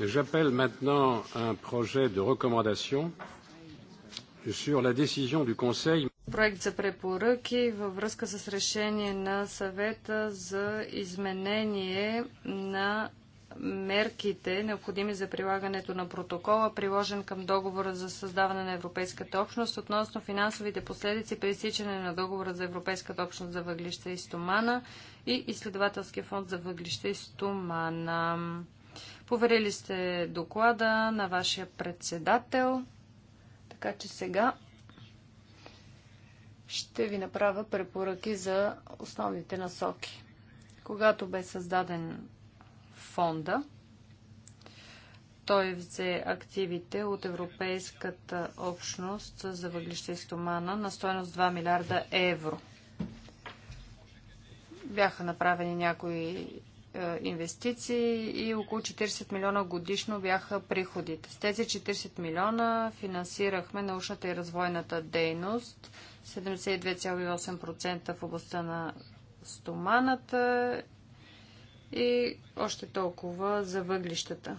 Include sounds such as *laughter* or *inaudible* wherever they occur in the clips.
J'appelle maintenant un projet de recommandation sur la décision du Conseil. Проект за препоръки във връзка с решение на съвета за изменение на мерките, необходими за прилагането на протокола, приложен към договора за създаване на Европейската общност, относно финансовите последици при изсичане на договора за Европейската общност за въглища и стомана и изследователския фонд за въглища и стомана. Поверили сте доклада на вашия председател, така че сега ще ви направя препоръки за основните насоки. Когато бе създаден фонда, той взе активите от Европейската общност за въглища и стомана на стоеност 2 милиарда евро. Бяха направени някои е, инвестиции и около 40 милиона годишно бяха приходите. С тези 40 милиона финансирахме научната и развойната дейност 72,8% в областта на стоманата и още толкова за въглищата.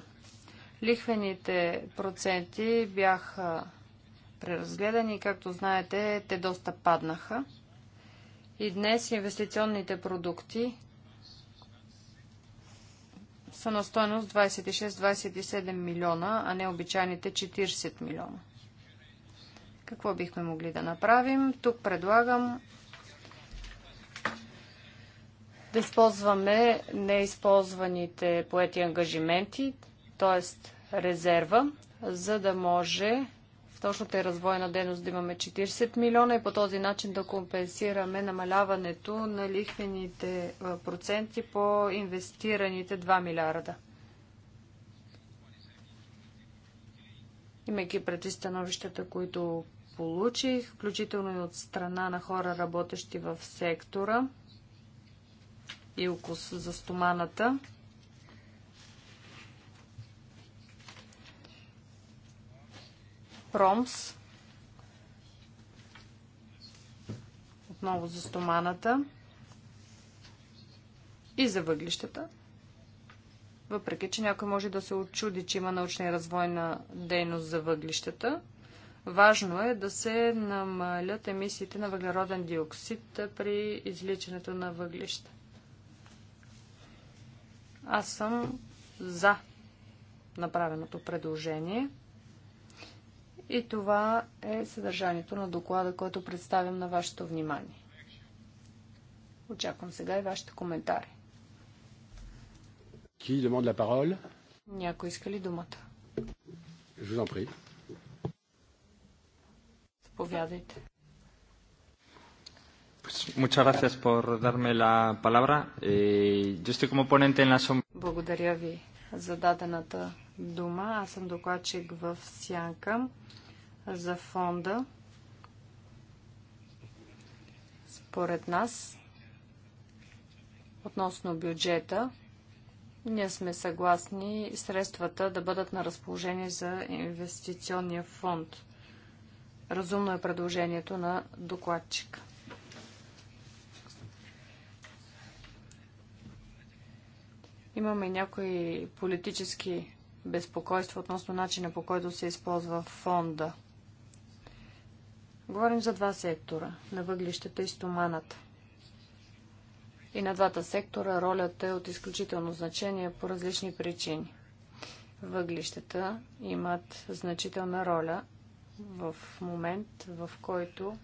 Лихвените проценти бяха преразгледани. Както знаете, те доста паднаха. И днес инвестиционните продукти са на стоеност 26-27 милиона, а не обичайните 40 милиона. Какво бихме могли да направим? Тук предлагам да използваме неизползваните поети ангажименти, т.е. резерва, за да може точната развойна дейност да имаме 40 милиона и по този начин да компенсираме намаляването на лихвените проценти по инвестираните 2 милиарда. Имайки преди становищата, които получих, включително и от страна на хора, работещи в сектора и около за стоманата, Промс. Отново за стоманата. И за въглищата. Въпреки, че някой може да се очуди, че има научна и развойна дейност за въглищата. Важно е да се намалят емисиите на въглероден диоксид при изличането на въглища. Аз съм за направеното предложение. И това е съдържанието на доклада, който представям на вашето внимание. Очаквам сега и вашите коментари. Qui demande la parole? Някой иска ли думата? Je vous en prie. Заповядайте. Muchas gracias por darme la palabra. Eh, yo estoy como ponente en la sombra. Благодаря ви за дадената дума. Аз съм докладчик в Сянка за фонда. Според нас, относно бюджета, ние сме съгласни средствата да бъдат на разположение за инвестиционния фонд. Разумно е предложението на докладчика. Имаме някои политически безпокойство относно начина по който се използва фонда. Говорим за два сектора на въглищата и стоманата. И на двата сектора ролята е от изключително значение по различни причини. Въглищата имат значителна роля в момент, в който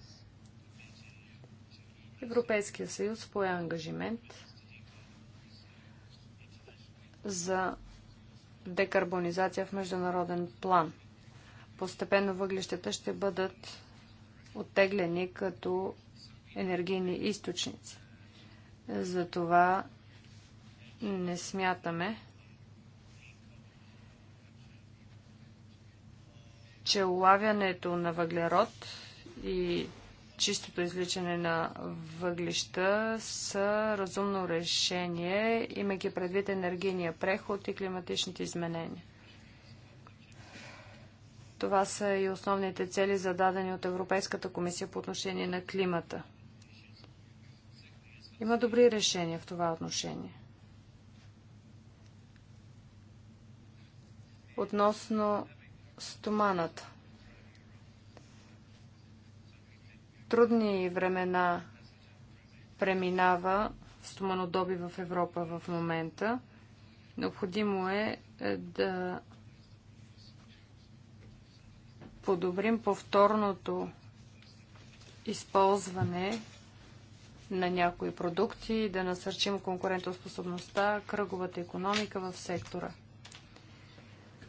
Европейския съюз пое ангажимент за декарбонизация в международен план. Постепенно въглищата ще бъдат оттеглени като енергийни източници. Затова не смятаме, че улавянето на въглерод и чистото изличане на въглища са разумно решение, имайки предвид енергийния преход и климатичните изменения. Това са и основните цели, зададени от Европейската комисия по отношение на климата. Има добри решения в това отношение. Относно стоманата. трудни времена преминава стоманодоби в Европа в момента. Необходимо е, е да подобрим повторното използване на някои продукти, да насърчим конкурентоспособността, кръговата економика в сектора.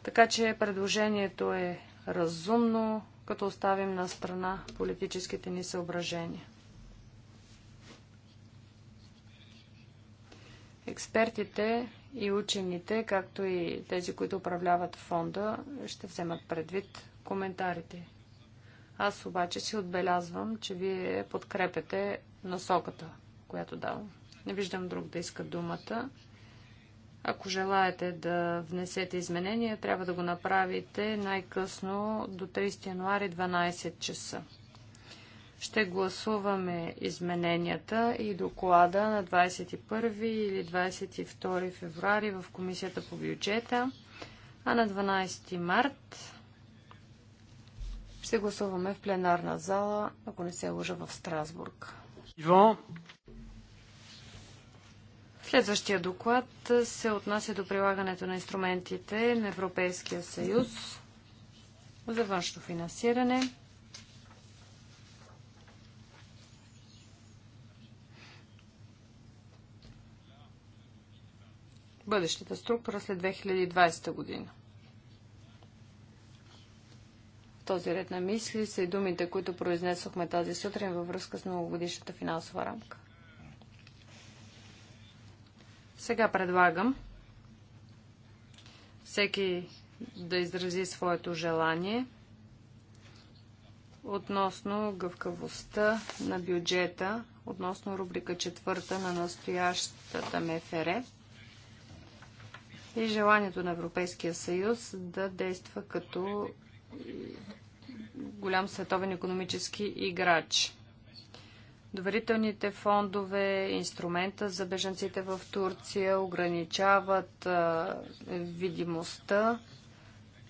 Така че предложението е разумно, като оставим на страна политическите ни съображения. Експертите и учените, както и тези, които управляват фонда, ще вземат предвид коментарите. Аз обаче си отбелязвам, че вие подкрепяте насоката, която давам. Не виждам друг да иска думата. Ако желаете да внесете изменения, трябва да го направите най-късно до 30 януари 12 часа. Ще гласуваме измененията и доклада на 21 или 22 февруари в Комисията по бюджета, а на 12 март ще гласуваме в пленарна зала, ако не се лъжа в Страсбург. Иван, Следващия доклад се отнася до прилагането на инструментите на Европейския съюз за външно финансиране. Бъдещата структура след 2020 година. В този ред на мисли са и думите, които произнесохме тази сутрин във връзка с многогодишната финансова рамка. Сега предлагам всеки да изрази своето желание относно гъвкавостта на бюджета, относно рубрика четвърта на настоящата МФР и желанието на Европейския съюз да действа като голям световен економически играч. Доверителните фондове, инструмента за беженците в Турция ограничават а, видимостта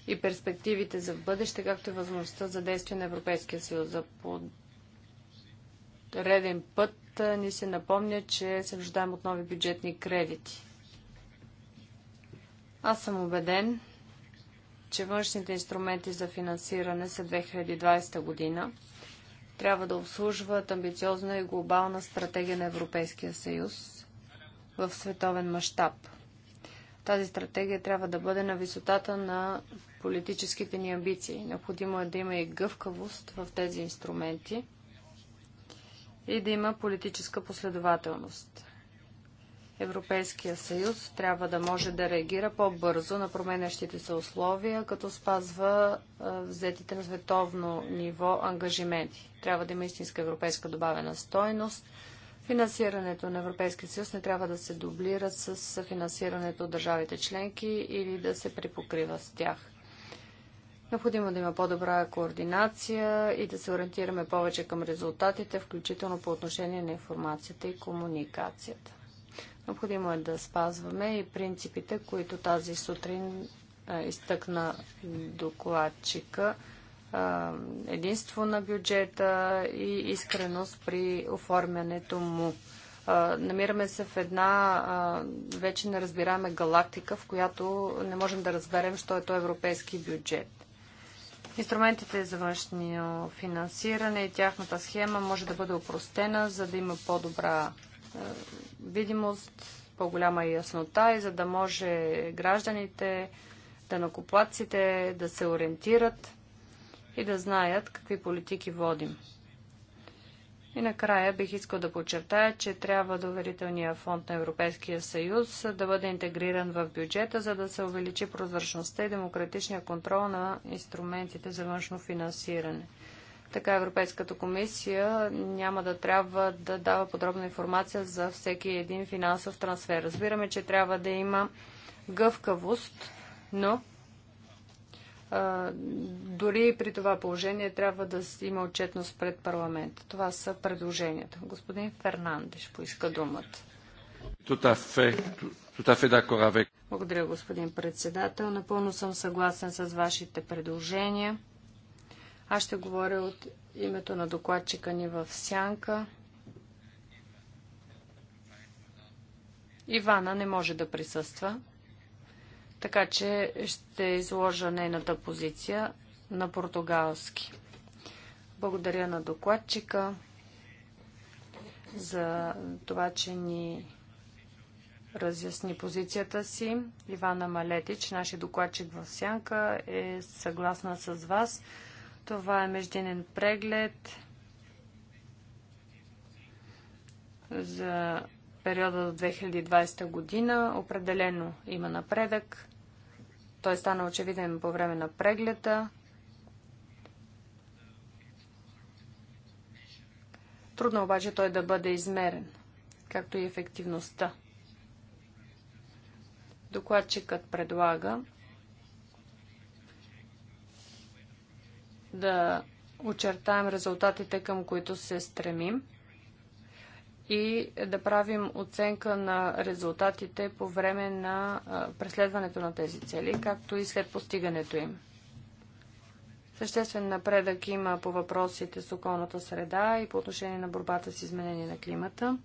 и перспективите за бъдеще, както и възможността за действие на Европейския съюз. За реден път а, ни се напомня, че се нуждаем от нови бюджетни кредити. Аз съм убеден, че външните инструменти за финансиране са 2020 година – трябва да обслужват амбициозна и глобална стратегия на Европейския съюз в световен мащаб. Тази стратегия трябва да бъде на висотата на политическите ни амбиции. Необходимо е да има и гъвкавост в тези инструменти и да има политическа последователност. Европейския съюз трябва да може да реагира по-бързо на променящите се условия, като спазва взетите на световно ниво ангажименти. Трябва да има истинска европейска добавена стойност. Финансирането на Европейския съюз не трябва да се дублира с финансирането от държавите членки или да се припокрива с тях. Необходимо да има по-добра координация и да се ориентираме повече към резултатите, включително по отношение на информацията и комуникацията. Необходимо е да спазваме и принципите, които тази сутрин изтъкна докладчика. единство на бюджета и искреност при оформянето му. намираме се в една вече не разбираме галактика, в която не можем да разберем, що е то европейски бюджет. Инструментите за външно финансиране и тяхната схема може да бъде опростена, за да има по-добра е, видимост, по-голяма яснота и за да може гражданите, данокоплаците да се ориентират и да знаят какви политики водим. И накрая бих искал да подчертая, че трябва доверителният фонд на Европейския съюз да бъде интегриран в бюджета, за да се увеличи прозрачността и демократичния контрол на инструментите за външно финансиране. Така Европейската комисия няма да трябва да дава подробна информация за всеки един финансов трансфер. Разбираме, че трябва да има гъвкавост, но дори при това положение трябва да има отчетност пред парламента. Това са предложенията. Господин Фернандеш поиска думата. Благодаря, господин председател. Напълно съм съгласен с вашите предложения. Аз ще говоря от името на докладчика ни в Сянка. Ивана не може да присъства, така че ще изложа нейната позиция на португалски. Благодаря на докладчика за това, че ни разясни позицията си. Ивана Малетич, нашия докладчик в Сянка, е съгласна с вас. Това е междинен преглед за периода до 2020 година. Определено има напредък. Той стана очевиден по време на прегледа. Трудно обаче той да бъде измерен, както и ефективността. Докладчикът предлага да очертаем резултатите, към които се стремим и да правим оценка на резултатите по време на преследването на тези цели, както и след постигането им. Съществен напредък има по въпросите с околната среда и по отношение на борбата с изменение на климата.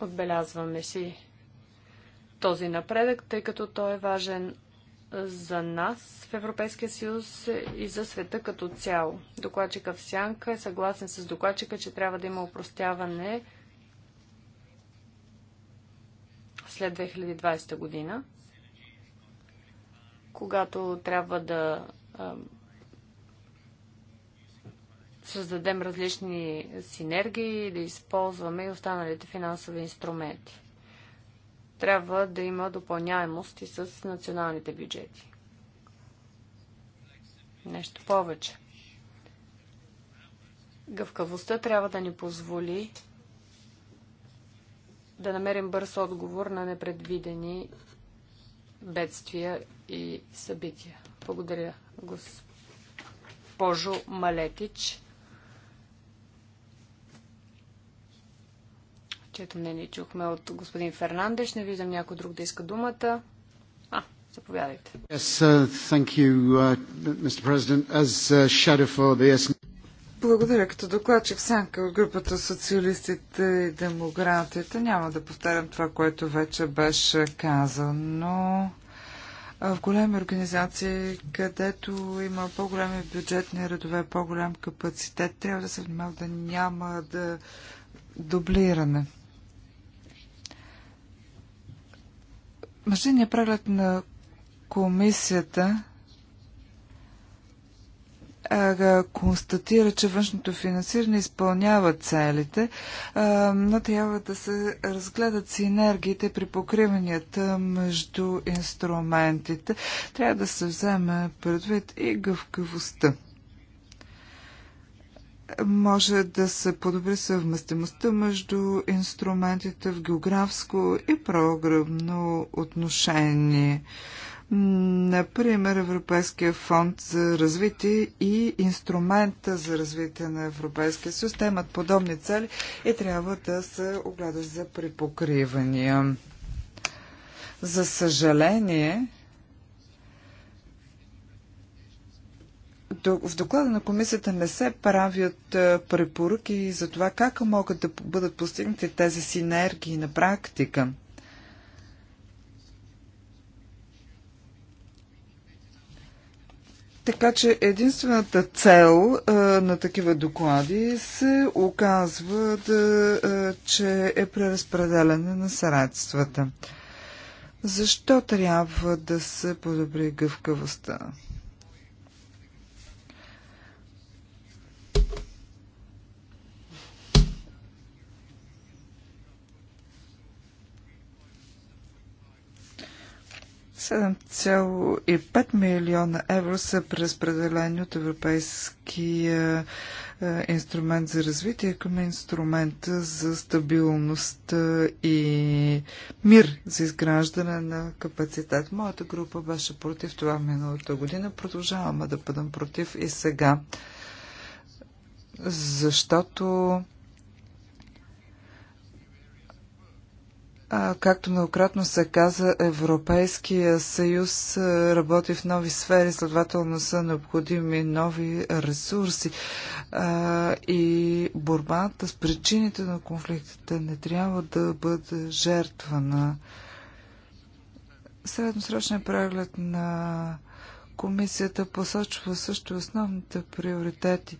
Отбелязваме си този напредък, тъй като той е важен за нас в Европейския съюз и за света като цяло. Докладчика в Сянка е съгласен с докладчика, че трябва да има упростяване след 2020 година, когато трябва да създадем различни синергии и да използваме и останалите финансови инструменти трябва да има допълняемост и с националните бюджети. Нещо повече. Гъвкавостта трябва да ни позволи да намерим бърз отговор на непредвидени бедствия и събития. Благодаря, госпожо Малетич. чето мнение чухме от господин Фернандеш. Не виждам някой друг да иска думата. А, заповядайте. Yes, uh, you, uh, uh, the... Благодаря като докладчик Санка от групата Социалистите и демократите. Няма да повтарям това, което вече беше казано в големи организации, където има по-големи бюджетни редове, по-голям капацитет, трябва да се внимава да няма да дублиране. Машинния преглед на комисията констатира, че външното финансиране изпълнява целите, но трябва да се разгледат синергиите при покриванията между инструментите. Трябва да се вземе предвид и гъвкавостта може да се подобри съвместимостта между инструментите в географско и програмно отношение. Например, Европейския фонд за развитие и инструмента за развитие на Европейския съюз имат подобни цели и трябва да се огледат за припокривания. За съжаление, в доклада на комисията не се правят препоръки за това как могат да бъдат постигнати тези синергии на практика. Така че единствената цел а, на такива доклади се оказва, да, а, че е преразпределяне на средствата. Защо трябва да се подобри гъвкавостта? 7,5 милиона евро са преразпределени от Европейския е, инструмент за развитие към инструмента за стабилност е, и мир за изграждане на капацитет. Моята група беше против това миналата година. Продължаваме да бъдем против и сега. Защото Както многократно се каза, Европейския съюз работи в нови сфери, следователно са необходими нови ресурси. И борбата с причините на конфликтите не трябва да бъде жертвана. Средносрочният преглед на комисията посочва също основните приоритети.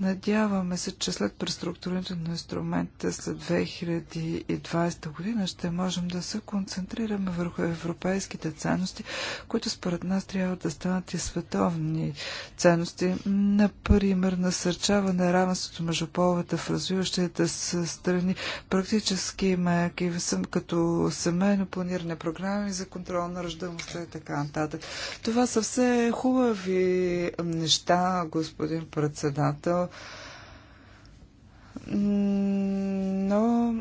Надяваме се, че след преструктурирането на инструмента след 2020 година ще можем да се концентрираме върху европейските ценности, които според нас трябва да станат и световни ценности. Например, насърчаване на равенството между половете в развиващите се страни, практически мерки, като семейно планиране, програми за контрол на ръждамостта и така нататък. Това са все хубави неща, господин председател но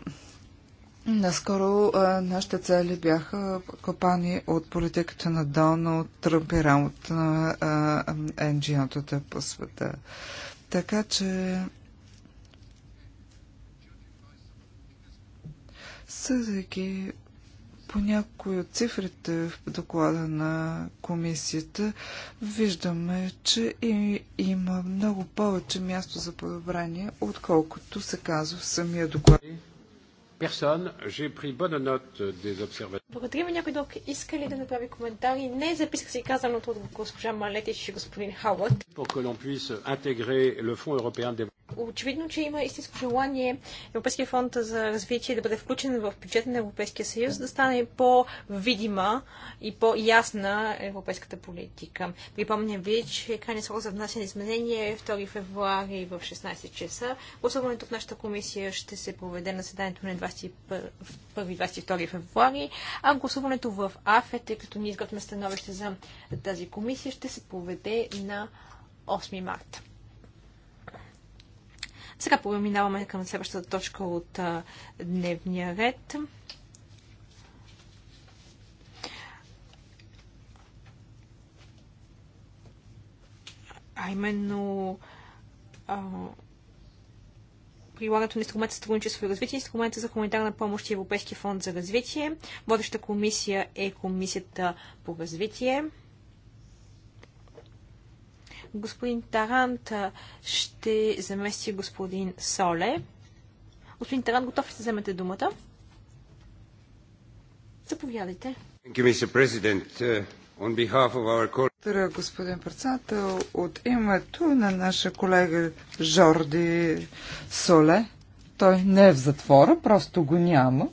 наскоро нашите цели бяха копани от политиката на Доналд Тръмп и работа на нго тата по света. Така че съдейки по някои от цифрите в доклада на комисията виждаме, че и, има много повече място за подобрение, отколкото се казва в самия доклад. Благодаря ви, някой друг иска ли да направи коментари? Не, записах си казаното от госпожа Малетич и господин Хауърд. Pour que l'on puisse intégrer le Fonds européen de очевидно, че има истинско желание Европейския фонд за развитие да бъде включен в бюджета на Европейския съюз, да стане по-видима и по-ясна европейската политика. Припомням ви, че крайният срок за внасяне изменение е 2 февруари в 16 часа. Гласуването в нашата комисия ще се проведе на седанието на 21-22 февруари, а гласуването в АФЕ, тъй като ние изготвяме становище за тази комисия, ще се проведе на 8 марта. Сега преминаваме към следващата точка от а, дневния ред. А именно а, прилагането на инструмента сътрудничество и развитие, инструмента за хуманитарна помощ и Европейския фонд за развитие. Водеща комисия е комисията по развитие. Господин Тарант ще замести господин Соле. Господин Тарант, готов ли да вземете думата? Заповядайте. Uh, Благодаря, господин председател. От името на наша колега Жорди Соле, той не е в затвора, просто го няма.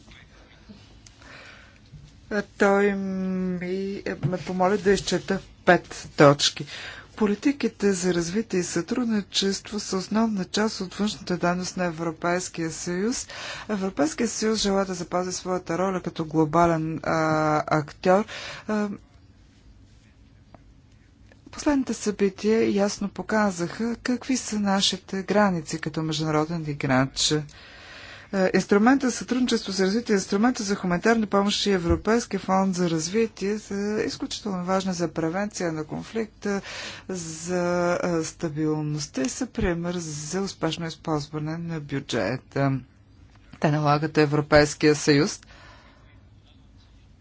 Той ми е- ме помоли да изчета пет точки. Политиките за развитие и сътрудничество са основна част от външната даност на Европейския съюз. Европейския съюз желая да запази своята роля като глобален а, актьор. Последните събития ясно показаха какви са нашите граници като международен играч. Е, инструмента за сътрудничество за развитие, инструмента за хуманитарна помощ и Европейския фонд за развитие са изключително важни за превенция на конфликта, за е, стабилността и са пример за успешно използване на бюджета. Те налагат Европейския съюз.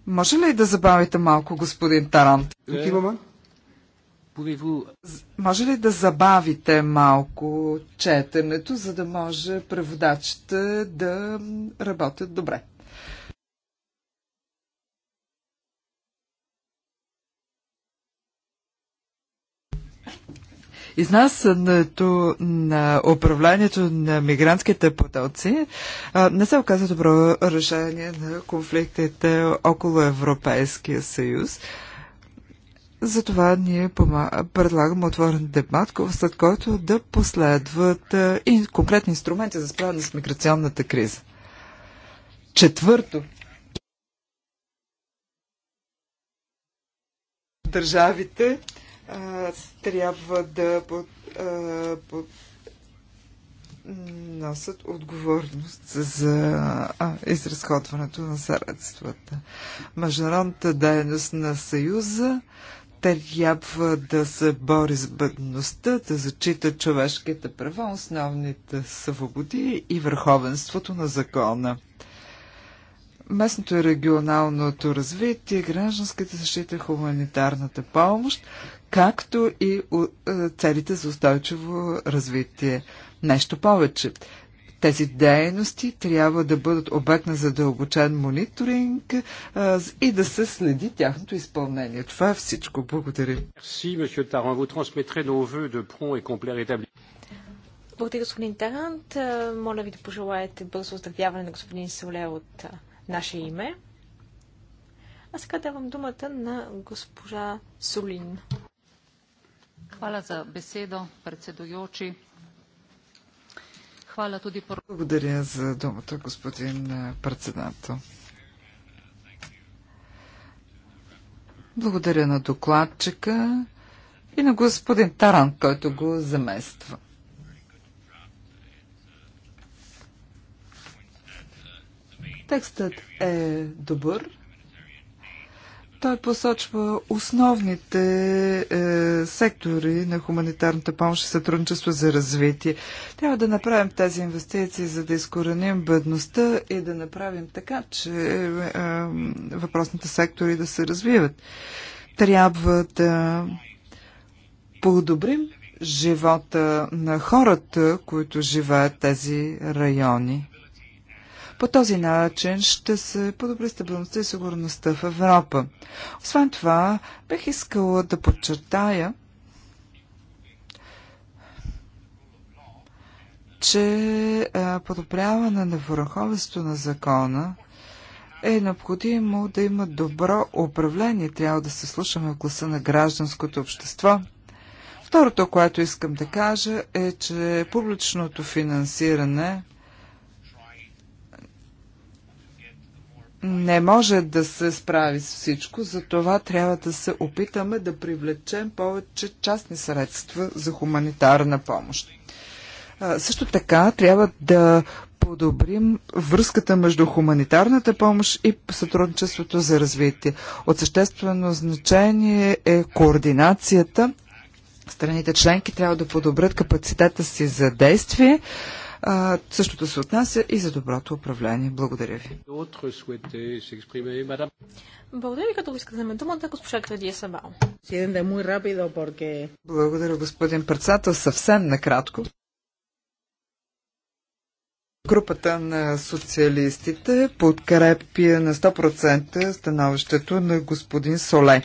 Може ли да забавите малко, господин Тарант? Е... Може ли да забавите малко четенето, за да може преводачите да работят добре? Изнасянето на управлението на мигрантските потоци не се оказа добро решение на конфликтите около Европейския съюз. Затова ние предлагаме отворен дебат, след който да последват е, и конкретни инструменти за справяне с миграционната криза. Четвърто. Държавите а, е, трябва да под, а, е, под, носят отговорност за а, изразходването на средствата. Международната дейност на Съюза трябва да се бори с бъдността, да зачита човешките права, основните свободи и върховенството на закона. Местното и регионалното развитие, гражданската защита, хуманитарната помощ, както и е, целите за устойчиво развитие. Нещо повече. Тези дейности трябва да бъдат обект на задълбочен мониторинг а, и да се следи тяхното изпълнение. Това е всичко. Благодаря. Благодаря, господин Тарант. Моля ви да пожелаете бързо оздравяване на господин Соле от наше име. А сега давам думата на госпожа Солин. Hvala за беседо, predsedujoči. Благодаря за думата, господин председател. Благодаря на докладчика и на господин Таран, който го замества. Текстът е добър. Той посочва основните е, сектори на хуманитарната помощ и сътрудничество за развитие. Трябва да направим тези инвестиции, за да изкореним бедността и да направим така, че е, е, въпросните сектори да се развиват. Трябва да подобрим живота на хората, които живеят тези райони. По този начин ще се подобри стабилността и сигурността в Европа. Освен това, бих искала да подчертая, че подобряване на върховенството на закона е необходимо да има добро управление. Трябва да се слушаме в гласа на гражданското общество. Второто, което искам да кажа е, че публичното финансиране не може да се справи с всичко, затова трябва да се опитаме да привлечем повече частни средства за хуманитарна помощ. Също така трябва да подобрим връзката между хуманитарната помощ и сътрудничеството за развитие. От съществено значение е координацията. Страните членки трябва да подобрят капацитета си за действие, същото се отнася и за доброто управление. Благодаря ви. Благодаря ви, като го искате думата, госпожа Крадия Сабал. Благодаря, господин председател. Съвсем накратко. Групата на социалистите подкрепя на 100% становището на господин Соле.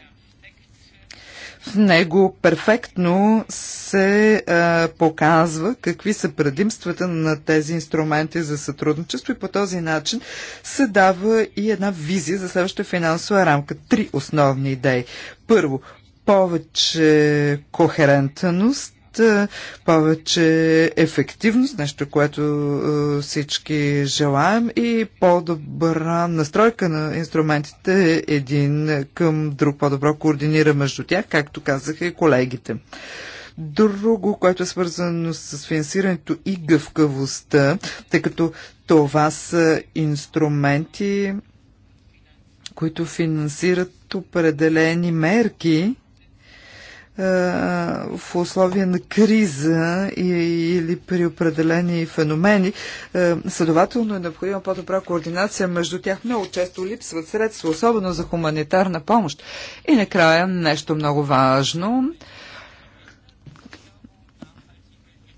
В него перфектно се а, показва какви са предимствата на тези инструменти за сътрудничество и по този начин се дава и една визия за следващата финансова рамка. Три основни идеи. Първо, повече кохерентност е, повече ефективност, нещо, което е, всички желаем и по-добра настройка на инструментите един към друг, по-добро координира между тях, както казаха и колегите. Друго, което е свързано с финансирането и гъвкавостта, тъй като това са инструменти, които финансират определени мерки, е, в условия на криза или при определени феномени. Е, следователно е необходима по-добра координация между тях. Много често липсват средства, особено за хуманитарна помощ. И накрая нещо много важно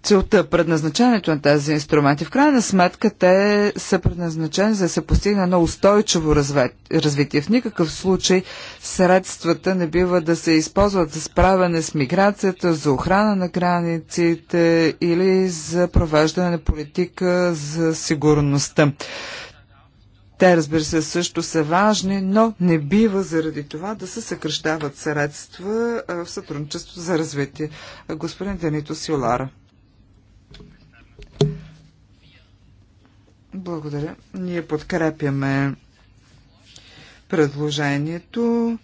целта, предназначението на тези инструменти. В крайна сметка те са предназначени за да се постигне едно устойчиво развитие. В никакъв случай средствата не бива да се използват за справяне с миграцията, за охрана на границите или за провеждане на политика за сигурността. Те, разбира се, също са важни, но не бива заради това да се съкръщават средства в сътрудничество за развитие. Господин Денито Силара. Благодаря. Ние подкрепяме предложението.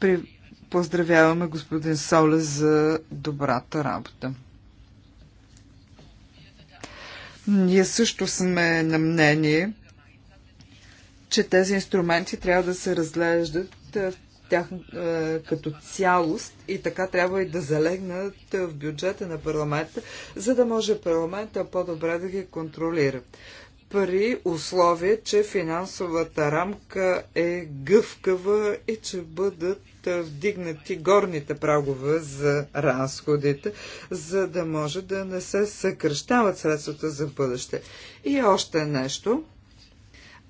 При... Поздравяваме господин Соле за добрата работа. Ние също сме на мнение, че тези инструменти трябва да се разглеждат тях е, като цялост и така трябва и да залегнат в бюджета на парламента, за да може парламента по-добре да ги контролира при условие, че финансовата рамка е гъвкава и че бъдат вдигнати горните прагове за разходите, за да може да не се съкръщават средствата за бъдеще. И още нещо.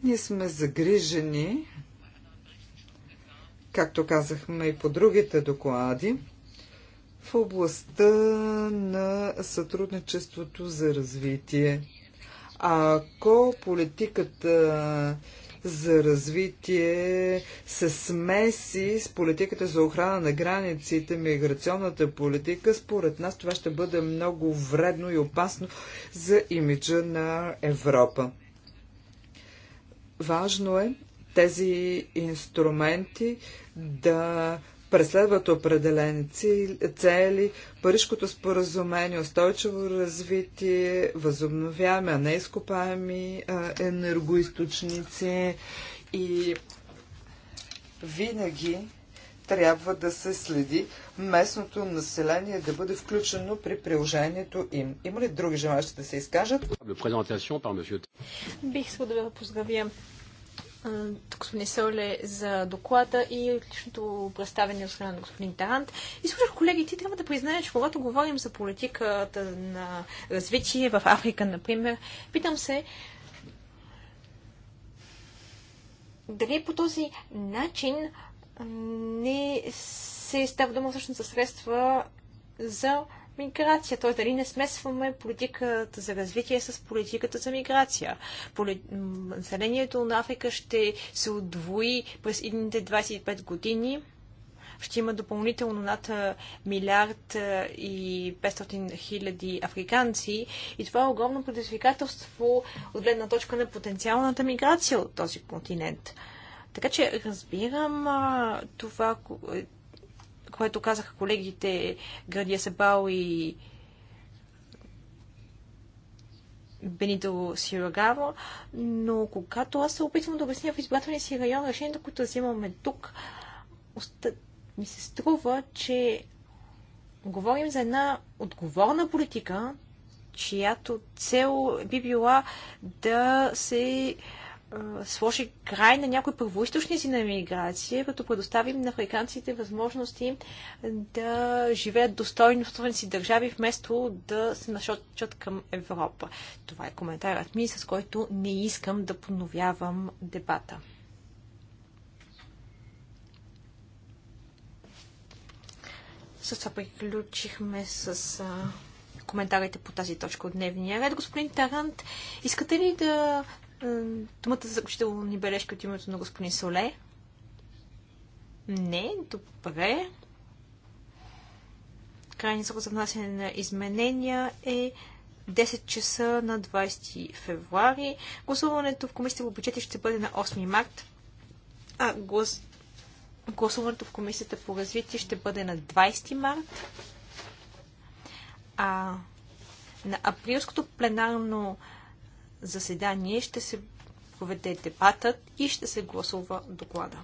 Ние сме загрижени, както казахме и по другите доклади, в областта на сътрудничеството за развитие ако политиката за развитие се смеси с политиката за охрана на границите, миграционната политика, според нас това ще бъде много вредно и опасно за имиджа на Европа. Важно е тези инструменти да преследват определени цели, Парижкото споразумение, устойчиво развитие, възобновяеми, а не изкопаеми енергоисточници и винаги трябва да се следи местното население да бъде включено при приложението им. Има ли други желащи да се изкажат? Бих искал да поздравя господин Соле за доклада и личното представяне от страна на господин Тарант. И слушах колеги, ти трябва да признаеш, че когато говорим за политиката на развитие в Африка, например, питам се дали по този начин не се става дума всъщност за средства за миграция, т.е. дали не смесваме политиката за развитие с политиката за миграция. Поли... Населението на Африка ще се отвои през едните 25 години. Ще има допълнително над милиард и 500 хиляди африканци. И това е огромно предизвикателство от гледна точка на потенциалната миграция от този континент. Така че разбирам а, това, което казаха колегите Градия Себал и Бенито Сирогаво, но когато аз се опитвам да обясня в избирателния си район решението, което взимаме тук, ми се струва, че говорим за една отговорна политика, чиято цел би била да се сложи край на някои първоисточници на миграция, като предоставим на африканците възможности да живеят достойно в своите си държави, вместо да се насочат към Европа. Това е коментарът ми, с който не искам да подновявам дебата. С това приключихме с коментарите по тази точка от дневния ред. Господин Тарант, искате ли да е, думата за заключителни бележки от името на господин Соле? Не, добре. Крайни срок за внасяне на изменения е 10 часа на 20 февруари. Гласуването в комисията по бюджети ще бъде на 8 март. А глас... гласуването в комисията по развитие ще бъде на 20 март. А на априлското пленарно заседание ще се проведе дебатът и ще се гласува доклада.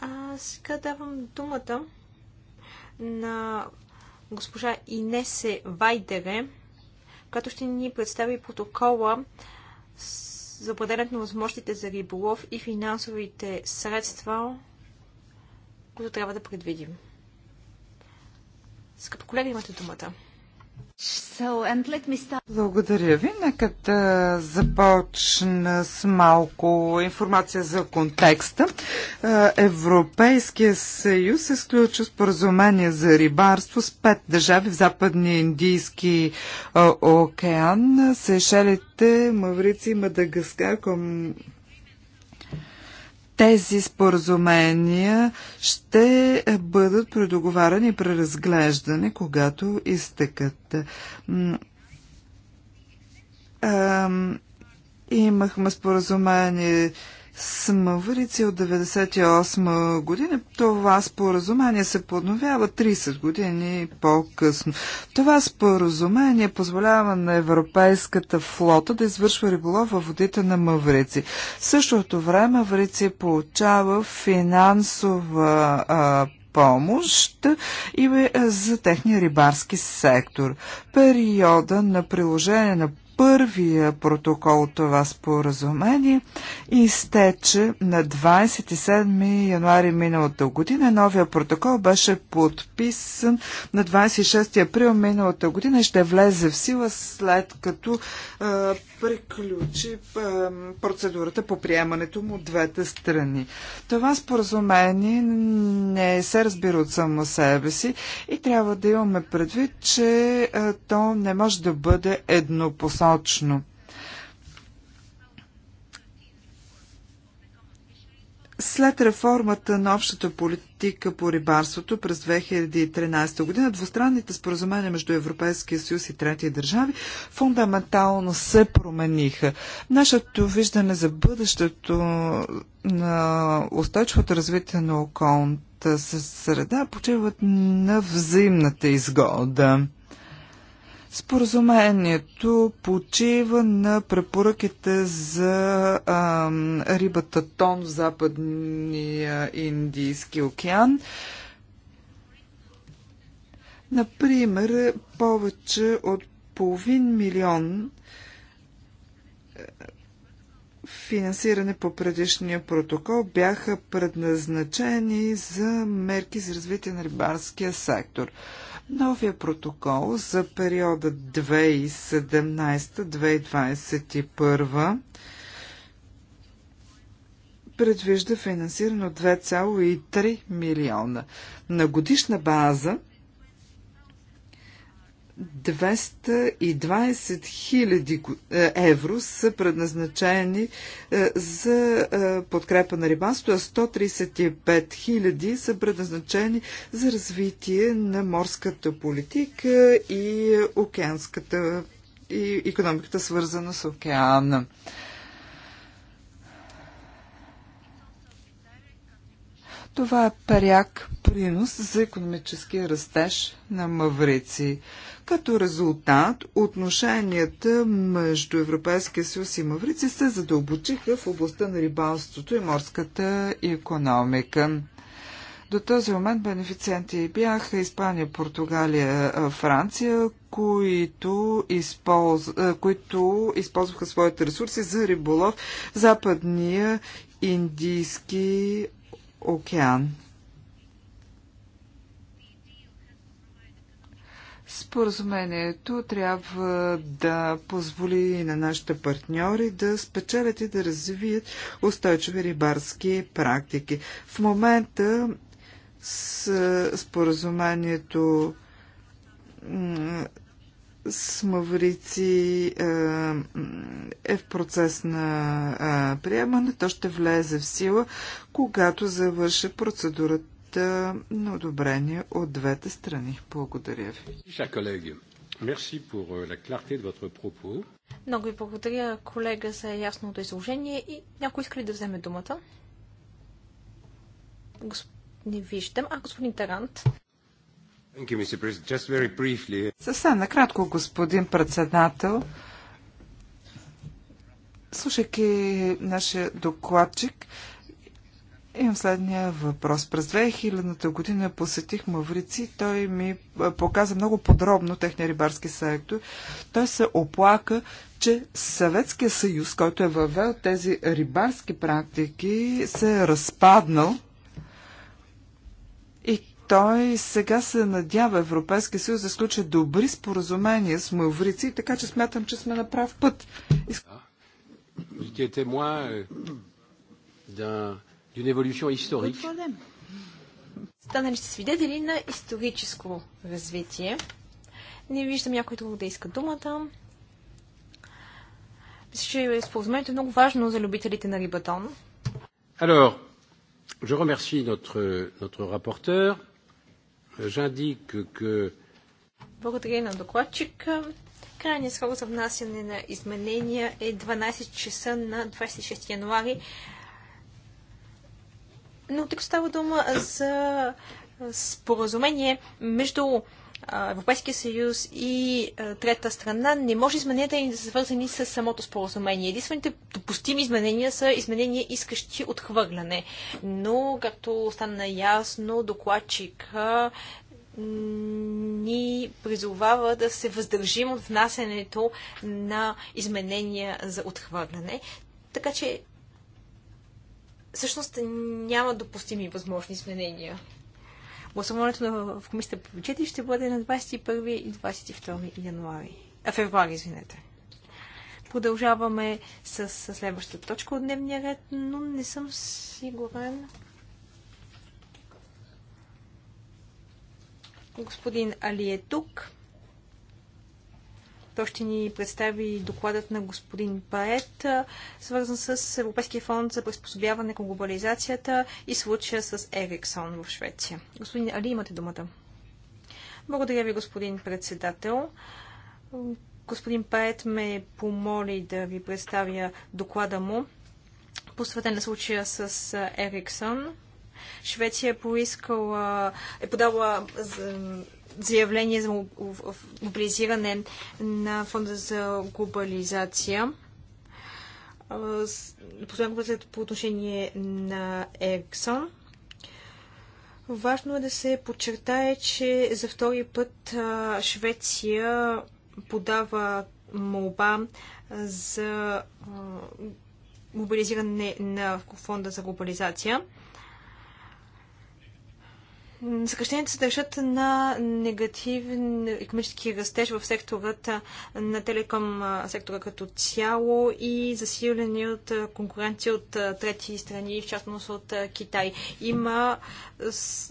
А сега давам думата на госпожа Инесе Вайдере, която ще ни представи протокола за определенето на възможностите за риболов и финансовите средства, които трябва да предвидим. Скъпи колеги, имате думата. Благодаря ви. Нека да започна с малко информация за контекста. Е, Европейския съюз е сключил споразумение за рибарство с пет държави в Западния Индийски е, океан. Сейшелите, Маврици, Мадагаскар, към тези споразумения ще бъдат предоговарани и преразглеждани, когато изтъкат. Имахме споразумение Маврици от 1998 година. Това споразумение се подновява 30 години по-късно. Това споразумение позволява на европейската флота да извършва риболов във водите на Маврици. В същото време Маврици получава финансова а, помощ и е, за техния рибарски сектор. Периода на приложение на първия протокол от това споразумение изтече на 27 януари миналата година. Новия протокол беше подписан на 26 април миналата година и ще влезе в сила след като е, приключи процедурата по приемането му от двете страни. Това споразумение не се разбира от само себе си и трябва да имаме предвид, че то не може да бъде еднопосочно. След реформата на общата политика по рибарството през 2013 година, двустранните споразумения между Европейския съюз и трети държави фундаментално се промениха. Нашето виждане за бъдещето на устойчивото развитие на околната среда почиват на взаимната изгода. Споразумението почива на препоръките за а, рибата тон в Западния Индийски океан. Например, повече от половин милион е, финансиране по предишния протокол бяха предназначени за мерки за развитие на рибарския сектор. Новия протокол за периода 2017-2021 предвижда финансиране от 2,3 милиона. На годишна база 220 хиляди е, евро са предназначени е, за е, подкрепа на рибанството, а 135 хиляди са предназначени за развитие на морската политика и океанската и економиката свързана с океана. Това е пряк принос за економическия растеж на Маврици. Като резултат, отношенията между Европейския съюз и Маврици се задълбочиха в областта на рибалството и морската економика. До този момент бенефициенти бяха Испания, Португалия, Франция, които, използ... които използваха своите ресурси за риболов в Западния Индийски океан. Споразумението трябва да позволи на нашите партньори да спечелят и да развият устойчиви рибарски практики. В момента с споразумението с Маврици е, е в процес на е, приемане. То ще влезе в сила, когато завърши процедурата на одобрение от двете страни. Благодаря ви. Euh, Много ви благодаря, колега, за ясното изложение. И някой иска ли да вземе думата? Госп... Не виждам. А, господин Тарант. Съвсем накратко, господин председател. Слушайки нашия докладчик, Имам следния въпрос. През 2000-та година посетих Маврици. Той ми показа много подробно техния рибарски сектор. Той се оплака, че Съветския съюз, който е въвел тези рибарски практики, се е разпаднал той сега се надява Европейския съюз да сключи добри споразумения с маврици, така че смятам, че сме на прав път. Euh, d'une évolution historique. Е? Станали сте свидетели на историческо развитие. Не виждам някой друг да иска думата. Мисля, че споразумението е много важно за любителите на рибатон. Alors, je remercie notre, notre rapporteur j'indique que... Благодаря на докладчика. Крайният срок за внасяне на изменения е 12 часа на 26 януари. Но тук става дума за споразумение между Европейския съюз и трета страна, не може измененията да са свързани с самото споразумение. Единствените допустими изменения са изменения искащи отхвърляне. Но, както стана ясно, докладчик ни призовава да се въздържим от внасянето на изменения за отхвърляне. Така че всъщност няма допустими възможни изменения. Гласуването в комисията по бюджети ще бъде на 21 и 22 януари. А, февруари, извинете. Продължаваме с, следващата точка от дневния ред, но не съм сигурен. Господин Али е тук. Той ще ни представи докладът на господин Пает, свързан с Европейския фонд за приспособяване към глобализацията и случая с Ериксон в Швеция. Господин Али, имате думата. Благодаря ви, господин председател. Господин Пает ме помоли да ви представя доклада му, посветен на случая с Ериксон. Швеция е поискала, е подала заявление за мобилизиране на фонда за глобализация. Последно по отношение на Ексон. Важно е да се подчертае, че за втори път Швеция подава молба за мобилизиране на фонда за глобализация. Съкръщенията се държат на негативен економически растеж в сектората на телеком сектора като цяло и засилени от конкуренция от трети страни, в частност от Китай. Има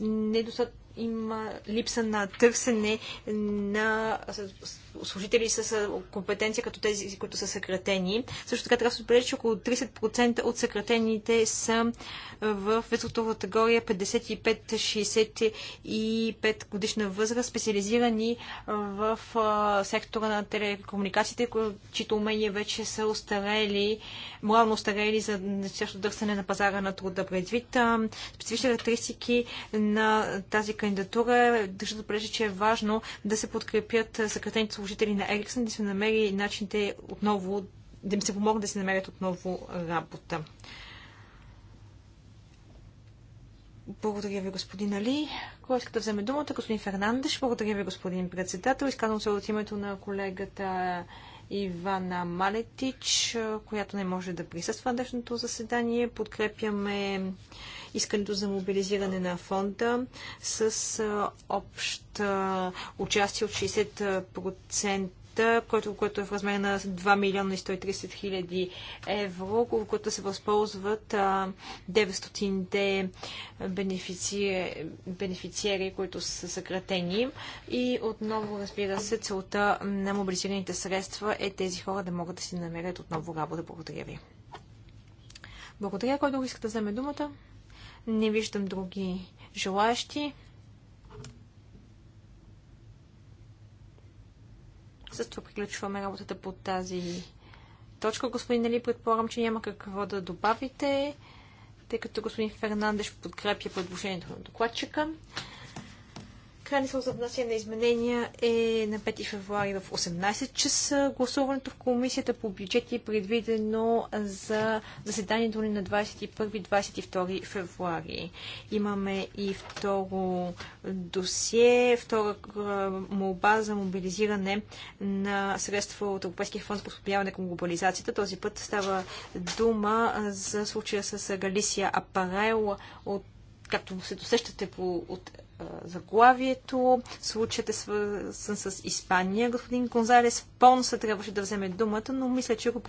недостатък има липса на търсене на служители с компетенция като тези, които са съкратени. Също така трябва да се отбележи, че около 30% от съкратените са в възрастова категория 55-65 годишна възраст, специализирани в сектора на телекомуникациите, чието умения вече са устарели, морално устарели за настоящо дърсене на пазара на труда предвид. Специфични характеристики на тази кандидатура държа да че е важно да се подкрепят съкратените служители на Ериксон да се намери начините отново, да им се помогне да се намерят отново работа. Благодаря ви, господин Али. Кой иска да вземе думата? Господин Фернандеш. Благодаря ви, господин председател. Изказвам се от името на колегата Ивана Малетич, която не може да присъства на днешното заседание. Подкрепяме искането за мобилизиране на фонда с общ участие от 60% който, който е в размер на 2 милиона и 130 хиляди евро, които се възползват 900-те бенефициери, бенефициери, които са съкратени. И отново, разбира се, целта на мобилизираните средства е тези хора да могат да си намерят отново работа. Благодаря ви. Благодаря. Кой друг иска да вземе думата? Не виждам други желащи. С това приключваме работата по тази точка. Господин Нали, предполагам, че няма какво да добавите, тъй като господин Фернандеш подкрепя предложението на докладчика. Крайният срок за внасяне на изменения е на 5 февруари в 18 часа. Гласуването в комисията по бюджет е предвидено за заседанието ни на 21-22 февруари. Имаме и второ досие, втора молба за мобилизиране на средства от Европейския фонд за подпомагане към глобализацията. Този път става дума за случая с Галисия Апарел от както се досещате по, от заглавието. Случаят е свързан с Испания. Господин Гонзалес Понса трябваше да вземе думата, но мисля, че го,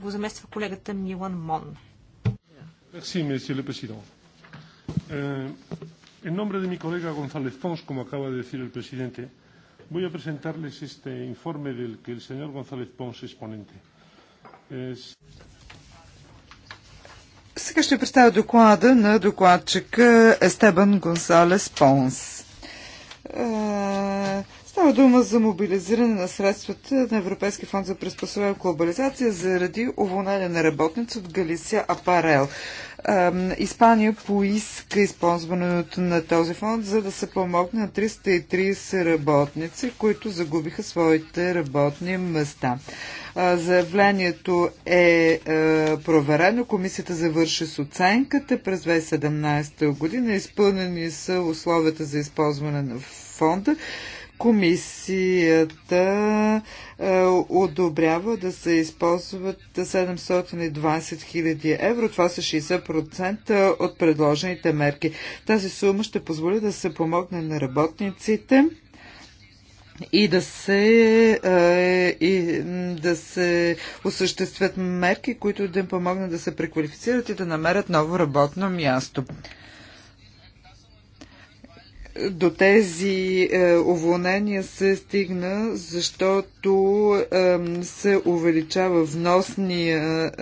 го замества колегата Милан Мон. Merci, monsieur le président. Eh, en nombre de mi colega González Pons, como acaba de decir el presidente, voy a presentarles este informe del que el señor González Pons es ponente. Es... Сега ще представя доклада на докладчика Естебан Гонсалес Понс. Е, Става дума за мобилизиране на средствата на Европейския фонд за приспособяване глобализация заради уволнение на работници от Галисия Апарел. Испания поиска използването на този фонд, за да се помогне на 330 работници, които загубиха своите работни места. Заявлението е проверено. Комисията завърши с оценката през 2017 година. Изпълнени са условията за използване на фонда. Комисията е, одобрява да се използват 720 000 евро. Това са 60% от предложените мерки. Тази сума ще позволи да се помогне на работниците и да се, е, и, да се осъществят мерки, които да им помогнат да се преквалифицират и да намерят ново работно място до тези е, уволнения се стигна, защото е, се увеличава вносния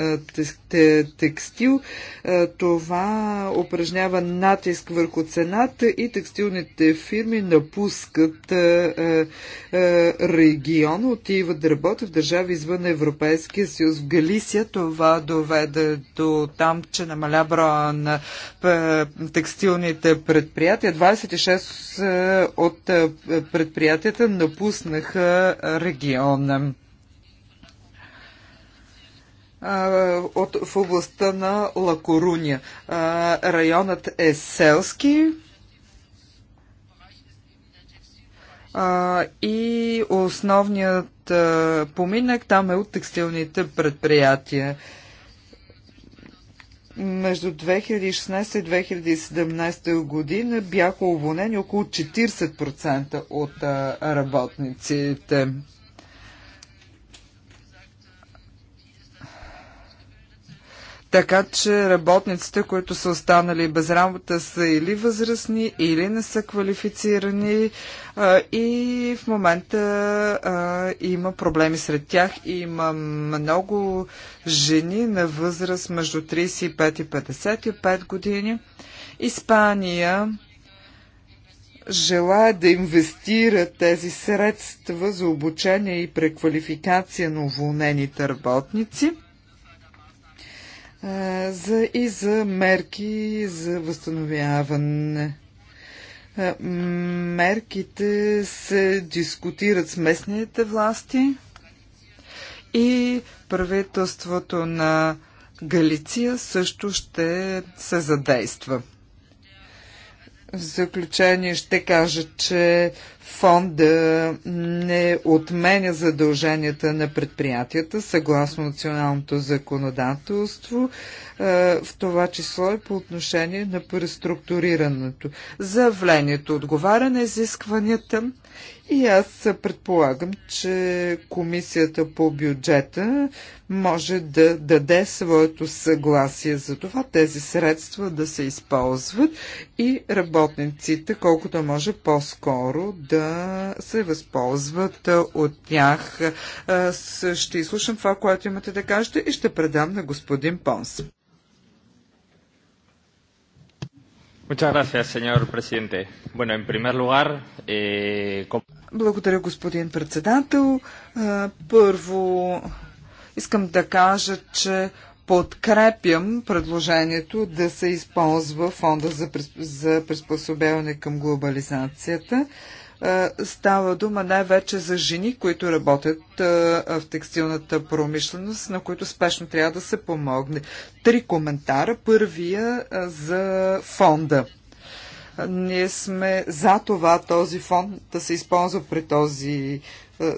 е, текстил. Е, това упражнява натиск върху цената и текстилните фирми напускат е, е, е, регион, отиват да работят в държави извън Европейския съюз. В Галисия това доведе до там, че намаля броя на е, текстилните предприятия. 26 е, от е, предприятията напуснаха региона. Е, от, в областта на Лакоруния. Районът е селски. и основният поминък там е от текстилните предприятия между 2016 и 2017 година бяха уволнени около 40% от работниците. Така че работниците, които са останали без работа, са или възрастни, или не са квалифицирани а, и в момента а, има проблеми сред тях. И има много жени на възраст между 35 и 55 години. Испания желая да инвестира тези средства за обучение и преквалификация на уволнените работници – за, и за мерки за възстановяване. Мерките се дискутират с местните власти и правителството на Галиция също ще се задейства. В заключение ще кажа, че фонда не отменя задълженията на предприятията съгласно националното законодателство, е, в това число и по отношение на преструктурирането. Заявлението отговаря на изискванията и аз предполагам, че комисията по бюджета може да даде своето съгласие за това тези средства да се използват и работниците колкото може по-скоро да се възползват от тях. ще изслушам това, което имате да кажете и ще предам на господин Понс. Muchas gracias, señor presidente. Bueno, en primer lugar, eh... Благодаря, господин председател. Е, първо, искам да кажа, че подкрепям предложението да се използва фонда за, за приспособяване към глобализацията. Е, става дума най-вече за жени, които работят е, в текстилната промишленост, на които спешно трябва да се помогне. Три коментара. Първия е, за фонда. Ние сме за това този фонд да се използва при този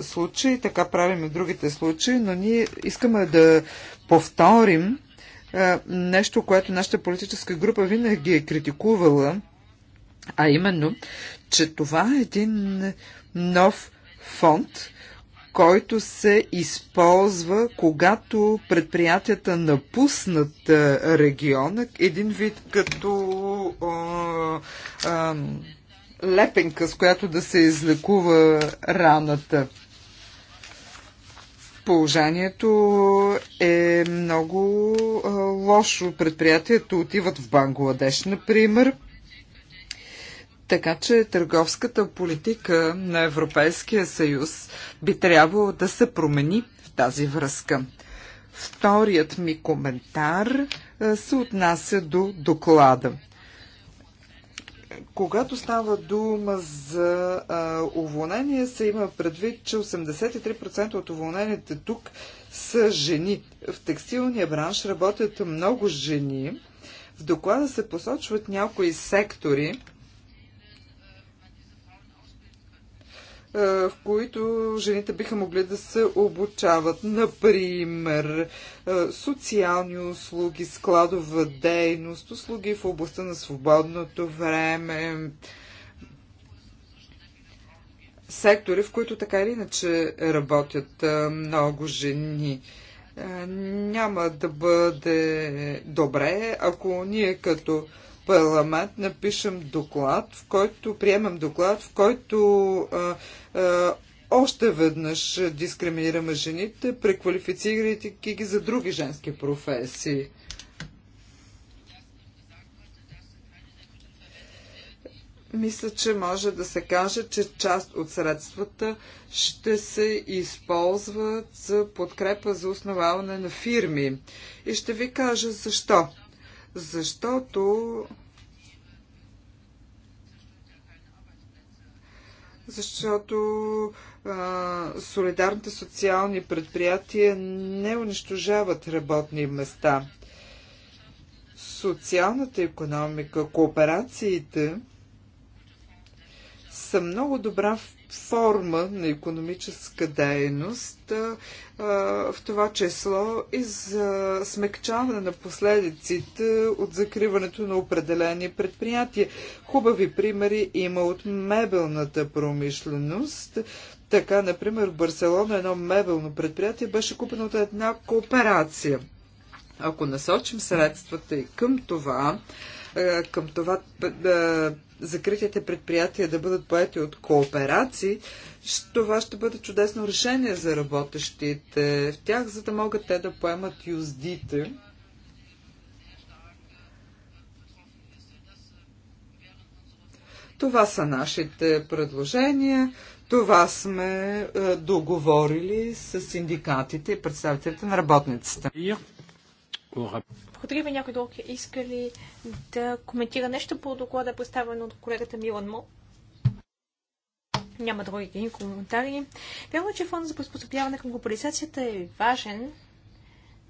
случай, така правим и в другите случаи, но ние искаме да повторим нещо, което нашата политическа група винаги е критикувала, а именно, че това е един нов фонд, който се използва, когато предприятията напуснат региона, един вид като а, а, лепенка, с която да се излекува раната. Положението е много а, лошо. Предприятията отиват в Бангладеш, например, така че търговската политика на Европейския съюз би трябвало да се промени в тази връзка. Вторият ми коментар е, се отнася до доклада. Когато става дума за а, уволнение, се има предвид, че 83% от уволнените тук са жени. В текстилния бранш работят много жени. В доклада се посочват някои сектори, в които жените биха могли да се обучават. Например, социални услуги, складова дейност, услуги в областта на свободното време, сектори, в които така или иначе работят много жени няма да бъде добре, ако ние като парламент напишем доклад, в който приемам доклад, в който а, а, още веднъж дискриминираме жените, преквалифицирайки ги за други женски професии. Мисля, че може да се каже, че част от средствата ще се използват за подкрепа за основаване на фирми. И ще ви кажа защо защото защото а, солидарните социални предприятия не унищожават работни места. Социалната економика, кооперациите са много добра форма на економическа дейност, в това число и за смекчаване на последиците от закриването на определени предприятия. Хубави примери има от мебелната промишленост. Така, например, в Барселона едно мебелно предприятие беше купено от една кооперация. Ако насочим средствата и към това, е, към това е, закритите предприятия да бъдат поети от кооперации, това ще бъде чудесно решение за работещите в тях, за да могат те да поемат юздите. Това са нашите предложения. Това сме е, договорили с синдикатите и представителите на работниците. Благодаря ви, някой друг е иска ли да коментира нещо по доклада, представено от колегата Милан Мо? Няма други коментари. Вярно, е, че фонд за приспособяване към глобализацията е важен,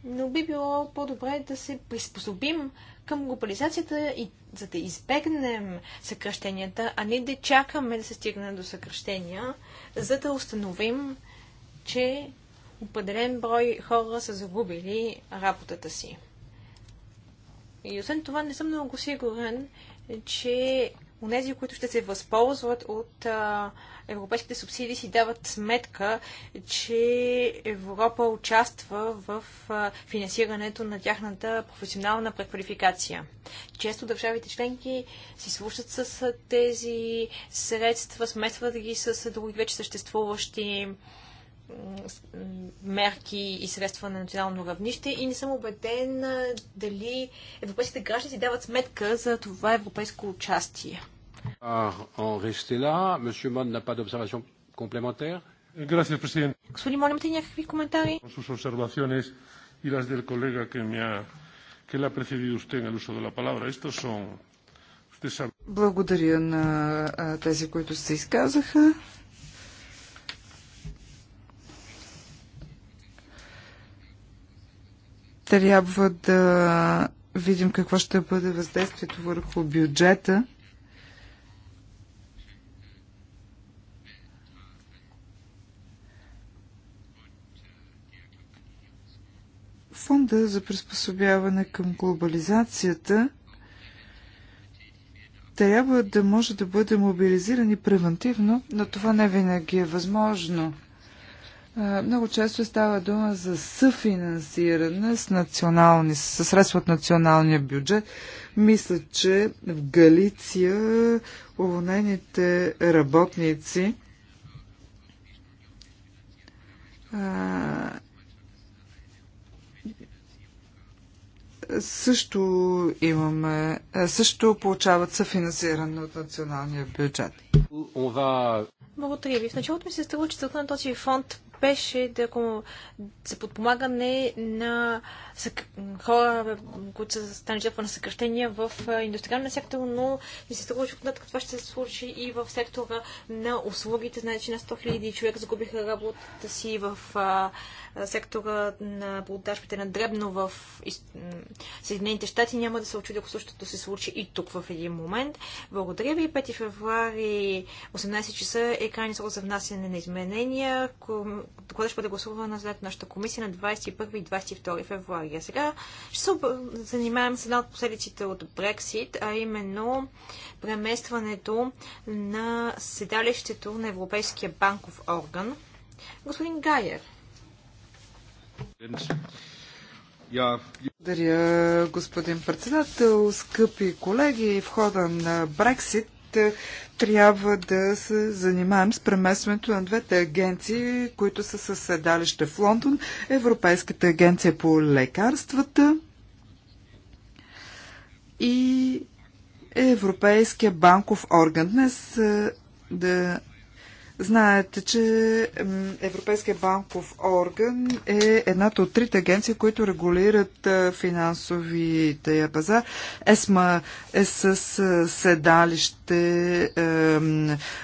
но би било по-добре да се приспособим към глобализацията и за да избегнем съкръщенията, а не да чакаме да се стигне до съкръщения, за да установим, че определен брой хора са загубили работата си. И освен това не съм много сигурен, че Онези, които ще се възползват от а, европейските субсидии, си дават сметка, че Европа участва в а, финансирането на тяхната професионална преквалификация. Често държавите членки си слушат с тези средства, смесват ги с други вече съществуващи мерки и средства на национално равнище и не съм убеден дали европейските граждани си дават сметка за това европейско участие. Господин Мон, имате някакви коментари? y las del colega que me ha que le ha precedido usted en el uso de la palabra. Estos son благодаря на а, тези, които се изказаха. Трябва да видим какво ще бъде въздействието върху бюджета. Фонда за приспособяване към глобализацията трябва да може да бъде мобилизиран и превентивно, но това не винаги е възможно. Много често става дума за съфинансиране с, национални, с средства от националния бюджет. Мисля, че в Галиция уволнените работници също имаме, също получават съфинансиране от националния бюджет. Благодаря ви. В началото ми се струва, че целта на този фонд беше да, за подпомагане на сък... хора, които са станали жертва на съкръщения в индустриалния сектор, но ми се струва, че това ще се случи и в сектора на услугите. Значи, че на 100 000 човека загубиха работата си в сектора на продажбите на дребно в Съединените щати, няма да се очуди, ако същото се случи и тук в един момент. Благодаря ви. 5 февруари 18 часа е крайни срок за внасяне на изменения. Докладът ще бъде гласувана след нашата комисия на 21 и 22 февруари. А сега ще се занимаем с една от последиците от Брексит, а именно преместването на седалището на Европейския банков орган. Господин Гайер, благодаря, господин председател. Скъпи колеги, в хода на Брексит е, трябва да се занимаем с преместването на двете агенции, които са със седалище в Лондон. Европейската агенция по лекарствата и Европейския банков орган. Днес е, да Знаете, че Европейския банков орган е едната от трите агенции, които регулират финансовите пазар. ЕСМА е с седалище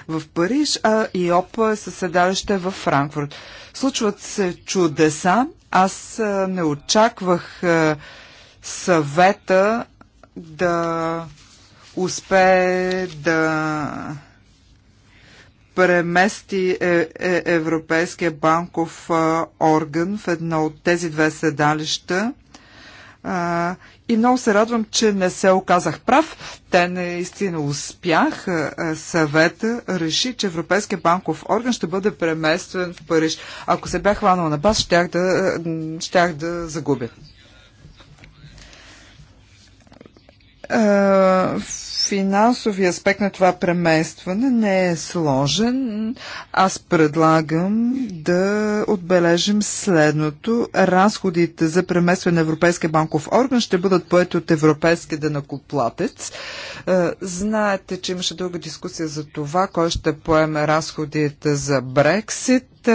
в Париж, а ИОПА е с седалище в Франкфурт. Случват се чудеса. Аз не очаквах съвета да успее да премести е, е, Европейския банков а, орган в едно от тези две седалища. А, и много се радвам, че не се оказах прав. Те наистина успях. Съвета реши, че Европейския банков орган ще бъде преместен в Париж. Ако се бях хванал на бас, щях да, щях да загубя. А, финансовия аспект на това преместване не е сложен. Аз предлагам да отбележим следното. Разходите за преместване на Европейския банков орган ще бъдат поети от европейски денакоплатец. Е, знаете, че имаше дълга дискусия за това, кой ще поеме разходите за Брексит.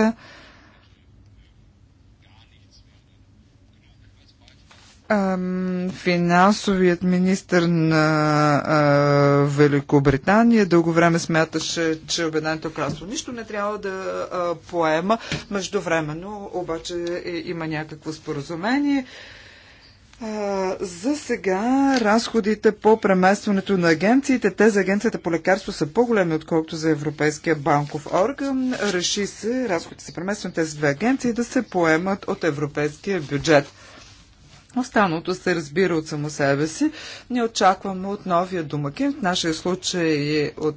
финансовият министр на Великобритания дълго време смяташе, че Обединеното кралство нищо не трябва да поема. Междувременно обаче има някакво споразумение. За сега разходите по преместването на агенциите, те за агенцията по лекарство са по-големи, отколкото за Европейския банков орган. Реши се разходите за преместването тези две агенции да се поемат от европейския бюджет. Останалото се разбира от само себе си. Не очакваме от новия домакин, в нашия случай е от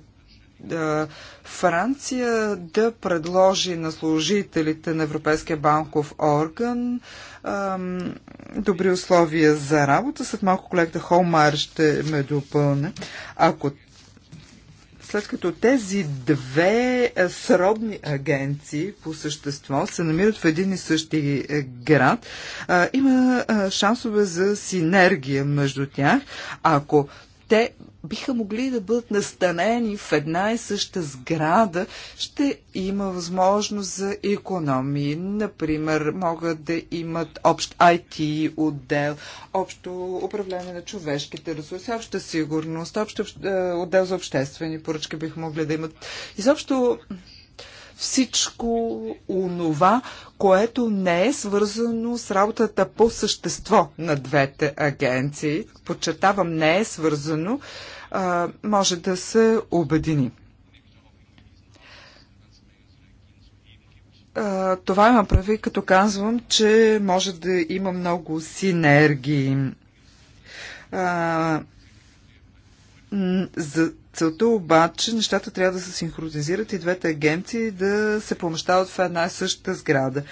Франция да предложи на служителите на Европейския банков орган ам, добри условия за работа. След малко колегата Холмар ще ме допълне. Ако след като тези две е, сродни агенции по същество се намират в един и същи е, град, има шансове за синергия между тях, ако те биха могли да бъдат настанени в една и съща сграда, ще има възможност за економии. Например, могат да имат общ IT отдел, общо управление на човешките ресурси, обща сигурност, общо е, отдел за обществени поръчки бих могли да имат. Изобщо всичко онова, което не е свързано с работата по същество на двете агенции. Подчертавам, не е свързано може да се обедини. това има прави, като казвам, че може да има много синергии. за целта обаче нещата трябва да се синхронизират и двете агенции да се помещават в една и съща сграда.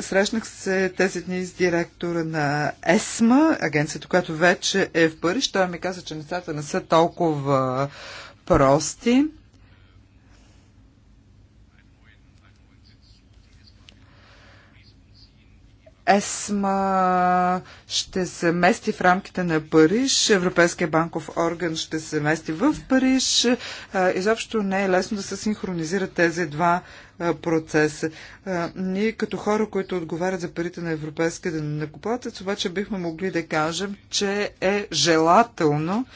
Срещнах се тези дни с директора на ЕСМА, агенцията, която вече е в Париж. Той ми каза, че нещата не са толкова прости. ЕСМА ще се мести в рамките на Париж, Европейския банков орган ще се мести в Париж. Изобщо не е лесно да се синхронизират тези два процеса. Ние като хора, които отговарят за парите на европейския денакоплатец, обаче бихме могли да кажем, че е желателно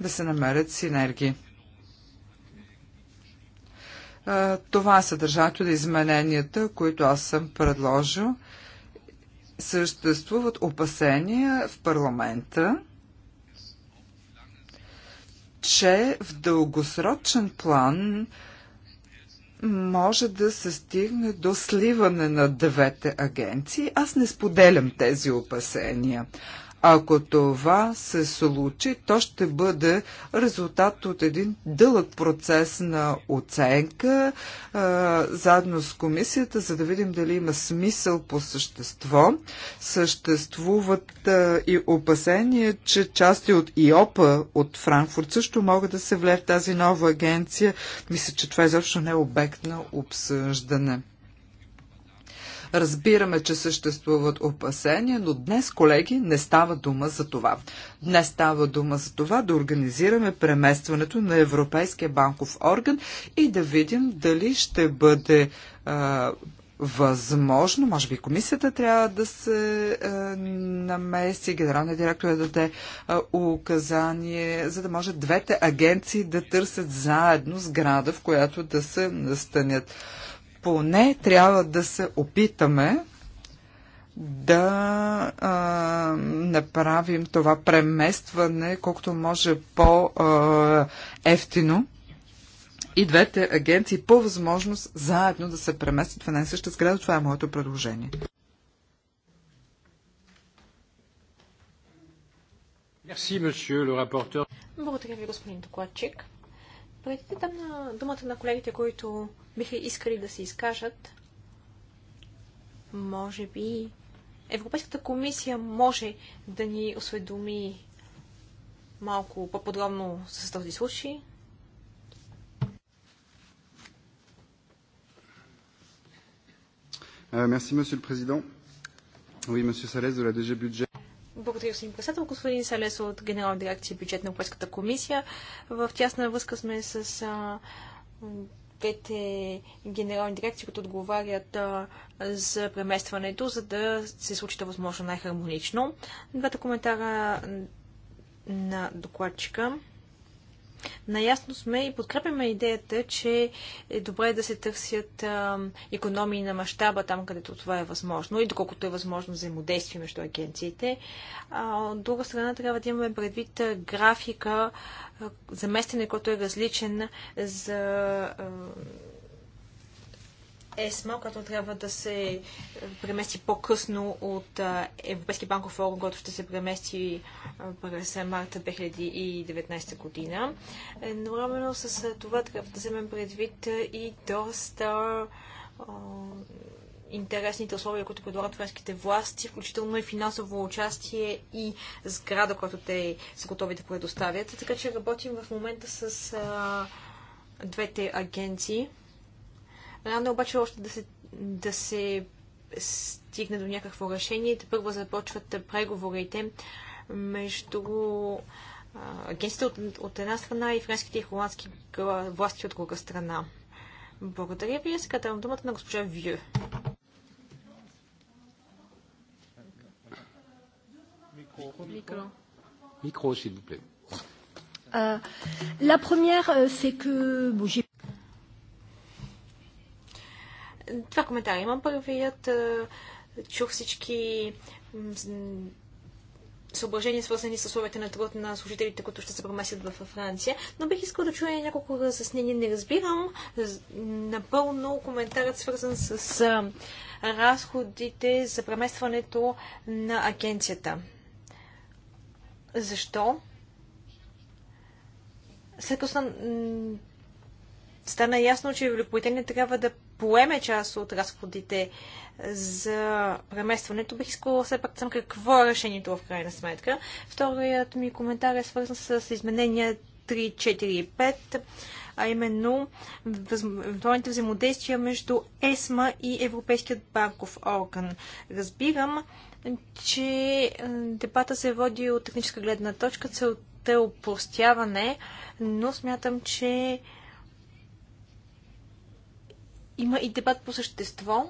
да се намерят синергии. Това е съдържанието на измененията, които аз съм предложил съществуват опасения в парламента, че в дългосрочен план може да се стигне до сливане на двете агенции. Аз не споделям тези опасения. Ако това се случи, то ще бъде резултат от един дълъг процес на оценка а, заедно с комисията, за да видим дали има смисъл по същество. Съществуват а, и опасения, че части от ИОПА от Франкфурт също могат да се влеят в тази нова агенция. Мисля, че това изобщо не е обект на обсъждане. Разбираме, че съществуват опасения, но днес, колеги, не става дума за това. Днес става дума за това да организираме преместването на Европейския банков орган и да видим дали ще бъде а, възможно, може би комисията трябва да се е, намеси, генералният директор да даде е, указание, за да може двете агенции да търсят заедно сграда, в която да се настанят поне трябва да се опитаме да а, направим това преместване колкото може по-ефтино и двете агенции по възможност заедно да се преместят в една и съща сграда. Това е моето предложение. Благодаря ви, господин докладчик. Преди да дам на думата на колегите, които биха искали да се изкажат, може би Европейската комисия може да ни осведоми малко по-подробно с този случай. Euh, merci, Monsieur le Président. Oui, Monsieur Salès de la DG Budget. Благодаря, господин председател. Господин Салес от Генерална дирекция бюджет на Европейската комисия. В тясна връзка сме с а, двете генерални дирекции, които отговарят а, за преместването, за да се случи това възможно най-хармонично. Двата коментара на докладчика. Наясно сме и подкрепяме идеята, че е добре да се търсят економии на мащаба там, където това е възможно и доколкото е възможно взаимодействие между агенциите. от друга страна, трябва да имаме предвид графика, заместене, който е различен за а, ЕСМА, която трябва да се премести по-късно от Европейски банков форум, който ще се премести през марта 2019 година. Едновременно с това трябва да вземем предвид и доста интересните условия, които предлагат френските власти, включително и финансово участие и сграда, която те са готови да предоставят. Така че работим в момента с а, двете агенции. Рано е обаче още да се, да се стигне до някакво решение. Те първо започват преговорите между агенцията от, от една страна и френските и холандски власти от друга страна. Благодаря ви. Сега давам думата на госпожа Вю. Микро. Микро, s'il vous plaît. La première, euh, c'est que bon, j'ai Два коментара имам. Първият чух всички съображения, свързани с условията на труд на служителите, които ще се преместят в Франция. Но бих искал да чуя няколко разяснения. Не разбирам напълно коментарът, свързан с разходите за преместването на агенцията. Защо? След като стана ясно, че Великобритания трябва да поеме част от разходите за преместването, бих искала все пак да съм какво е решението в крайна сметка. Вторият ми коментар е свързан с изменения 3, 4 и 5 а именно евентуалните взаимодействия между ЕСМА и Европейският банков орган. Разбирам, че е, дебата се води от техническа гледна точка, целта е упростяване, но смятам, че има и дебат по същество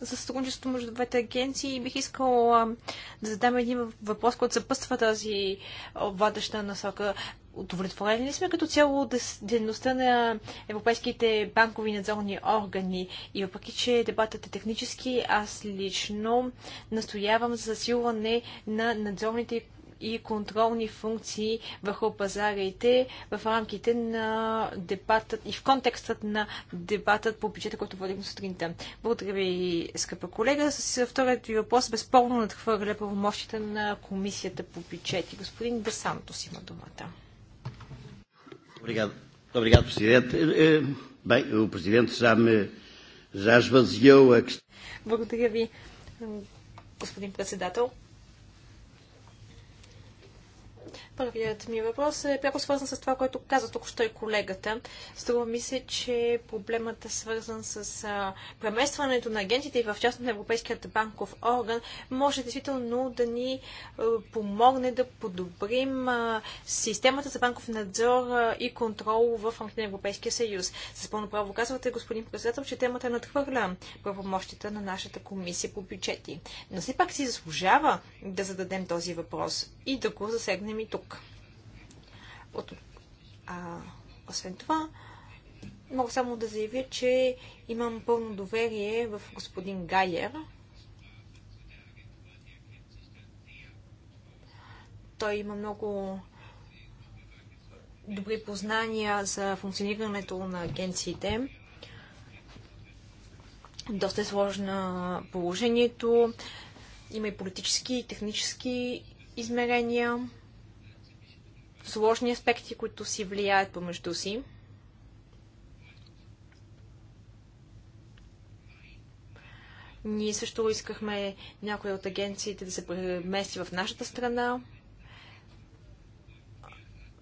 за сътрудничество между двете агенции и бих искала да задам един въпрос, който съпъства тази обладаща насока. Удовлетворени ли сме като цяло дейността на европейските банкови надзорни органи? И въпреки, че дебатът е технически, аз лично настоявам за засилване на надзорните и контролни функции върху пазарите в рамките на дебата и в контекстът на дебатът по бюджета, който водим сутринта. Благодаря ви, скъпа колега. С вторият ви въпрос безспорно надхвърля правомощите на Комисията по бюджет. господин Десантос има думата. Obrigado. Obrigado, е, е, президент Bem, o Presidente Благодаря ви, господин председател. Първият ми въпрос е пряко свързан с това, което каза тук що и колегата. Струва ми се, че проблемът е свързан с а, преместването на агентите и в частност на Европейският банков орган. Може действително да ни а, помогне да подобрим а, системата за банков надзор а, и контрол в рамките на Европейския съюз. С пълно право казвате, господин председател, че темата е надхвърля правомощите на нашата комисия по бюджети. Но все пак си заслужава да зададем този въпрос и да го засегнем и тук тук. От, а, освен това, мога само да заявя, че имам пълно доверие в господин Гайер. Той има много добри познания за функционирането на агенциите. Доста е сложно положението. Има и политически, и технически измерения сложни аспекти, които си влияят помежду си. Ние също искахме някои от агенциите да се премести в нашата страна.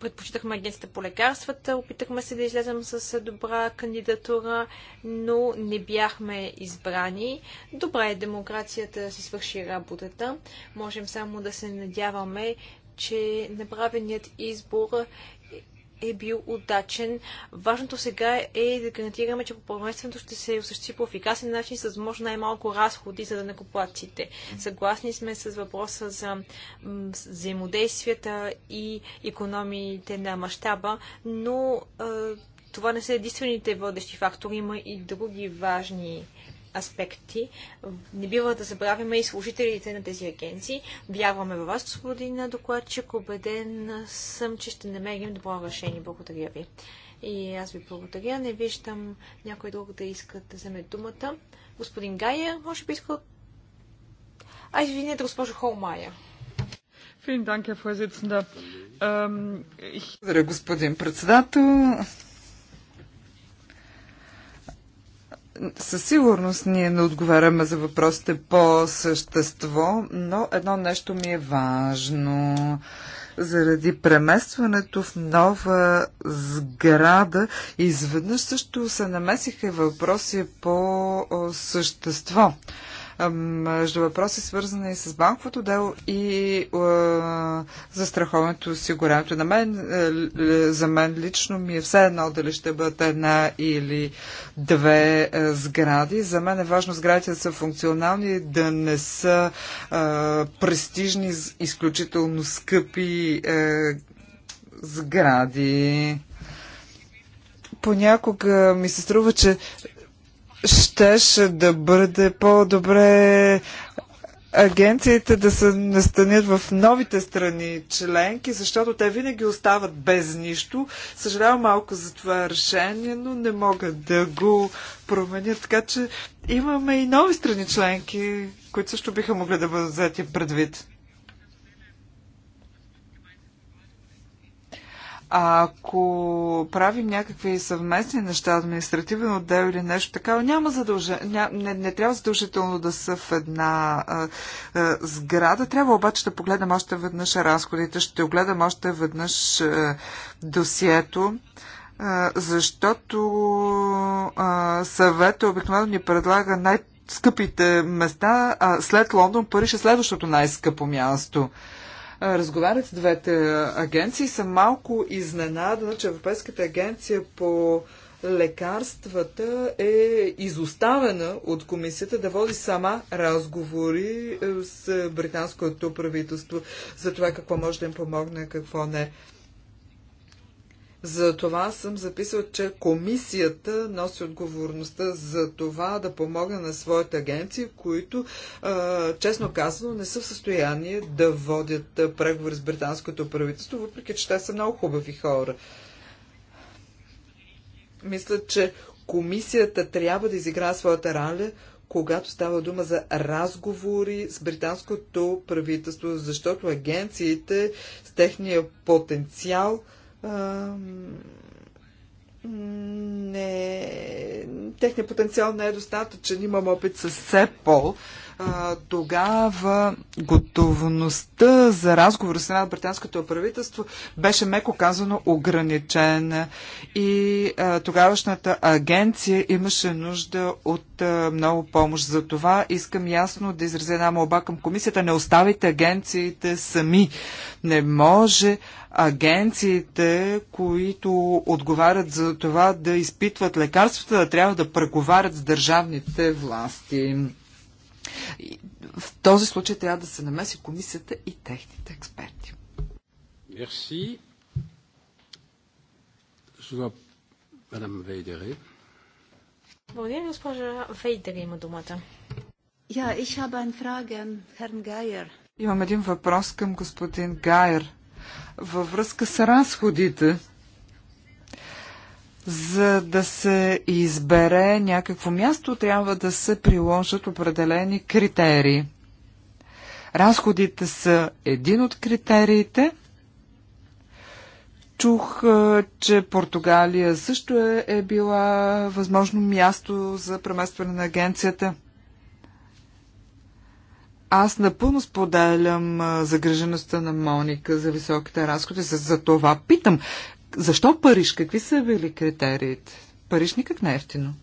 Предпочитахме агенцията по лекарствата, опитахме се да излезем с добра кандидатура, но не бяхме избрани. Добре, е, демокрацията да си свърши работата. Можем само да се надяваме, че направеният избор е бил удачен. Важното сега е да гарантираме, че попълнението ще се осъществи по ефикасен начин с възможно най-малко разходи за да Съгласни сме с въпроса за взаимодействията и економиите на мащаба, но това не са единствените водещи фактори, има и други важни аспекти. Не бива да забравяме и служителите на тези агенции. Вярваме във вас, господин докладчик. Обеден съм, че ще намерим добро решение. Благодаря ви. И аз ви благодаря. Не виждам някой друг да иска да вземе думата. Господин Гайер, може би иска... А, извинете, госпожо Холмайер. Благодаря, господин председател. Със сигурност ние не отговаряме за въпросите по същество, но едно нещо ми е важно. Заради преместването в нова сграда, изведнъж също се намесиха въпроси по същество между въпроси, свързани с банковото дело и застраховането осигуряването. На мен, е, за мен лично ми е все едно дали ще бъдат една или две е, сгради. За мен е важно сградите да са функционални, да не са престижни, изключително скъпи е, сгради понякога ми се струва, че щеше да бъде по-добре агенциите да се настанят в новите страни членки, защото те винаги остават без нищо. Съжалявам малко за това решение, но не могат да го променят. Така че имаме и нови страни членки, които също биха могли да бъдат взети предвид. ако правим някакви съвместни неща, административен отдел или нещо такава, няма задължа... ня... не, не трябва задължително да са в една а, а, сграда. Трябва обаче да погледнем още веднъж разходите, ще огледам още веднъж а, досието защото а, съвета обикновено ни предлага най-скъпите места, а след Лондон Париж е следващото най-скъпо място. Разговарят с двете агенции съм малко изненадана, че Европейската агенция по лекарствата е изоставена от комисията да води сама разговори е, с британското правителство за това какво може да им помогне, какво не. За това съм записал, че комисията носи отговорността за това да помогне на своите агенции, които, честно казано, не са в състояние да водят преговори с британското правителство, въпреки че те са много хубави хора. Мисля, че комисията трябва да изиграе своята роля, когато става дума за разговори с британското правителство, защото агенциите с техния потенциал – не, техният потенциал не е достатъчен. Имам опит с СЕПОЛ тогава готовността за разговор с на британското правителство беше меко казано ограничена и тогавашната агенция имаше нужда от много помощ. За това искам ясно да изразя една молба към комисията. Не оставайте агенциите сами. Не може агенциите, които отговарят за това да изпитват лекарствата, да трябва да преговарят с държавните власти. В този случай трябва да се намеси комисията и техните експерти. Мерси. Мадам Вейдере. Благодаря, госпожа Вейдере има думата. Я, ich habe ein Frage an Herrn Geier. Имам един въпрос към господин Гайер. Във връзка с разходите, за да се избере някакво място, трябва да се приложат определени критерии. Разходите са един от критериите. Чух, е, че Португалия също е, е била възможно място за преместване на агенцията. Аз напълно споделям е, загрежеността на Моника за високите разходи. За, за това питам. Защо Париж? Какви са били критериите? Париж никак не е ефтино.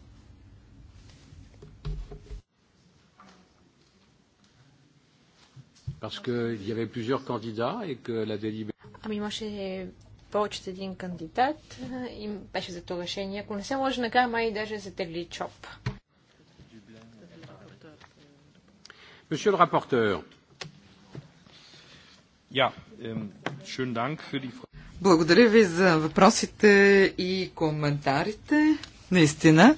Ами имаше повече от един кандидат и беше за това решение. Ако не се може накрая, май даже за Терличоп. Monsieur le rapporteur. Ja, ähm, schönen Dank für die Frage. Благодаря ви за въпросите и коментарите. Наистина.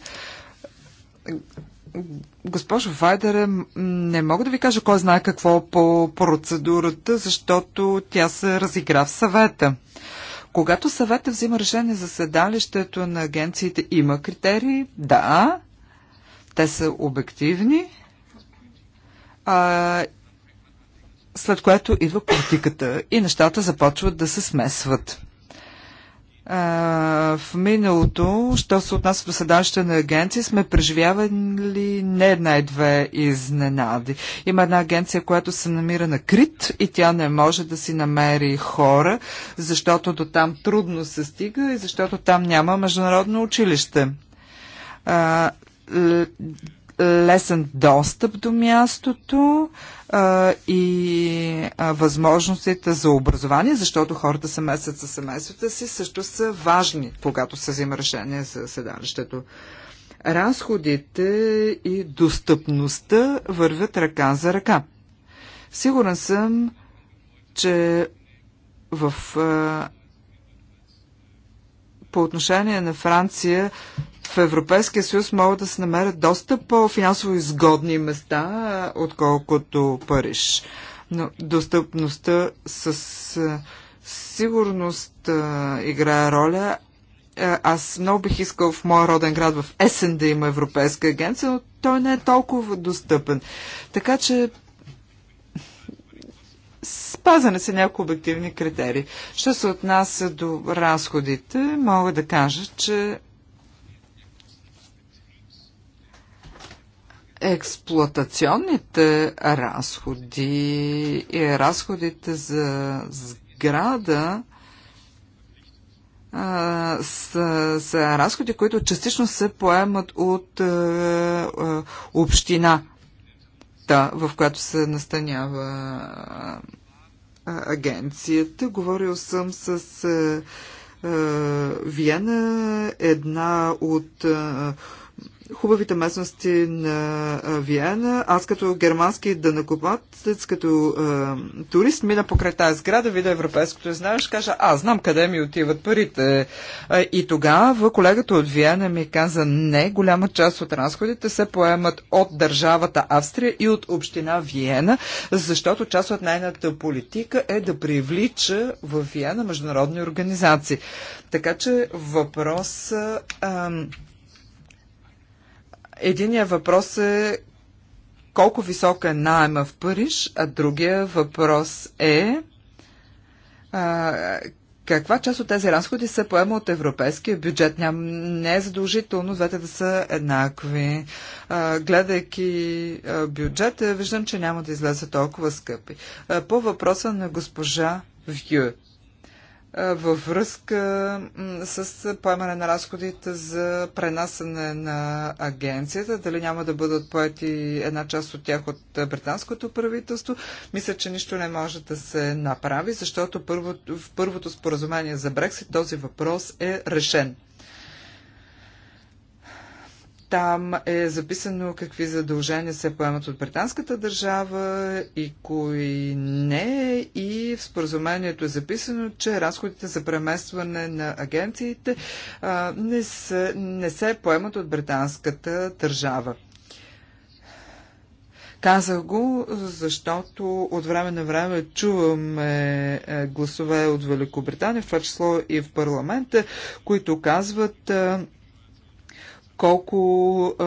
Госпожо Вайдера, не мога да ви кажа кой знае какво по процедурата, защото тя се разигра в съвета. Когато съвета взима решение за седалището на агенциите, има критерии? Да. Те са обективни а, след което идва политиката и нещата започват да се смесват. А, в миналото, що се отнася до седалище на агенции, сме преживявали не една и две изненади. Има една агенция, която се намира на Крит и тя не може да си намери хора, защото до там трудно се стига и защото там няма международно училище. А, лесен достъп до мястото а, и а, възможностите за образование, защото хората се месят със семействата си, също са важни, когато се взима решение за седалището. Разходите и достъпността вървят ръка за ръка. Сигурен съм, че в а, по отношение на Франция в Европейския съюз могат да се намерят доста по-финансово изгодни места, отколкото Париж. Но достъпността с сигурност играе роля. Аз много бих искал в моя роден град в Есен да има Европейска агенция, но той не е толкова достъпен. Така че Спазани са някои обективни критерии. Що се отнася до разходите, мога да кажа, че експлуатационните разходи и разходите за сграда са, са разходи, които частично се поемат от община областта, в която се настанява агенцията. Говорил съм с Виена, една от хубавите местности на Виена. Аз като германски данакоплатец, като е, турист, мина покрай тази сграда, видя европейското и знаеш, кажа, аз знам къде ми отиват парите. и тогава колегата от Виена ми каза, не, голяма част от разходите се поемат от държавата Австрия и от община Виена, защото част от нейната политика е да привлича в Виена международни организации. Така че въпрос. Е, Единият въпрос е колко висока е найема в Париж, а другия въпрос е а, каква част от тези разходи се поема от европейския бюджет? Ням, не е задължително двете да са еднакви. А, гледайки а, бюджет, виждам, че няма да излезе толкова скъпи. А, по въпроса на госпожа Вю във връзка с поемане на разходите за пренасене на агенцията, дали няма да бъдат поети една част от тях от британското правителство. Мисля, че нищо не може да се направи, защото първо, в първото споразумение за Брексит този въпрос е решен. Там е записано какви задължения се поемат от британската държава и кои не. И в споразумението е записано, че разходите за преместване на агенциите а, не, се, не се поемат от британската държава. Казах го, защото от време на време чуваме е, гласове от Великобритания, в това число и в парламента, които казват е, колко е,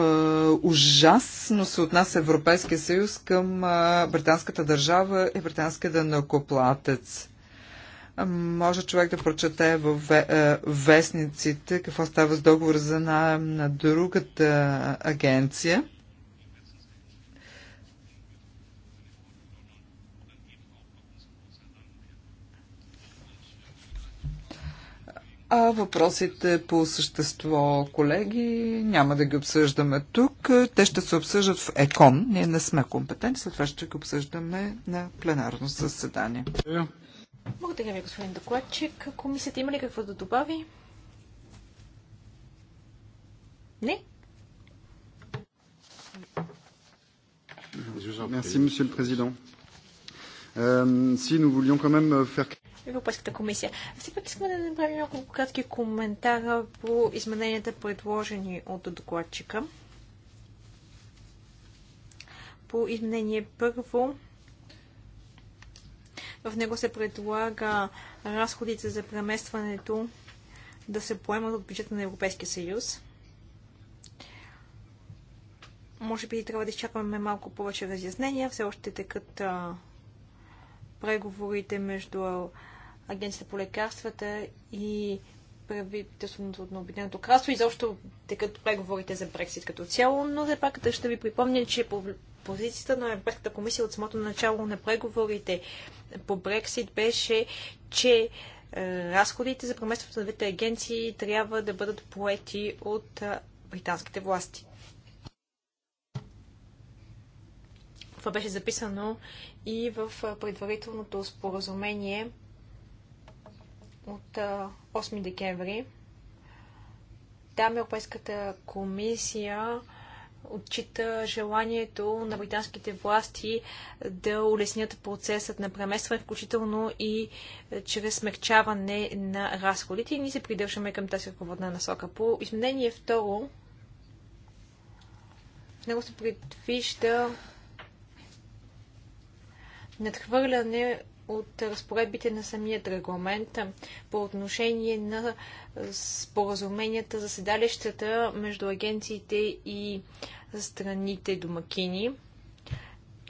ужасно се отнася Европейския съюз към е, британската държава и британския дънакоплатец. Може човек да прочете в е, вестниците какво става с договор за найем на другата агенция. А въпросите по същество, колеги, няма да ги обсъждаме тук. Те ще се обсъждат в ЕКОН. Ние не сме компетентни, след това ще ги обсъждаме на пленарно съседание. Благодаря ви, господин докладчик. Комисията има ли какво да добави? Не? Merci, Monsieur le Président. Euh, si nous voulions quand même faire... Европейската комисия. А сега искаме да направим няколко кратки коментара по измененията, предложени от докладчика. По изменение първо, в него се предлага разходите за преместването да се поемат от бюджета на Европейския съюз. Може би трябва да изчакваме малко повече разяснения. Все още текат преговорите между Агенцията по лекарствата и правителството на Обединеното кралство. Изобщо като преговорите за Брексит като цяло, но все пак ще ви припомня, че позицията на Европейската комисия от самото начало на преговорите по Брексит беше, че е, разходите за преместването на двете агенции трябва да бъдат поети от е, британските власти. Това беше записано и в е, предварителното споразумение от 8 декември. Там Европейската комисия отчита желанието на британските власти да улеснят процесът на преместване, включително и е, чрез смягчаване на разходите. И ние се придържаме към тази ръководна насока. По изменение второ, в него се предвижда надхвърляне от разпоредбите на самият регламент по отношение на споразуменията за седалищата между агенциите и страните домакини.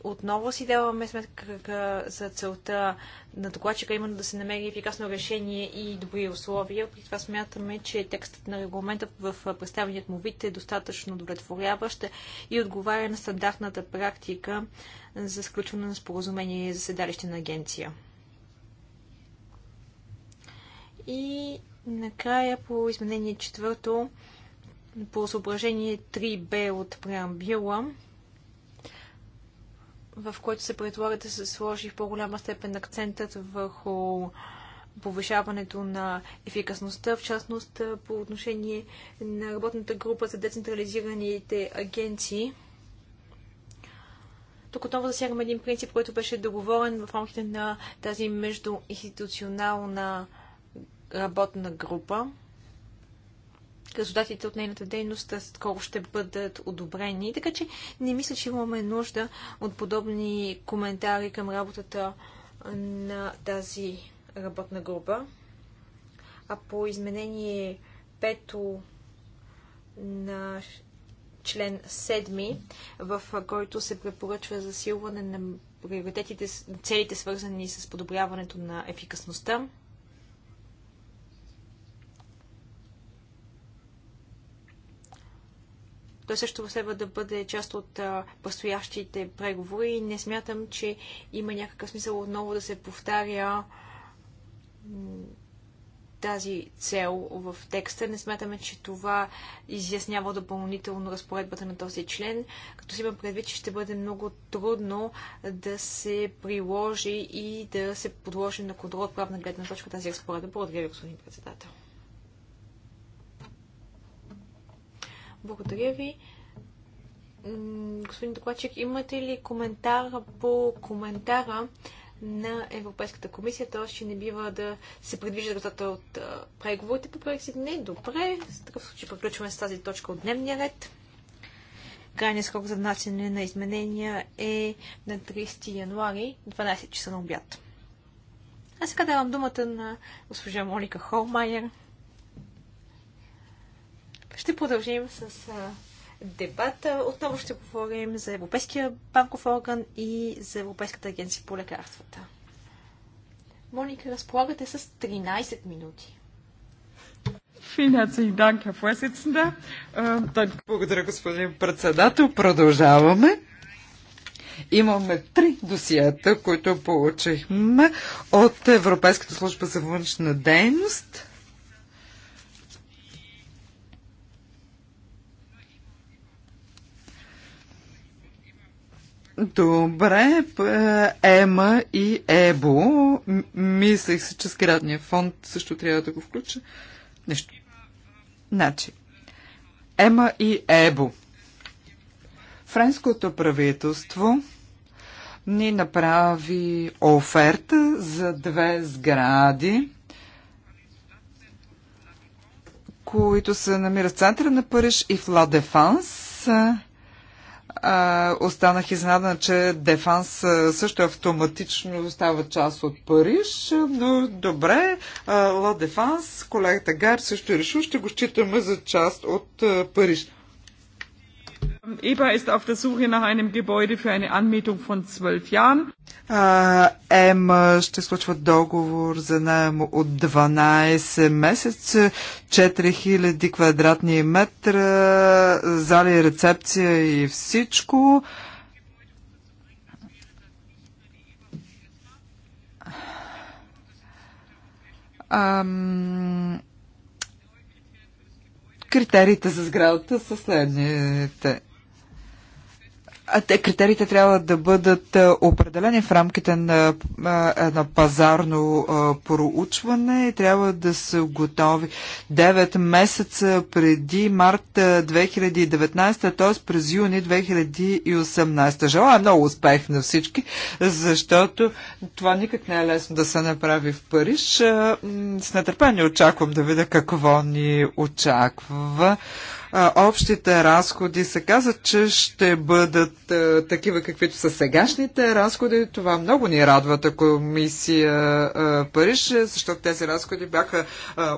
Отново си даваме сметка за целта на докладчика, именно да се намери ефикасно решение и добри условия. При това смятаме, че текстът на регламента в представеният му вид е достатъчно удовлетворяващ и отговаря на стандартната практика за сключване на споразумение за седалище на агенция. И накрая по изменение четвърто, по съображение 3b от преамбила, в който се предлага да се сложи в по-голяма степен акцентът върху повишаването на ефикасността, в частност по отношение на работната група за децентрализираните агенции. Тук отново засягаме един принцип, който беше договорен в рамките на тази междуинституционална работна група. Резултатите от нейната дейност скоро ще бъдат одобрени, така че не мисля, че имаме нужда от подобни коментари към работата на тази работна група. А по изменение пето на член 7, в който се препоръчва засилване на приоритетите, целите свързани с подобряването на ефикасността. Той също следва да бъде част от предстоящите преговори и не смятам, че има някакъв смисъл отново да се повтаря тази цел в текста. Не смятаме, че това изяснява допълнително разпоредбата на този член, като си има предвид, че ще бъде много трудно да се приложи и да се подложи на контрол от правна гледна точка тази разпоредба. Благодаря ви, господин председател. Благодаря ви. Господин докладчик, имате ли коментар по коментара на Европейската комисия, т.е. че не бива да се предвижда резултата от преговорите по Брексит. Не, добре. В такъв случай приключваме с тази точка от дневния ред. Крайният срок за внасяне на изменения е на 30 януари, 12 часа на обяд. А сега давам думата на госпожа Моника Холмайер. Ще продължим с дебат. Отново ще говорим за Европейския банков орган и за Европейската агенция по лекарствата. Моника, разполагате с 13 минути. Благодаря, господин председател. Продължаваме. Имаме три досиета, които получихме от Европейската служба за външна дейност Добре, е, Ема и Ебо. Мислех се, че сградния фонд също трябва да го включа. Нещо. Значи, Ема и Ебо. Френското правителство ни направи оферта за две сгради, които се намират в центъра на Париж и в Ла Дефанс. А, останах изненадана, че Дефанс също автоматично става част от Париж, но добре, Ла Дефанс, колегата Гар също е решил, ще го считаме за част от Париж. EBA ist auf der Suche nach einem Gebäude für eine Anmietung von zwölf Jahren. ЕМА ще сключва договор за найем от 12 месеца, 4000 квадратни метра, зали, рецепция и всичко. Ам... Критериите за сградата са следните Критериите трябва да бъдат определени в рамките на едно пазарно проучване. Трябва да са готови 9 месеца преди март 2019, т.е. през юни 2018. Желая много успех на всички, защото това никак не е лесно да се направи в Париж. С нетърпение очаквам да видя какво ни очаква общите разходи се каза, че ще бъдат такива каквито са сегашните разходи. Това много ни радва, комисия Париж, защото тези разходи бяха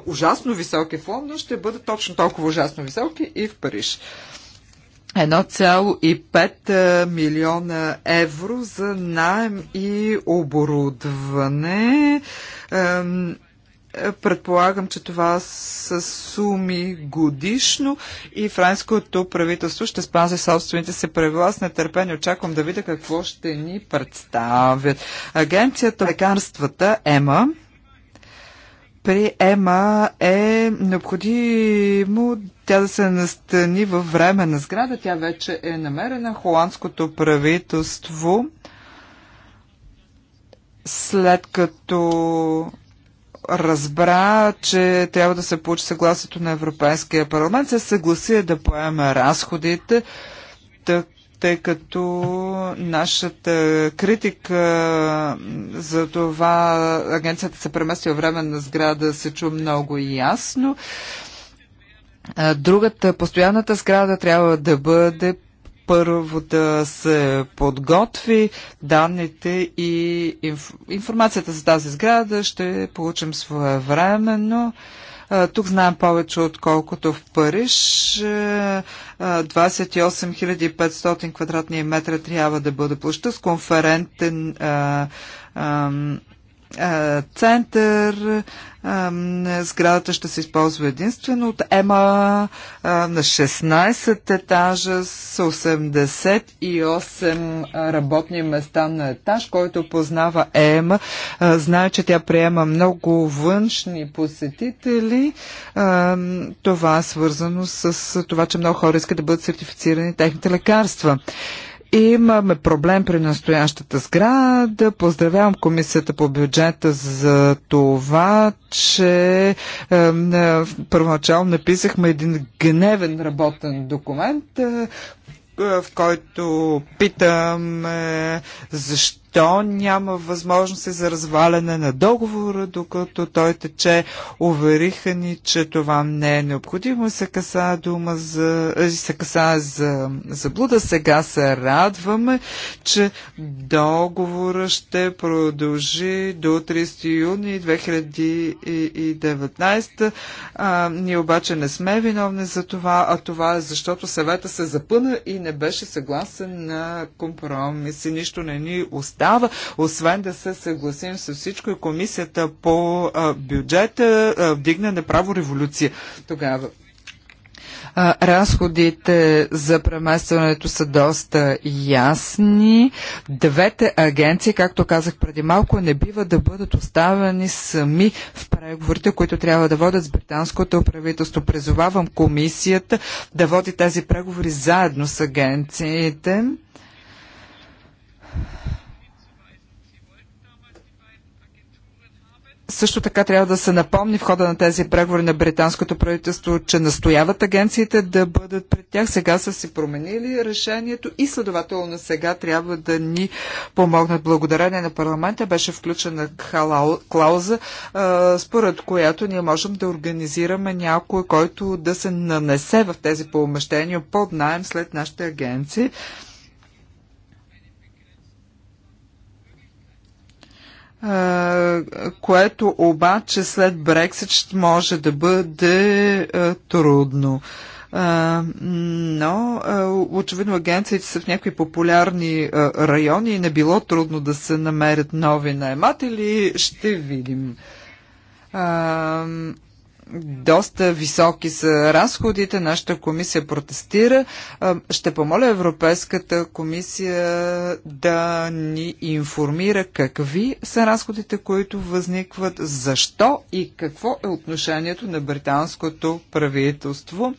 ужасно високи в Лондон, ще бъдат точно толкова ужасно високи и в Париж. 1,5 милиона евро за найем и оборудване. Предполагам, че това са суми годишно и франското правителство ще спази собствените си правила. С нетърпение очаквам да видя какво ще ни представят. Агенцията лекарствата ЕМА при ЕМА е необходимо тя да се настани във време на сграда. Тя вече е намерена. Холандското правителство след като разбра, че трябва да се получи съгласието на Европейския парламент, се съгласи да поеме разходите, тъй като нашата критика за това агенцията се премести във време на сграда се чу много ясно. Другата, постоянната сграда трябва да бъде първо да се подготви данните и инф... информацията за тази сграда ще получим своевременно. Тук знаем повече отколкото в Париж. 28 500 квадратния метра трябва да бъде площа с конферентен а, а, център. Сградата ще се използва единствено от ЕМА на 16 етажа с 88 работни места на етаж, който познава ЕМА. Знае, че тя приема много външни посетители. Това е свързано с това, че много хора искат да бъдат сертифицирани техните лекарства. Имаме проблем при настоящата сграда. Поздравявам комисията по бюджета за това, че е, е, първоначално написахме един гневен работен документ, е, е в който питам защо то няма възможности за разваляне на договора, докато той тече. Увериха ни, че това не е необходимо и се каса дума за, се каса за заблуда. Сега се радваме, че договора ще продължи до 30 юни 2019. А, ние обаче не сме виновни за това, а това е защото съвета се запъна и не беше съгласен на компромиси. Нищо не ни остава става, освен да се съгласим с всичко и комисията по бюджета вдигна направо революция тогава разходите за преместването са доста ясни. Двете агенции, както казах преди малко, не бива да бъдат оставени сами в преговорите, които трябва да водят с британското правителство. Призовавам комисията да води тези преговори заедно с агенциите. Също така трябва да се напомни в хода на тези преговори на британското правителство, че настояват агенциите да бъдат пред тях. Сега са си променили решението и следователно сега трябва да ни помогнат. Благодарение на парламента беше включена клауза, според която ние можем да организираме някой, който да се нанесе в тези помещения под найем след нашите агенции. което обаче след Брексит ще може да бъде трудно. Но очевидно агенциите са в някакви популярни райони и не било трудно да се намерят нови наематели. Ще видим доста високи са разходите, нашата комисия протестира. Ще помоля Европейската комисия да ни информира какви са разходите, които възникват, защо и какво е отношението на британското правителство.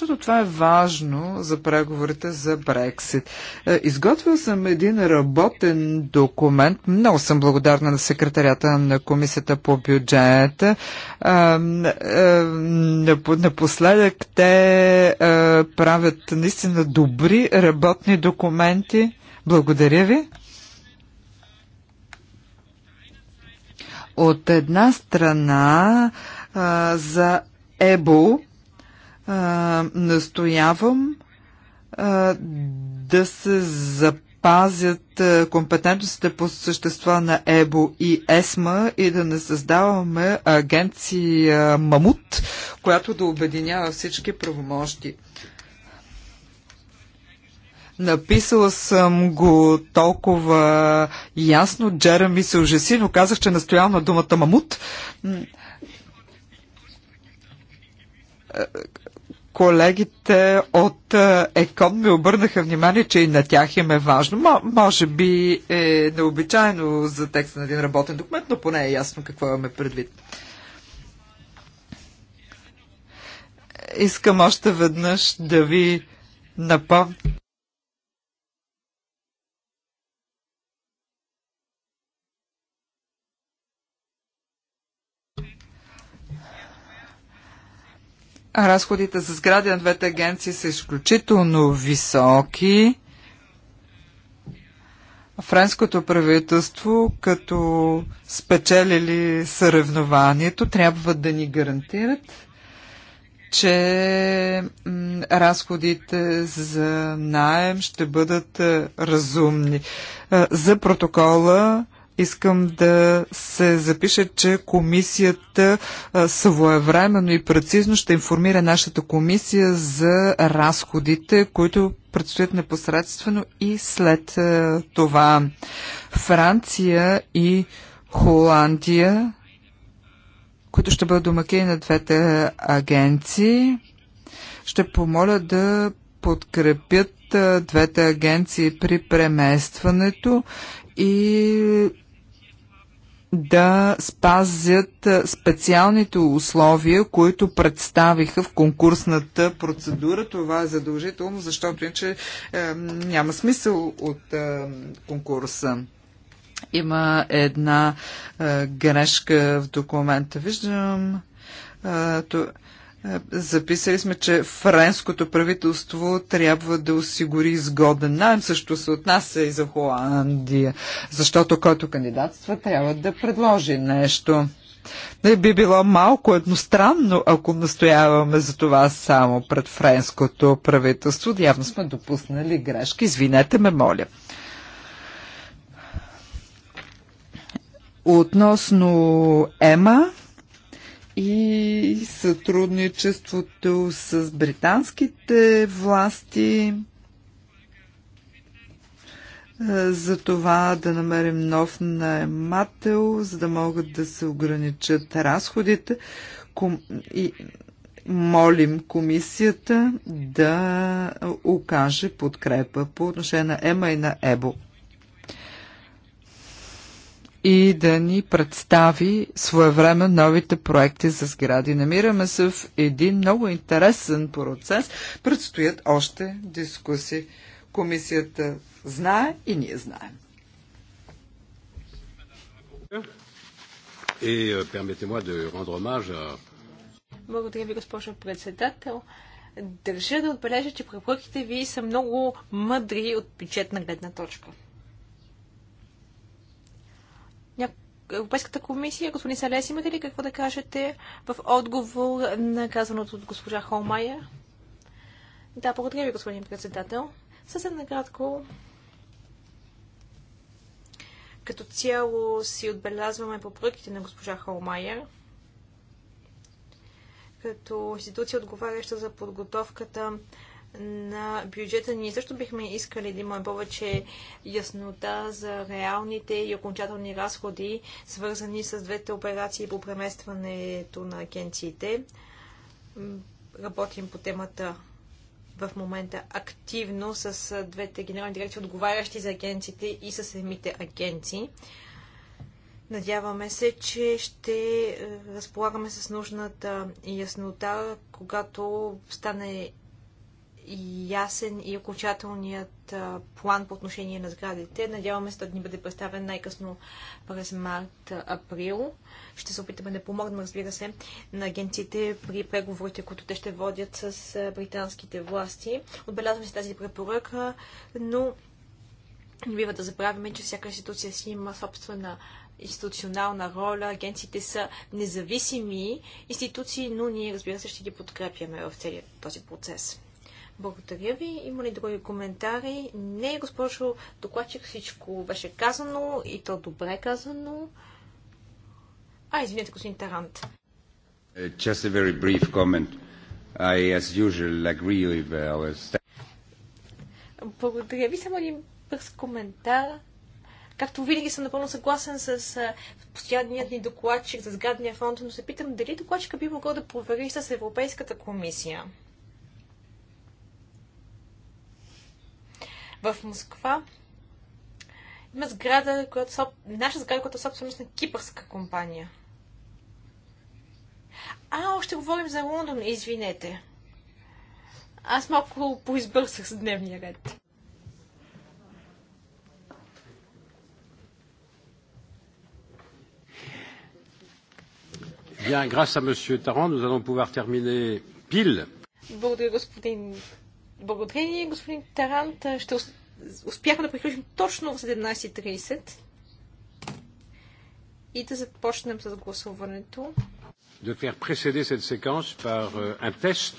защото това е важно за преговорите за Брексит. Е, изготвил съм един работен документ. Много съм благодарна на секретарята на комисията по бюджета. Е, е, напоследък те правят наистина добри работни документи. Благодаря ви. От една страна за ЕБО а, настоявам а, да се запазят компетентностите по същества на ЕБО и ЕСМА и да не създаваме агенция Мамут, която да обединява всички правомощи. Написала съм го толкова ясно. Джереми се ужаси, но казах, че настоял на думата мамут колегите от ЕКОН ми обърнаха внимание, че и на тях им е важно. може би е необичайно за текста на един работен документ, но поне е ясно какво имаме предвид. Искам още веднъж да ви напомня. Разходите за сгради на двете агенции са изключително високи. Френското правителство, като спечелили съревнованието, трябва да ни гарантират, че разходите за найем ще бъдат разумни. За протокола Искам да се запише, че комисията съвоевременно и прецизно ще информира нашата комисия за разходите, които предстоят непосредствено и след това. Франция и Холандия, които ще бъдат домакини на двете агенции, ще помоля да подкрепят двете агенции при преместването и да спазят специалните условия, които представиха в конкурсната процедура. Това е задължително, защото иначе е, няма смисъл от е, конкурса. Има една е, грешка в документа. Виждам. Е, Записали сме, че френското правителство трябва да осигури изгоден найем. Също се отнася и за Холандия, защото който кандидатства трябва да предложи нещо. Не би било малко едностранно, ако настояваме за това само пред френското правителство. Явно сме допуснали грешки. Извинете ме, моля. Относно Ема, и сътрудничеството с британските власти за това да намерим нов наемател, за да могат да се ограничат разходите. Ком... И молим комисията да окаже подкрепа по отношение на ЕМА и на ЕБО и да ни представи своевреме новите проекти за сгради. Намираме се в един много интересен процес. Предстоят още дискусии. Комисията знае и ние знаем. И permettez-moi е, rendre hommage à... Благодаря ви, госпожо председател. Държа да отбележа, че препоръките ви са много мъдри от бюджетна гледна точка. Европейската комисия. Господин Салес, имате ли какво да кажете в отговор на казаното от госпожа Холмайя? Да, благодаря ви, господин председател. Съвсем накратко, като цяло си отбелязваме по проектите на госпожа Холмайя, като институция, отговаряща за подготовката на бюджета ние също бихме искали да имаме повече яснота за реалните и окончателни разходи, свързани с двете операции по преместването на агенциите. Работим по темата в момента активно с двете генерални дирекции, отговарящи за агенциите и с самите агенции. Надяваме се, че ще е, разполагаме с нужната яснота, когато стане ясен и окончателният план по отношение на сградите. Надяваме се да ни бъде представен най-късно през март-април. Ще се опитаме да помогнем, разбира се, на агенциите при преговорите, които те ще водят с британските власти. Отбелязваме се тази препоръка, но не бива да забравяме, че всяка институция си има собствена институционална роля. Агенциите са независими институции, но ние, разбира се, ще ги подкрепяме в целият този процес. Благодаря ви. Има ли други коментари? Не, госпожо докладчик, всичко беше казано и то добре казано. А, извинете, господин Тарант. Uh, just a very brief comment. I, as usual, agree with uh, our... Благодаря ви. Само един бърз коментар. Както винаги съм напълно съгласен с постоянният ни докладчик за сградния фонд, но се питам дали докладчика би могъл да провери с Европейската комисия. в Москва има сграда, която, соб... наша сграда, която е собственост на кипърска компания. А, още говорим за Лондон, извинете. Аз малко поизбърсах с дневния ред. Bien, grâce à M. Tarrant, nous allons pouvoir terminer pile. Благодаря, господин Благодарение, господин Тарант. Ще успяхме да приключим точно в 17.30 и да започнем с гласуването. De faire précéder cette séquence par euh, un test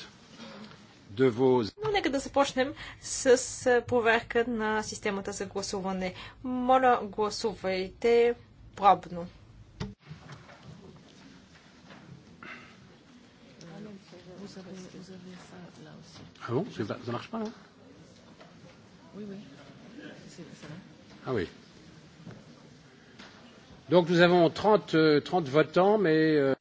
de vos... Но нека да започнем с проверка на системата за гласуване. Моля, гласувайте пробно. Ah bon Ça ne marche pas là Oui, oui. Ah oui. Donc nous avons 30, euh, 30 votants, mais. Euh...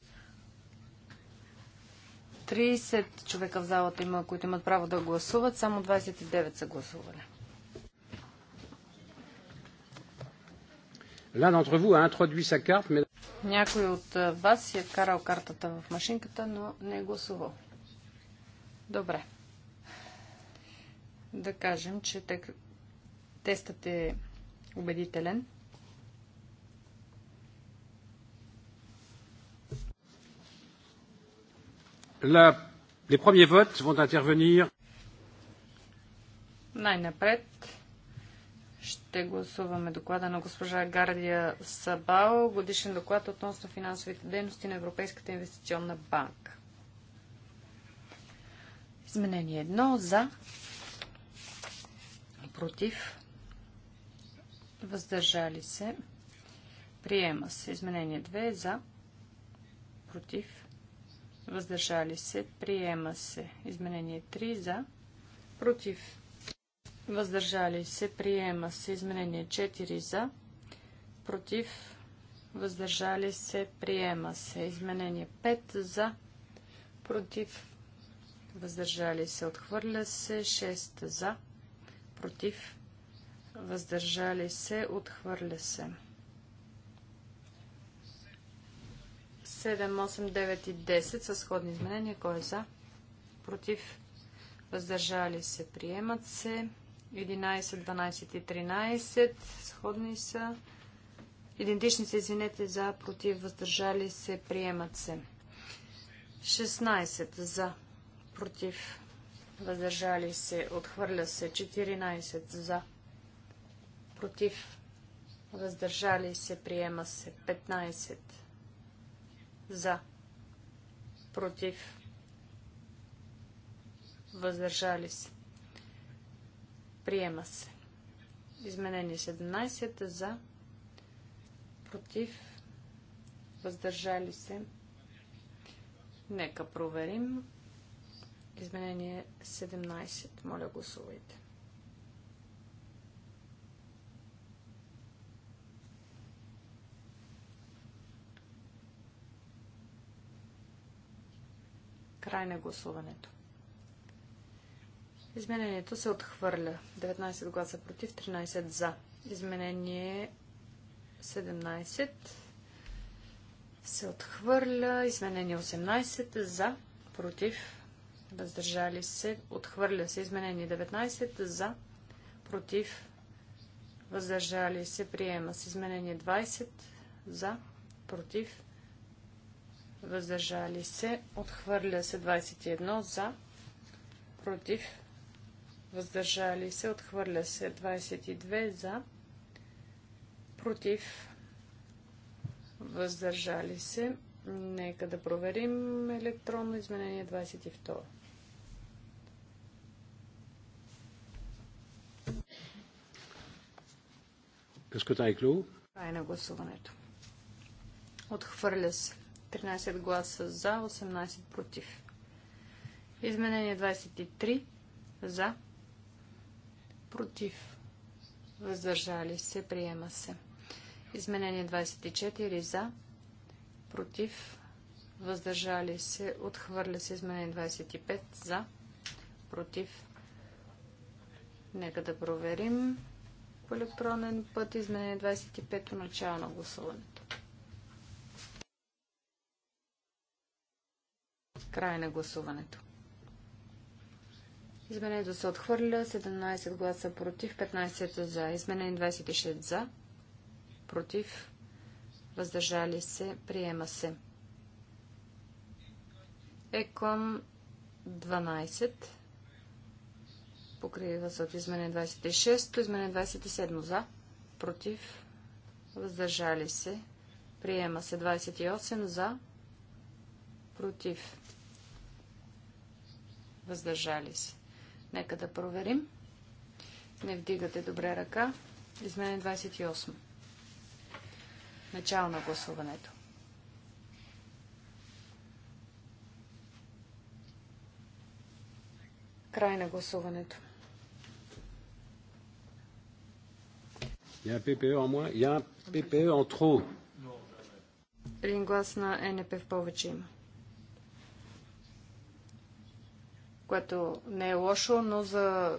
30 човека в залата има, които имат право да гласуват, само 29 са гласували. L'un d'entre vous a introduit sa carte, mais... Някой от вас си е карал картата в машинката, но не е гласувал. Добре да кажем, че тестът е убедителен. La, les premiers votes vont intervenir. Най-напред ще гласуваме доклада на госпожа Гардия Сабао, годишен доклад относно финансовите дейности на Европейската инвестиционна банка. Изменение едно за против, въздържали се, приема се. Изменение 2 е за, против, въздържали се, приема се. Изменение 3 за, против, въздържали се, приема се. Изменение 4 за, против, въздържали се, приема се. Изменение 5 за, против, въздържали се, отхвърля се, 6 за, против, въздържали се, отхвърля се. 7, 8, 9 и 10 са сходни изменения. Кой е за? Против? Въздържали се? Приемат се. 11, 12 и 13 сходни са. Идентични се извинете, за, против, въздържали се, приемат се. 16 за, против, въздържали се, отхвърля се 14 за, против, въздържали се, приема се 15 за, против, въздържали се, приема се. Изменение 17 за, против, въздържали се. Нека проверим. Изменение 17. Моля, гласувайте. Край на гласуването. Изменението се отхвърля. 19 гласа против, 13 за. Изменение 17 се отхвърля. Изменение 18 за, против, въздържали се, отхвърля се. Изменени 19 за, против, въздържали се, приема се. Изменение 20 за, против, въздържали се, отхвърля се. 21 за, против, въздържали се, отхвърля се. 22 за, против, въздържали се. Нека да проверим електронно изменение 22. Къскота е Край на гласуването. Отхвърля се. 13 гласа за, 18 против. Изменение 23 за, против, въздържали се, приема се. Изменение 24 за, против, въздържали се, отхвърля се. Изменение 25 за, против. Нека да проверим по електронен път. Изменение 25 то начало на гласуването. Край на гласуването. Изменението се отхвърля. 17 гласа против, 15 за. Изменение 26 за. Против. Въздържали се. Приема се. ЕКОМ 12 покрива се от изменение 26, измене 27 за, против, въздържали се, приема се 28 за, против, въздържали се. Нека да проверим. Не вдигате добре ръка. Измене 28. Начало на гласуването. Край на гласуването. Il y a un PPE en moins Il y a un PPE en trop. Един глас на НП в повече има. Което не е лошо, но за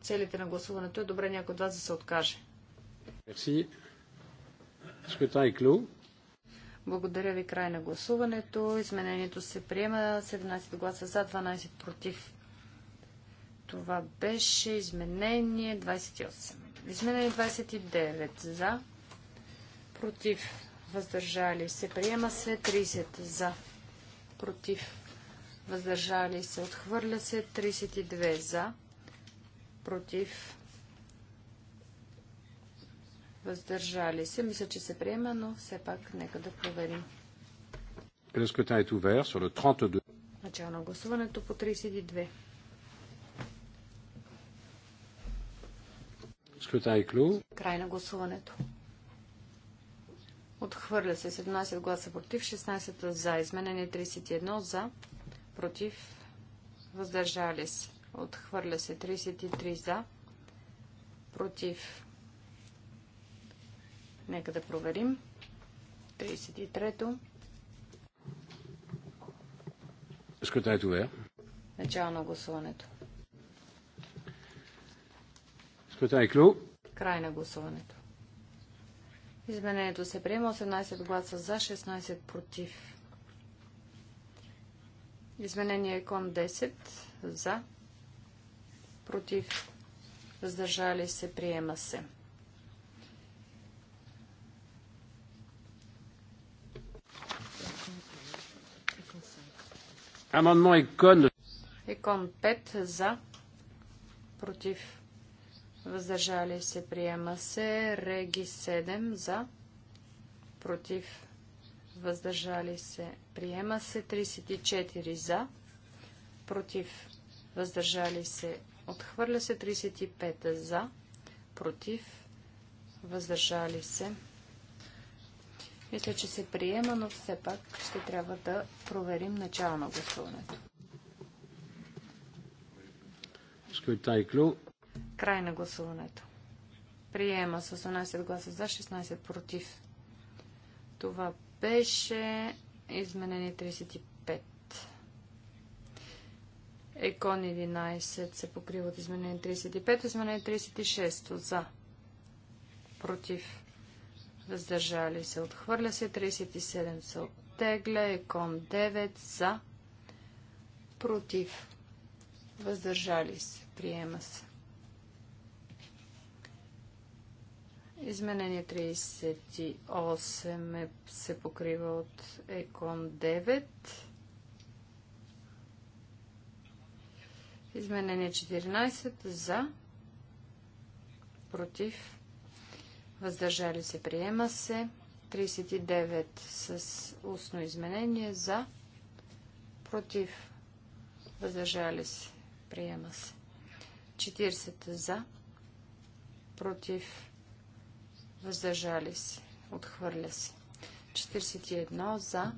целите на гласуването е добре някой от вас да се откаже. Мерси. е клю. Благодаря ви край на гласуването. Изменението се приема 17 гласа за, 12 против. Това беше изменение 28. Изменени 29 за, против, въздържали се, приема се 30 за, против, въздържали се, отхвърля се 32 за, против, въздържали се. Мисля, че се приема, но все пак нека да проверим. 32. Начало на гласуването по 32. Скрутай клю. Край на гласуването. Отхвърля се 17 гласа против, 16 за. Изменение 31 за, против, въздържали се. Отхвърля се 33 за, против. Нека да проверим. 33-то. Скрутай е. Начало на гласуването. Скрутай Край на гласуването. Изменението се приема 18 гласа за, 16 против. Изменение кон 10 за, против, въздържали се, приема се. икон. Икон 5 за, против, въздържали се, приема се. Реги 7 за, против, въздържали се, приема се. 34 за, против, въздържали се, отхвърля се. 35 за, против, въздържали се. Мисля, че се приема, но все пак ще трябва да проверим начало на гласуването. Скрутайкло. Край на гласуването. Приема с 18 гласа за, 16 против. Това беше изменение 35. Екон 11 се покрива от изменение 35. Изменение 36 за. Против. Въздържали се. Отхвърля се. 37 се оттегля. Екон 9 за. Против. Въздържали се. Приема се. Изменение 38 е, се покрива от Екон 9. Изменение 14 за, против, въздържали се, приема се. 39 с устно изменение за, против, въздържали се, приема се. 40 за, против, въздържали се, отхвърля се. 41 за,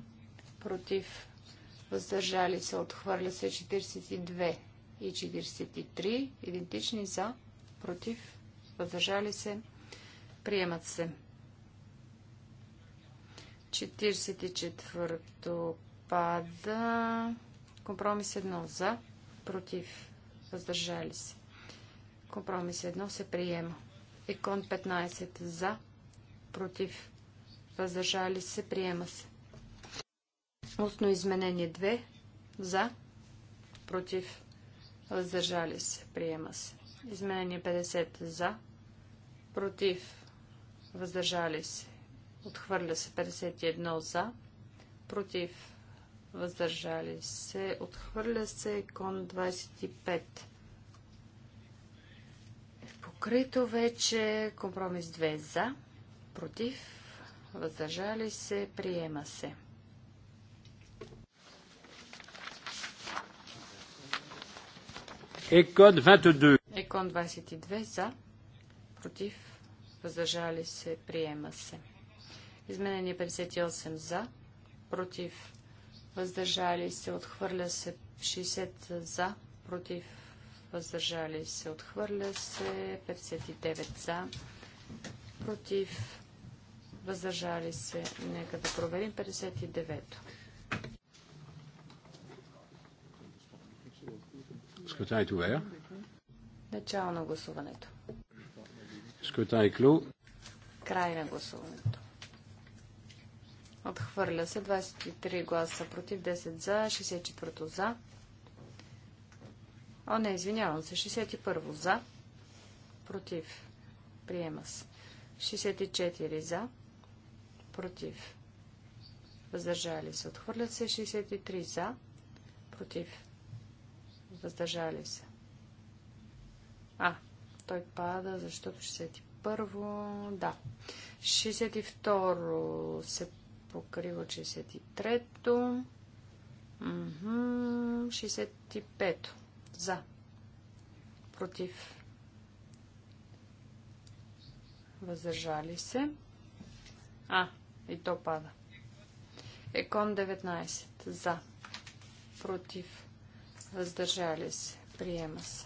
против, въздържали се, отхвърля се. 42 и 43 идентични за, против, въздържали се, приемат се. 44 пада. Компромис 1 за, против, въздържали се. Компромис 1 се приема. Икон 15 за, против, въздържали се, приема се. Устно изменение 2 за, против, въздържали се, приема се. Изменение 50 за, против, въздържали се, отхвърля се 51 за, против, въздържали се, отхвърля се, кон 25 Открито вече. Компромис 2 за, против, въздържали се, приема се. Екон 22. Екон 22 за, против, въздържали се, приема се. Изменение 58 за, против, въздържали се, отхвърля се 60 за, против, въздържали се, отхвърля се, 59 за, против, въздържали се, нека да проверим 59-то. Е е? Начало на гласуването. Скотай е клю. Край на гласуването. Отхвърля се 23 гласа против, 10 за, 64 за а не, извинявам се. 61 за. Против. Приема се. 64 за. Против. Въздържали се. Отхвърлят се. 63 за. Против. Въздържали се. А, той пада, защото 61 да. 62 се покрива 63-то. 65-то. За. Против. Въздържали се. А, и то пада. Екон 19. За. Против. Въздържали се. Приема се.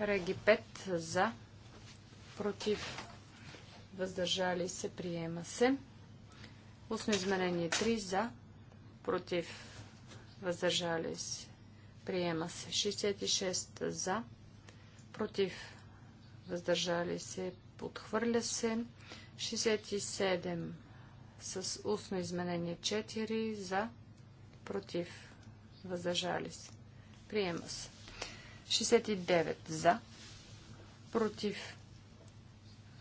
Реги 5. За. Против. Въздържали се. Приема се. Устно изменение 3. За против, въздържали се, приема се. 66 за, против, въздържали се, подхвърля се. 67 с устно изменение 4 за, против, въздържали се, приема се. 69 за, против,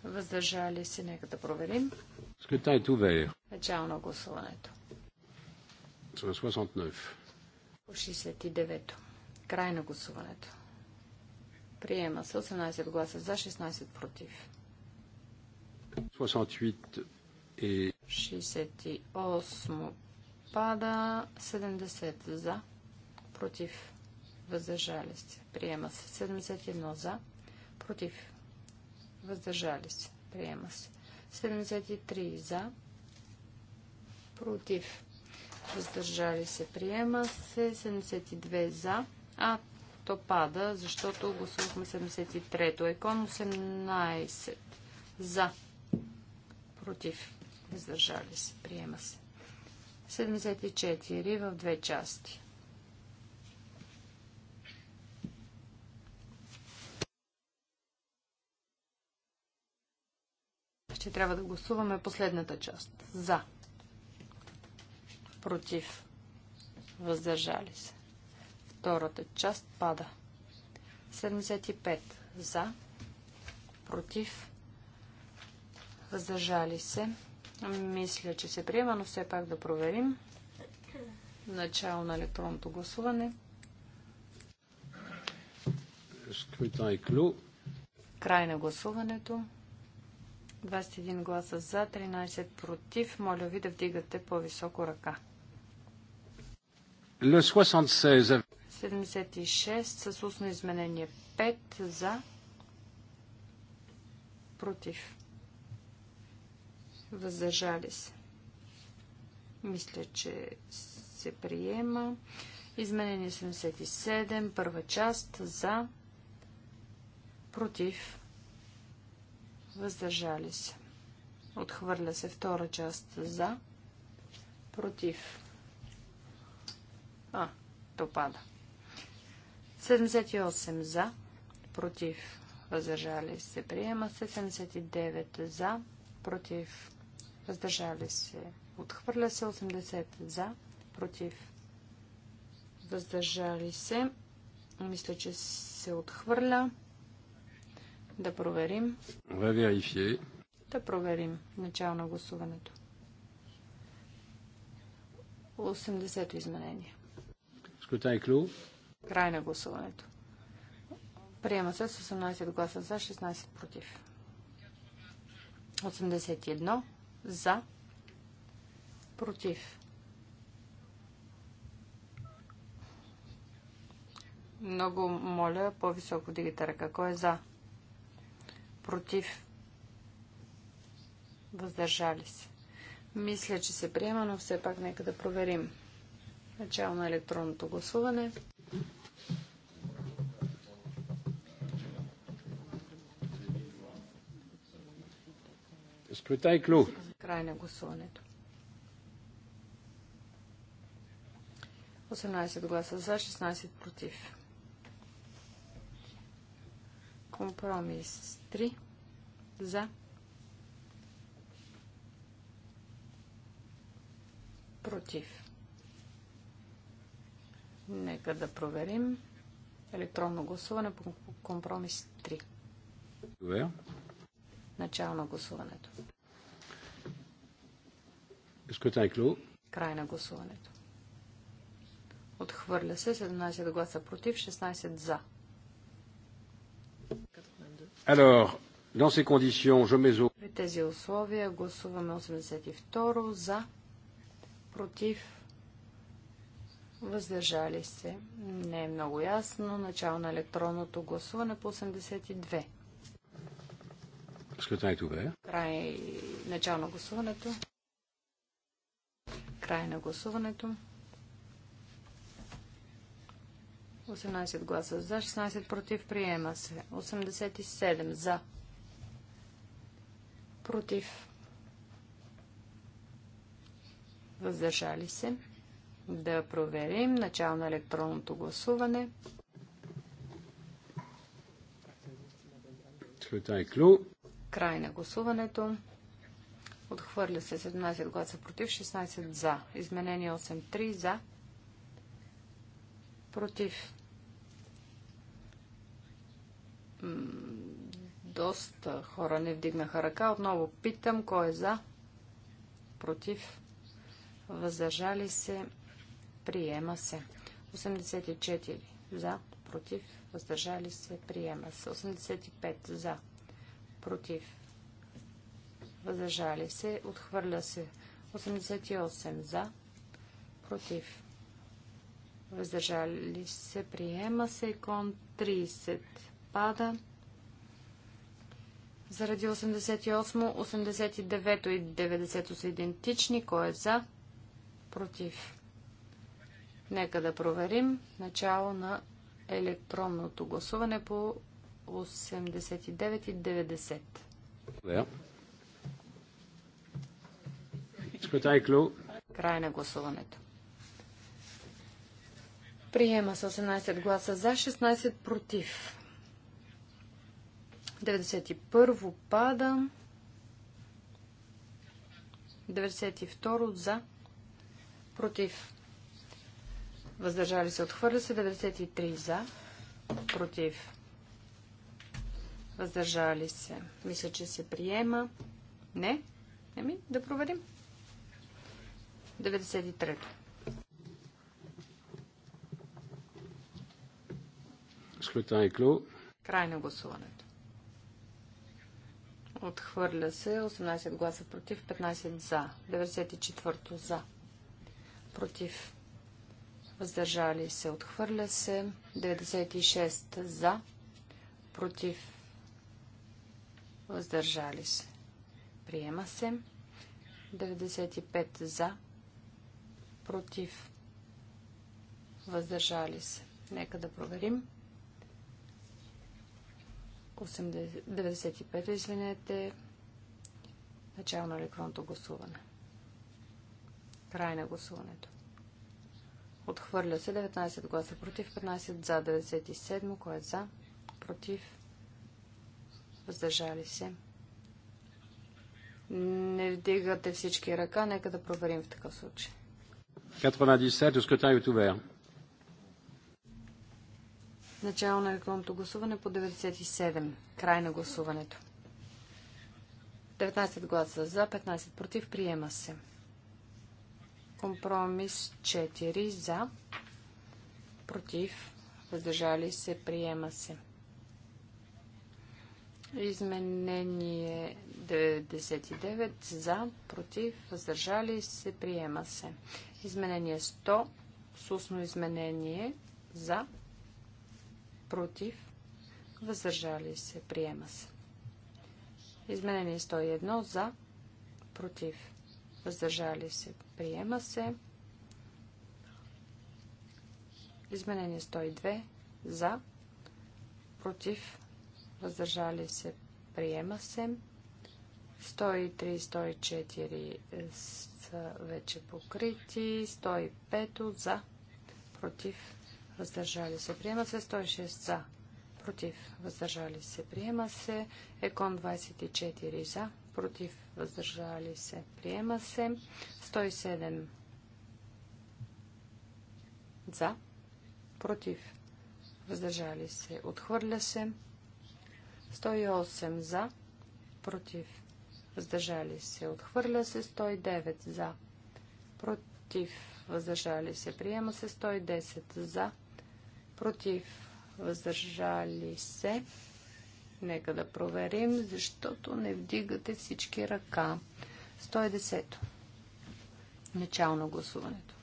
въздържали се. Нека да проверим. Скритай е Начало на гласуването. 69. 69-то. Край на гласуването. Приема се 18 гласа за, 16 против. 68 и... 68 пада, 70 за, против, въздържали се. Приема се 71 за, против, въздържали се. Приема се 73 за, против, въздържали се, приема се 72 за. А, то пада, защото гласувахме 73-то. Екон 18 за, против, въздържали се, приема се. 74 в две части. Ще трябва да гласуваме последната част. За против, въздържали се. Втората част пада. 75 за, против, въздържали се. Мисля, че се приема, но все пак да проверим. Начало на електронното гласуване. Е Край на гласуването. 21 гласа за, 13 против. Моля ви да вдигате по-високо ръка. Le 76. 76 с устно изменение 5 за против. Въздържали се. Мисля, че се приема. Изменение 77, първа част за против. Въздържали се. Отхвърля се втора част за против а, пада. 78 за, против, въздържали се, приема се. 79 за, против, въздържали се, отхвърля се. 80 за, против, въздържали се. Мисля, че се отхвърля. Да проверим. Да проверим начало на гласуването. 80 изменения. изменение. Край на гласуването. Приема се с 18 гласа за, 16 против. 81 за, против. Много моля, по-високо дигите ръка. Кой е за? Против? Въздържали се. Мисля, че се приема, но все пак нека да проверим. Начало на електронното гласуване. Скрутай клю. Край на гласуването. 18 гласа за, 16 против. Компромис 3 за. Против. Нека да проверим. Електронно гласуване по компромис 3. Добре. Начало на гласуването. Е Край на гласуването. Отхвърля се 17 гласа против, 16 за. Alors, dans ces conditions, je mets au... При тези условия гласуваме 82 за, против въздържали се. Не е много ясно. Начало на електронното гласуване по 82. Скътай добре. Край начало на гласуването. Край на гласуването. 18 гласа за, 16 против, приема се. 87 за. Против. Въздържали се да проверим начало на електронното гласуване. Е Край на гласуването. Отхвърля се 17 гласа против, 16 за. Изменение 8-3 за. Против. Доста хора не вдигнаха ръка. Отново питам, кой е за? Против. Въздържали се Приема се. 84 за, против, въздържали се, приема се. 85 за, против, въздържали се, отхвърля се. 88 за, против, въздържали се, приема се. Кон 30 пада. Заради 88, 89 и 90 са идентични. Кой е за? Против Нека да проверим начало на електронното гласуване по 89 и 90. Край на гласуването. Приема с 18 гласа за, 16 против. 91 пада. 92 за. Против въздържали се, отхвърля се. 93 за, против, въздържали се. Мисля, че се приема. Не? Еми, да проверим. 93 то е клю. Край на гласуването. Отхвърля се 18 гласа против, 15 за, 94 за, против въздържали се, отхвърля се, 96 за, против, въздържали се, приема се, 95 за, против, въздържали се. Нека да проверим. 95, извинете, начало на електронното гласуване. Край на гласуването. Отхвърля се 19 гласа против, 15 за, 97, кое за, против, въздържали се. Не вдигате всички ръка, нека да проверим в такъв случай. 97, е Начало на електронното гласуване по 97. Край на гласуването. 19 гласа за, 15 против, приема се. Компромис 4 за, против, въздържали се, приема се. Изменение 99 за, против, въздържали се, приема се. Изменение 100, сусно изменение за, против, въздържали се, приема се. Изменение 101 за, против, въздържали се, приема се. Изменение 102 за, против, въздържали се, приема се. 103 104 са вече покрити. 105 за, против, въздържали се, приема се. 106 за, против, въздържали се, приема се. Екон 24 за, против, въздържали се, приема се. 107 за, против, въздържали се, отхвърля се. 108 за, против, въздържали се, отхвърля се. 109 за, против, въздържали се, приема се. 110 за, против, въздържали се. Нека да проверим, защото не вдигате всички ръка. 110. Начало на гласуването.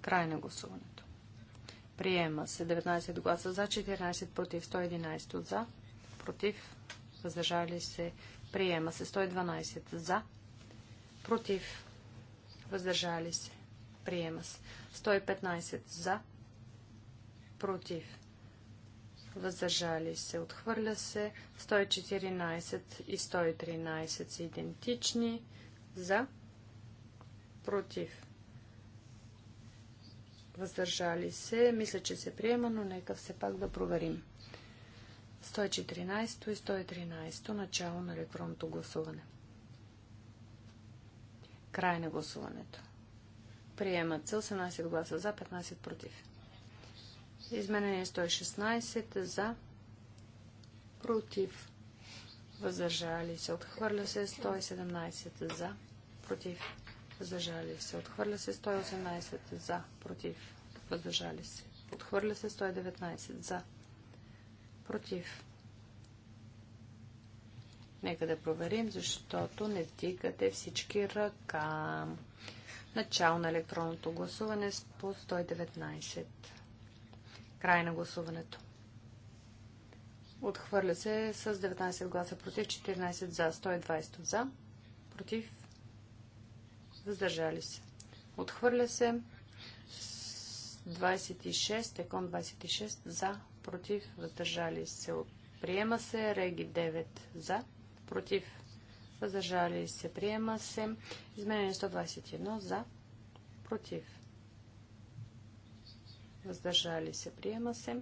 Край на гласуването. Приема се 19 гласа за, 14 против, 111 за, против, въздържали се. Приема се 112 за, против, въздържали се. Приема се 115 за, против, въздържали се, отхвърля се. 114 и 113 са идентични. За, против, въздържали се. Мисля, че се приема, но нека все пак да проверим. 114 и 113 начало на електронното гласуване. Край на гласуването. Приемат се 18 гласа за, 15 против. Изменение 116 за, против, въздържали се, отхвърля се 117 за, против, въздържали се, отхвърля се 118 за, против, въздържали се, отхвърля се 119 за, против. Нека да проверим, защото не вдигате всички ръка. Начало на електронното гласуване по 119. Край на гласуването. Отхвърля се с 19 гласа против, 14 за, 120 за, против, въздържали се. Отхвърля се с 26, екон 26 за, против, въздържали се. Приема се, реги 9 за, против, въздържали се. Приема се, изменение 121 за, против, въздържали се, приема се.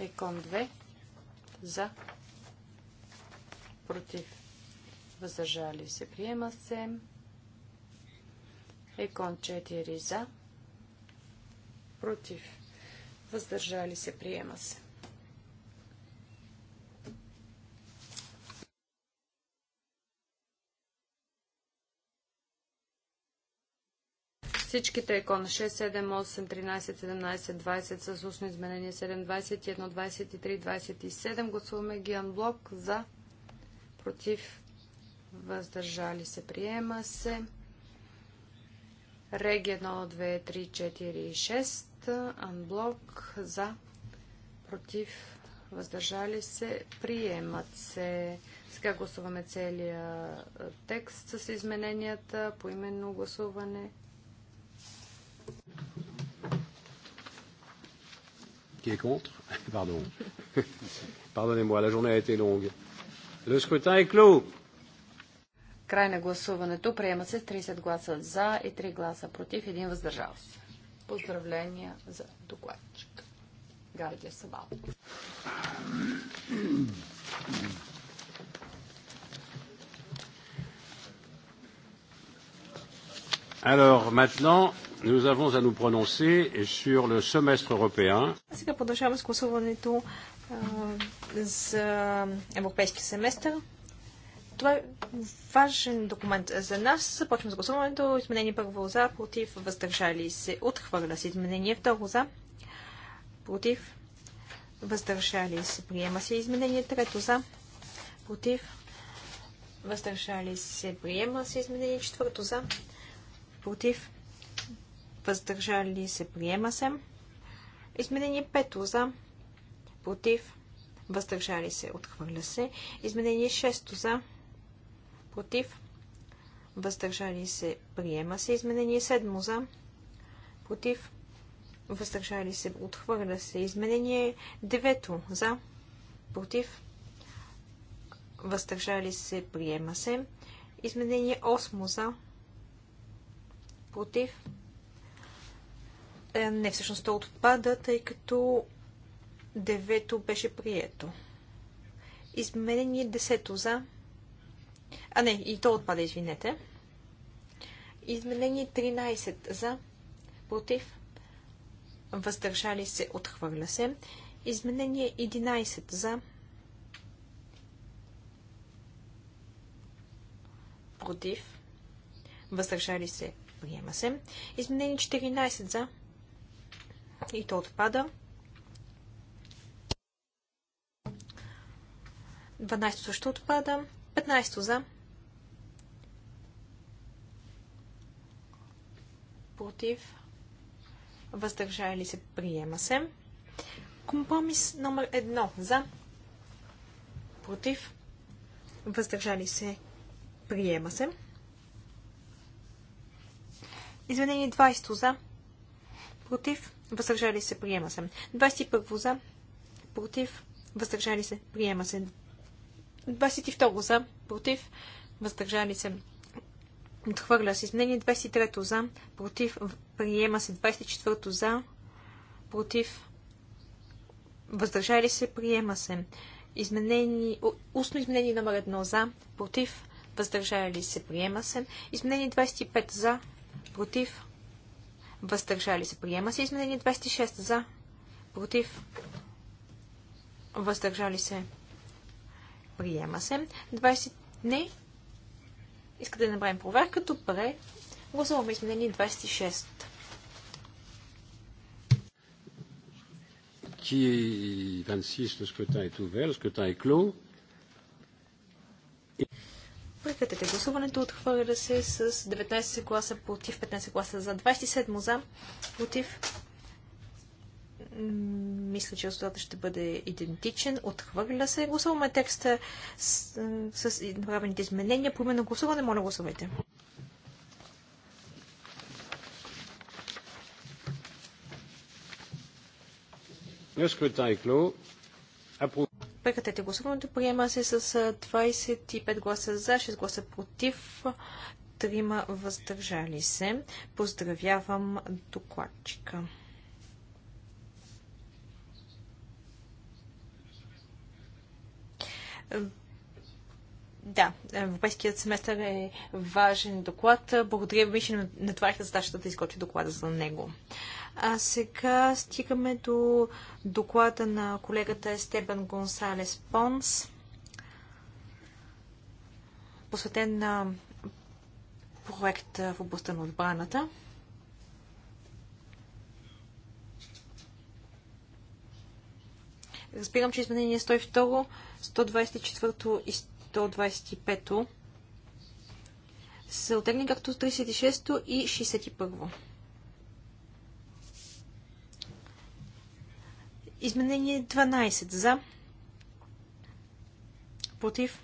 Екон 2 за против въздържали се приема се Екон 4 за против въздържали се приема се Всичките икона 6, 7, 8, 13, 17, 20 с устно изменение 7, 21, 23, 27. Гласуваме ги анблок за, против, въздържали се, приема се. Реги 1, 2, 3, 4 и 6. Анблок за, против, въздържали се, приемат се. Сега гласуваме целия текст с измененията по именно гласуване. Qui est contre *laughs* Pardon. *laughs* Pardonnez-moi, la journée a été longue. Le scrutin est clos. Край на гласуването приема се с 30 гласа за и 3 гласа против, един въздържал се. Поздравления за докладчик. Гардия Сабал. Alors maintenant, Nous avons à nous prononcer sur le semestre européen. сега продължаваме с гласуването за европейски семестър. Това е важен документ за нас. Започваме с гласуването. Изменение първо за, против, въздържали се. Отхвърля се изменение второ за, против, въздържали се. Приема се изменение трето за, против, въздържали се. Приема се изменение четвърто за, против, въздържали се, приема се. Изменение 5 за, против, въздържали се, отхвърля се. Изменение 6 за, против, въздържали се, приема се. Изменение 7 за, против, въздържали се, отхвърля се. Изменение 9 за, против, въздържали се, приема се. Изменение 8 за, против, е, не, всъщност то отпада, тъй като девето беше прието. Изменение десето за... А, не, и то отпада, извинете. Изменение 13 за... Против. Въздържали се, отхвърля се. Изменение 11 за... Против. Въздържали се, приема се. Изменение 14 за... И то отпада. 12 също отпада. 15 за. Против. Въздържали се. Приема се. Компромис номер 1 за. Против. Въздържали се. Приема се. Извинение, 20 за против, въздържали се, приема се. 21 за, против, въздържали се, приема се. 22 за, против, въздържали се, отхвърля се. Изменение 23 за, против, приема се. 24 за, против, въздържали се, приема се. Изменени, устно изменение номер 1 за, против, въздържали се, приема се. Изменение 25 за, против, въздържали се. Приема се изменение 26 за, против, въздържали се. Приема се. 20... Не. Искате да направим проверка? Добре. Гласуваме изменение 26. Qui est 26, le scrutin est ouvert, le scrutin est clos. Прекратете гласуването. Отхвърля се с 19 гласа против, 15 гласа за, 27 за, против. Мисля, че резултатът ще бъде идентичен. Отхвърля се. Гласуваме текста с, с направените изменения. По на гласуване, моля гласувайте. Le scrutin est clos. Прекратете гласуването. Приема се с 25 гласа за, 6 гласа против, 3 въздържали се. Поздравявам докладчика. Да, Европейският семестър е важен доклад. Благодаря ви, че натварихте задачата да изготви доклада за него. А сега стигаме до доклада на колегата Естебан Гонсалес Понс, посветен на проект в областта на отбраната. Разбирам, че изменение 102, 124 и 125 се отегне както 36 и 61. Изменение 12 за. Против.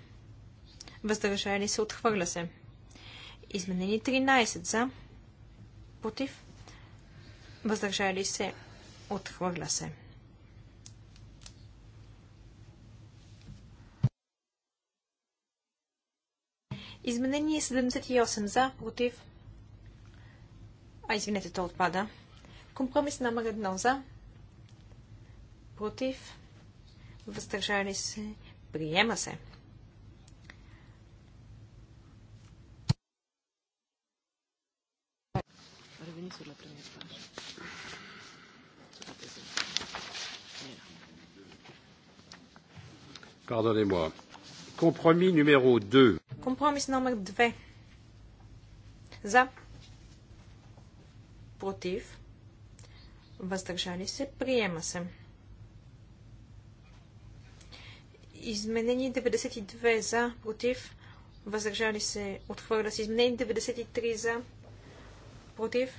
Въздържали се. Отхвърля се. Изменение 13 за. Против. Въздържали се. Отхвърля се. Изменение 78 за, против. А, извинете, то отпада. Компромис номер 1 за, против, въздържали се, приема се. Pardonnez-moi. Compromis numéro 2. Компромис номер 2. За. Против. Въздържали се. Приема се. Изменени 92 за, против, въздържали се, отхвърля се. Изменени 93 за, против,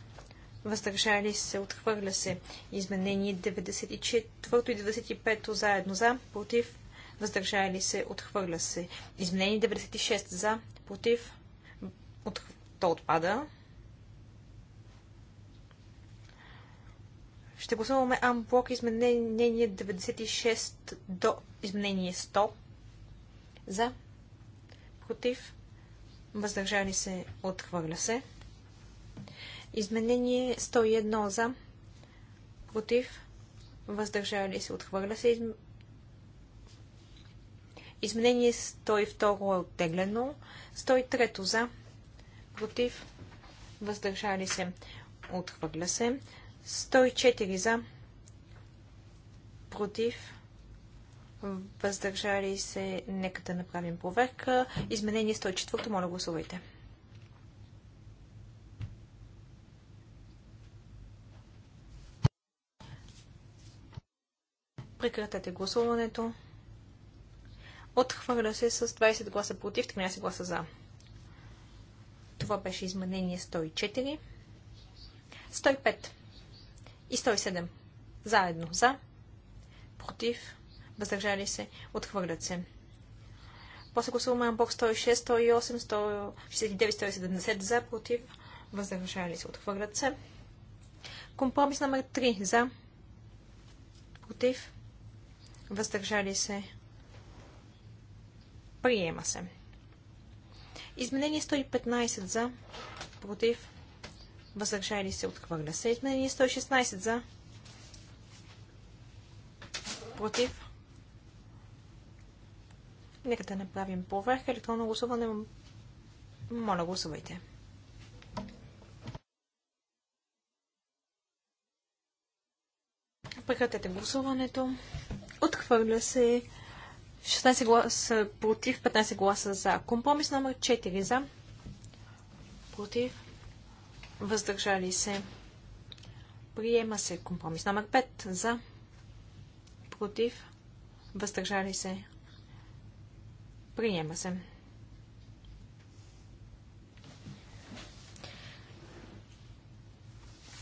въздържали се, отхвърля се. Изменени 94 и 95 заедно за, против, въздържали се, отхвърля се. Изменени 96 за, против, от... то отпада. Ще гласуваме Амблок изменение 96 до изменение 100. За. Против. Въздържали се. Отхвърля се. Изменение 101 за. Против. Въздържали се. Отхвърля се. Изменение 102 е оттеглено. 103 за. Против. Въздържали се. Отхвърля се. 104 за, против, въздържали се, нека да направим проверка. Изменение 104, моля гласувайте. Прекратете гласуването. Отхвърля се с 20 гласа против, 13 гласа за. Това беше изменение 104. 105 и 107. Заедно. За. Против. Въздържали се. Отхвърлят се. После гласуваме на бок 106, 108, 169, 170 за, против, въздържали се, отхвърлят се. Компромис номер 3 за, против, въздържали се, приема се. Изменение 115 за, против, въздържали се, отхвърля се. Изменение 116 за, против. Нека да направим повърх. Електронно гласуване. Моля, гласувайте. Прекратете гласуването. Отхвърля се 16 гласа против, 15 гласа за. Компромис номер 4 за. Против въздържали се. Приема се компромис номер 5 за, против, въздържали се. Приема се.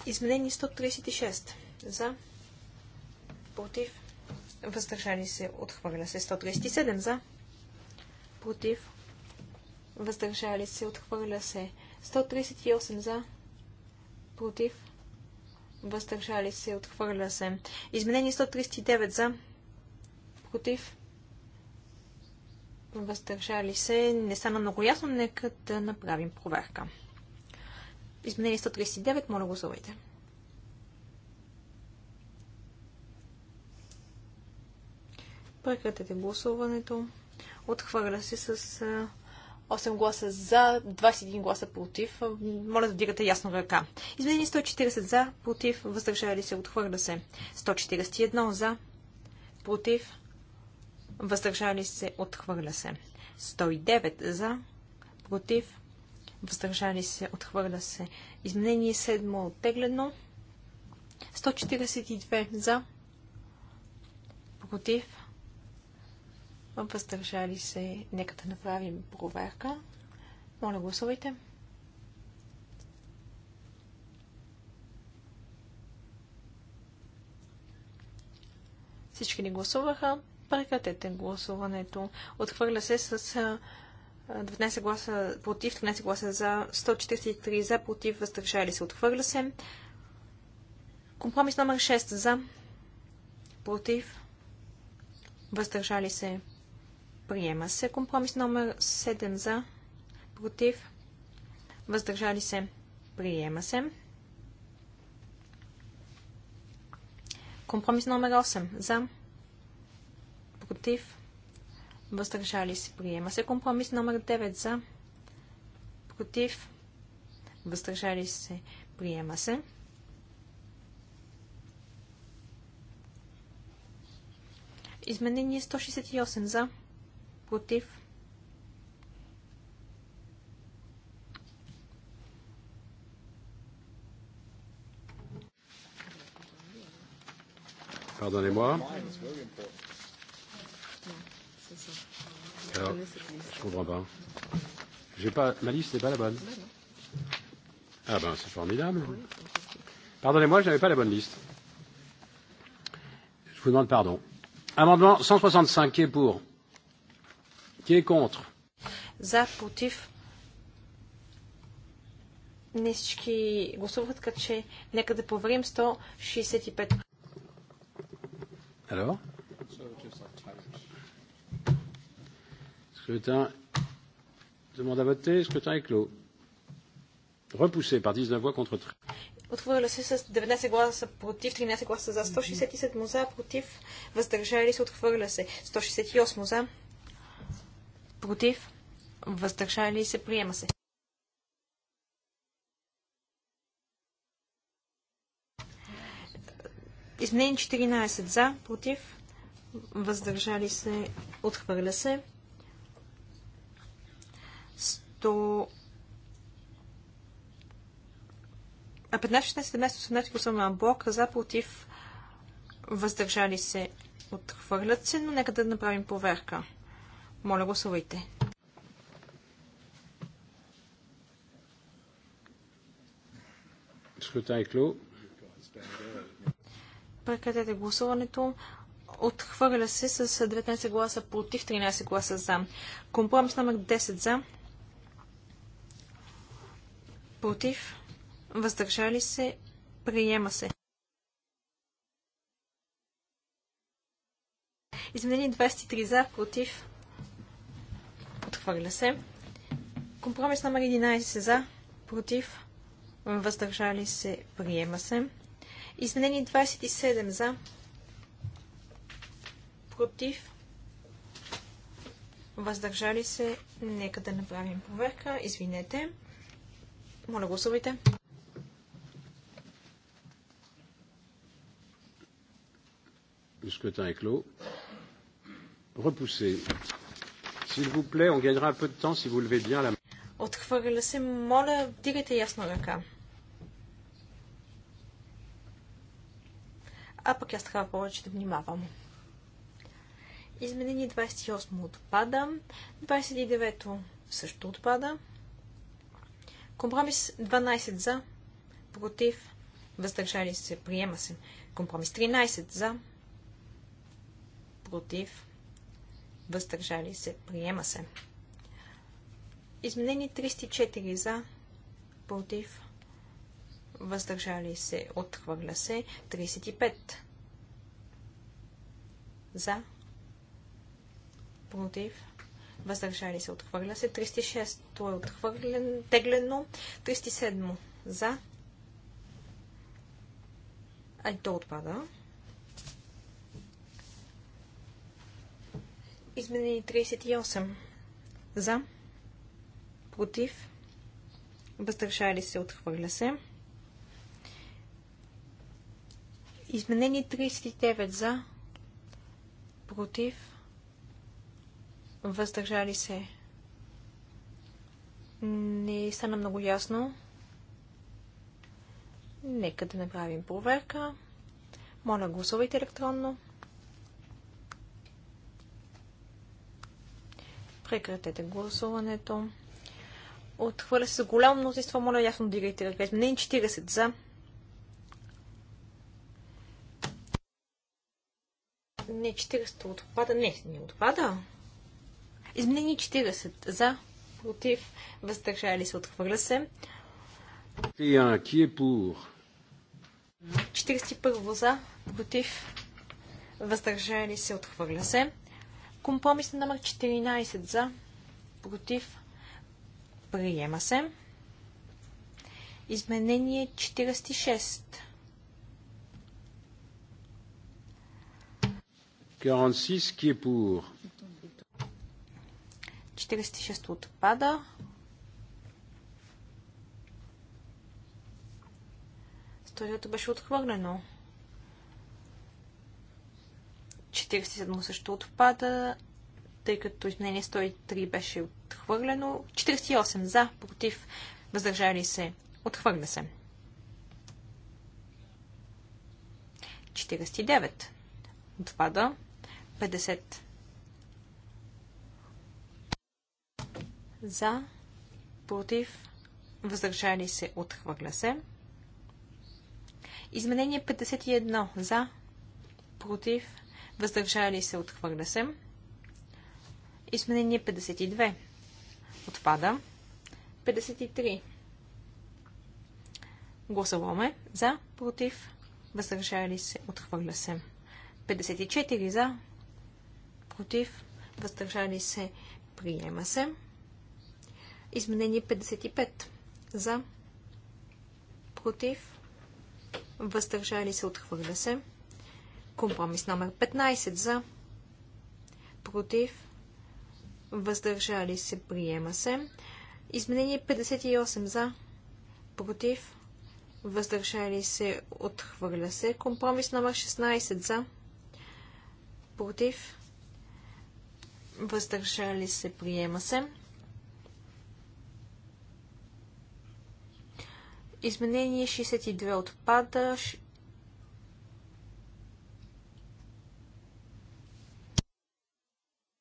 Изменени 136 за, против, въздържали се, отхвърля се 137 за, против, въздържали се, отхвърля се 138 за, против, въздържали се, отхвърля се. Изменение 139 за, против, въздържали се. Не стана много ясно, нека да направим проверка. Изменение 139, моля гласувайте. Прекратете гласуването. Отхвърля се с 8 гласа за, 21 гласа против. Моля да дигате ясно ръка. Изменени 140 за, против, въздържали се, отхвърля се. 141 за, против, въздържали се, отхвърля се. 109 за, против, въздържали се, отхвърля се. Изменение 7 е оттеглено. 142 за, против, въздържали се. Нека да направим проверка. Моля, гласувайте. Всички ни гласуваха? Прекратете гласуването. Отхвърля се с 12 гласа против, 13 гласа за, 143 за, против, въздържали се. Отхвърля се. Компромис номер 6 за, против, въздържали се. Приема се. Компромис номер 7 за. Против. Въздържали се. Приема се. Компромис номер 8 за. Против. Въздържали се. Приема се. Компромис номер 9 за. Против. Въздържали се. Приема се. Изменение 168 за против. Pardonnez-moi. Alors, je comprends pas. J'ai pas ma liste n'est pas la bonne. Ah ben c'est formidable. Pardonnez-moi, je n'avais pas la bonne liste. Je vous demande pardon. Amendement 165 qui est pour Qui est contre? За, против. Не всички гласуват, така че нека да поверим 165. Алло? Скрутин. Демонда вътре, скрутин е клоу. clos. Repoussé par 19 voix contre 3. Отворили се с 19 гласа против, 13 гласа за, 167 за, против, въздържали се, отхвърля се, 168 за, против, въздържали се, приема се. Изменение 14 за, против, въздържали се, отхвърля се. 100... А 15, 16, 17, 18 гласуваме на блок, за, против, въздържали се, отхвърлят се, но нека да направим проверка. Моля, гласувайте. Прекратете гласуването. Отхвърля се с 19 гласа против, 13 гласа за. Компромис номер 10 за. Против. Въздържали се. Приема се. Изменение 23 за, против, Отхвърля се. Компромис номер 11 за, против, въздържали се, приема се. Изменение 27 за, против, въздържали се. Нека да направим проверка. Извинете. Моля, гласувайте. Le scrutin est clos. Repoussé. Отхвърля се. Моля, вдигайте ясно ръка. А пък аз трябва повече да внимавам. Изменение 28 отпада. 29 също отпада. Компромис 12 за. Против. Въздържали се. Приема се. Компромис 13 за. Против въздържали се, приема се. Изменени 304 за, против, въздържали се, отхвърля се, 35 за, против, въздържали се, отхвърля се, 36 е отхвърлен, теглено, 37 за, а и то отпада. Изменени 38. За. Против. Въздържали се. Отхвърля се. Изменени 39. За. Против. Въздържали се. Не стана много ясно. Нека да направим проверка. Моля, гласувайте електронно. Прекратете гласуването. Отхвърля се голямо мнозинство. Моля, ясно дигайте ръка. Не 40 за. Не, 40 отпада. Не, не отпада. Изменени 40 за. Против. Въздържали се. Отхвърля се. 41 за. Против. Въздържали се. Отхвърля се. Компромис на номер 14 за, против, приема се. Изменение 46. 46, qui est pour? 46 отпада. 100 беше отхвърлено. 47 също отпада, тъй като изменение 103 беше отхвърлено. 48 за, против, въздържали се, отхвърля се. 49 отпада. 50 за, против, въздържали се, отхвърля се. Изменение 51 за, против, въздържали се, отхвърля се. Изменение 52 отпада. 53 гласуваме за, против, въздържали се, отхвърля се. 54 за, против, въздържали се, приема се. Изменение 55 за, против, въздържали се, отхвърля се. Компромис номер 15 за, против, въздържали се, приема се. Изменение 58 за, против, въздържали се, отхвърля се. Компромис номер 16 за, против, въздържали се, приема се. Изменение 62 отпада,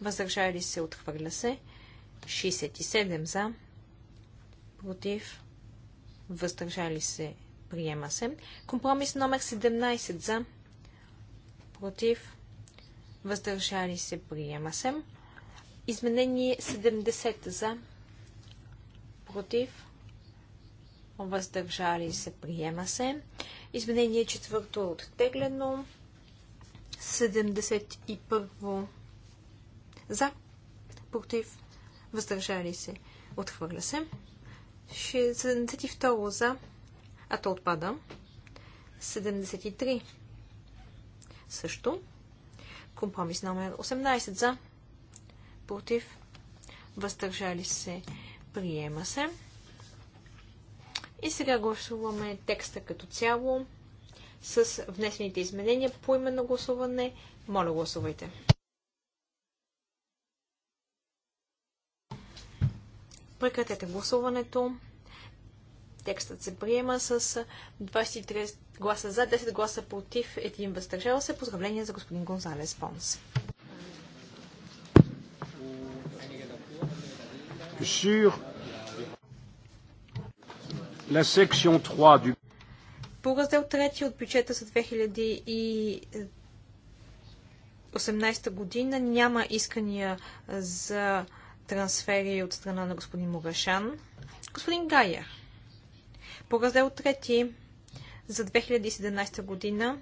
въздържали се, отхвърля се. 67 за, против, въздържали се, приема се. Компромис номер 17 за, против, въздържали се, приема се. Изменение 70 за, против, въздържали се, приема се. Изменение четвърто е оттеглено. 71 за. Против. Въздържали се. Отхвърля се. 72 за. А то отпада. 73. Също. Компромис номер 18 за. Против. Въздържали се. Приема се. И сега гласуваме текста като цяло с внесените изменения по именно гласуване. Моля, гласувайте. Прекратете гласуването. Текстът се приема с 23 гласа за, 10 гласа против, 1 въздържал се. Поздравление за господин Гонзалес Понс. Sur la section 3 du... По раздел 3 от бюджета за 2018 година няма искания за трансфери от страна на господин Мурашан. Господин Гайер, по раздел 3 за 2017 година,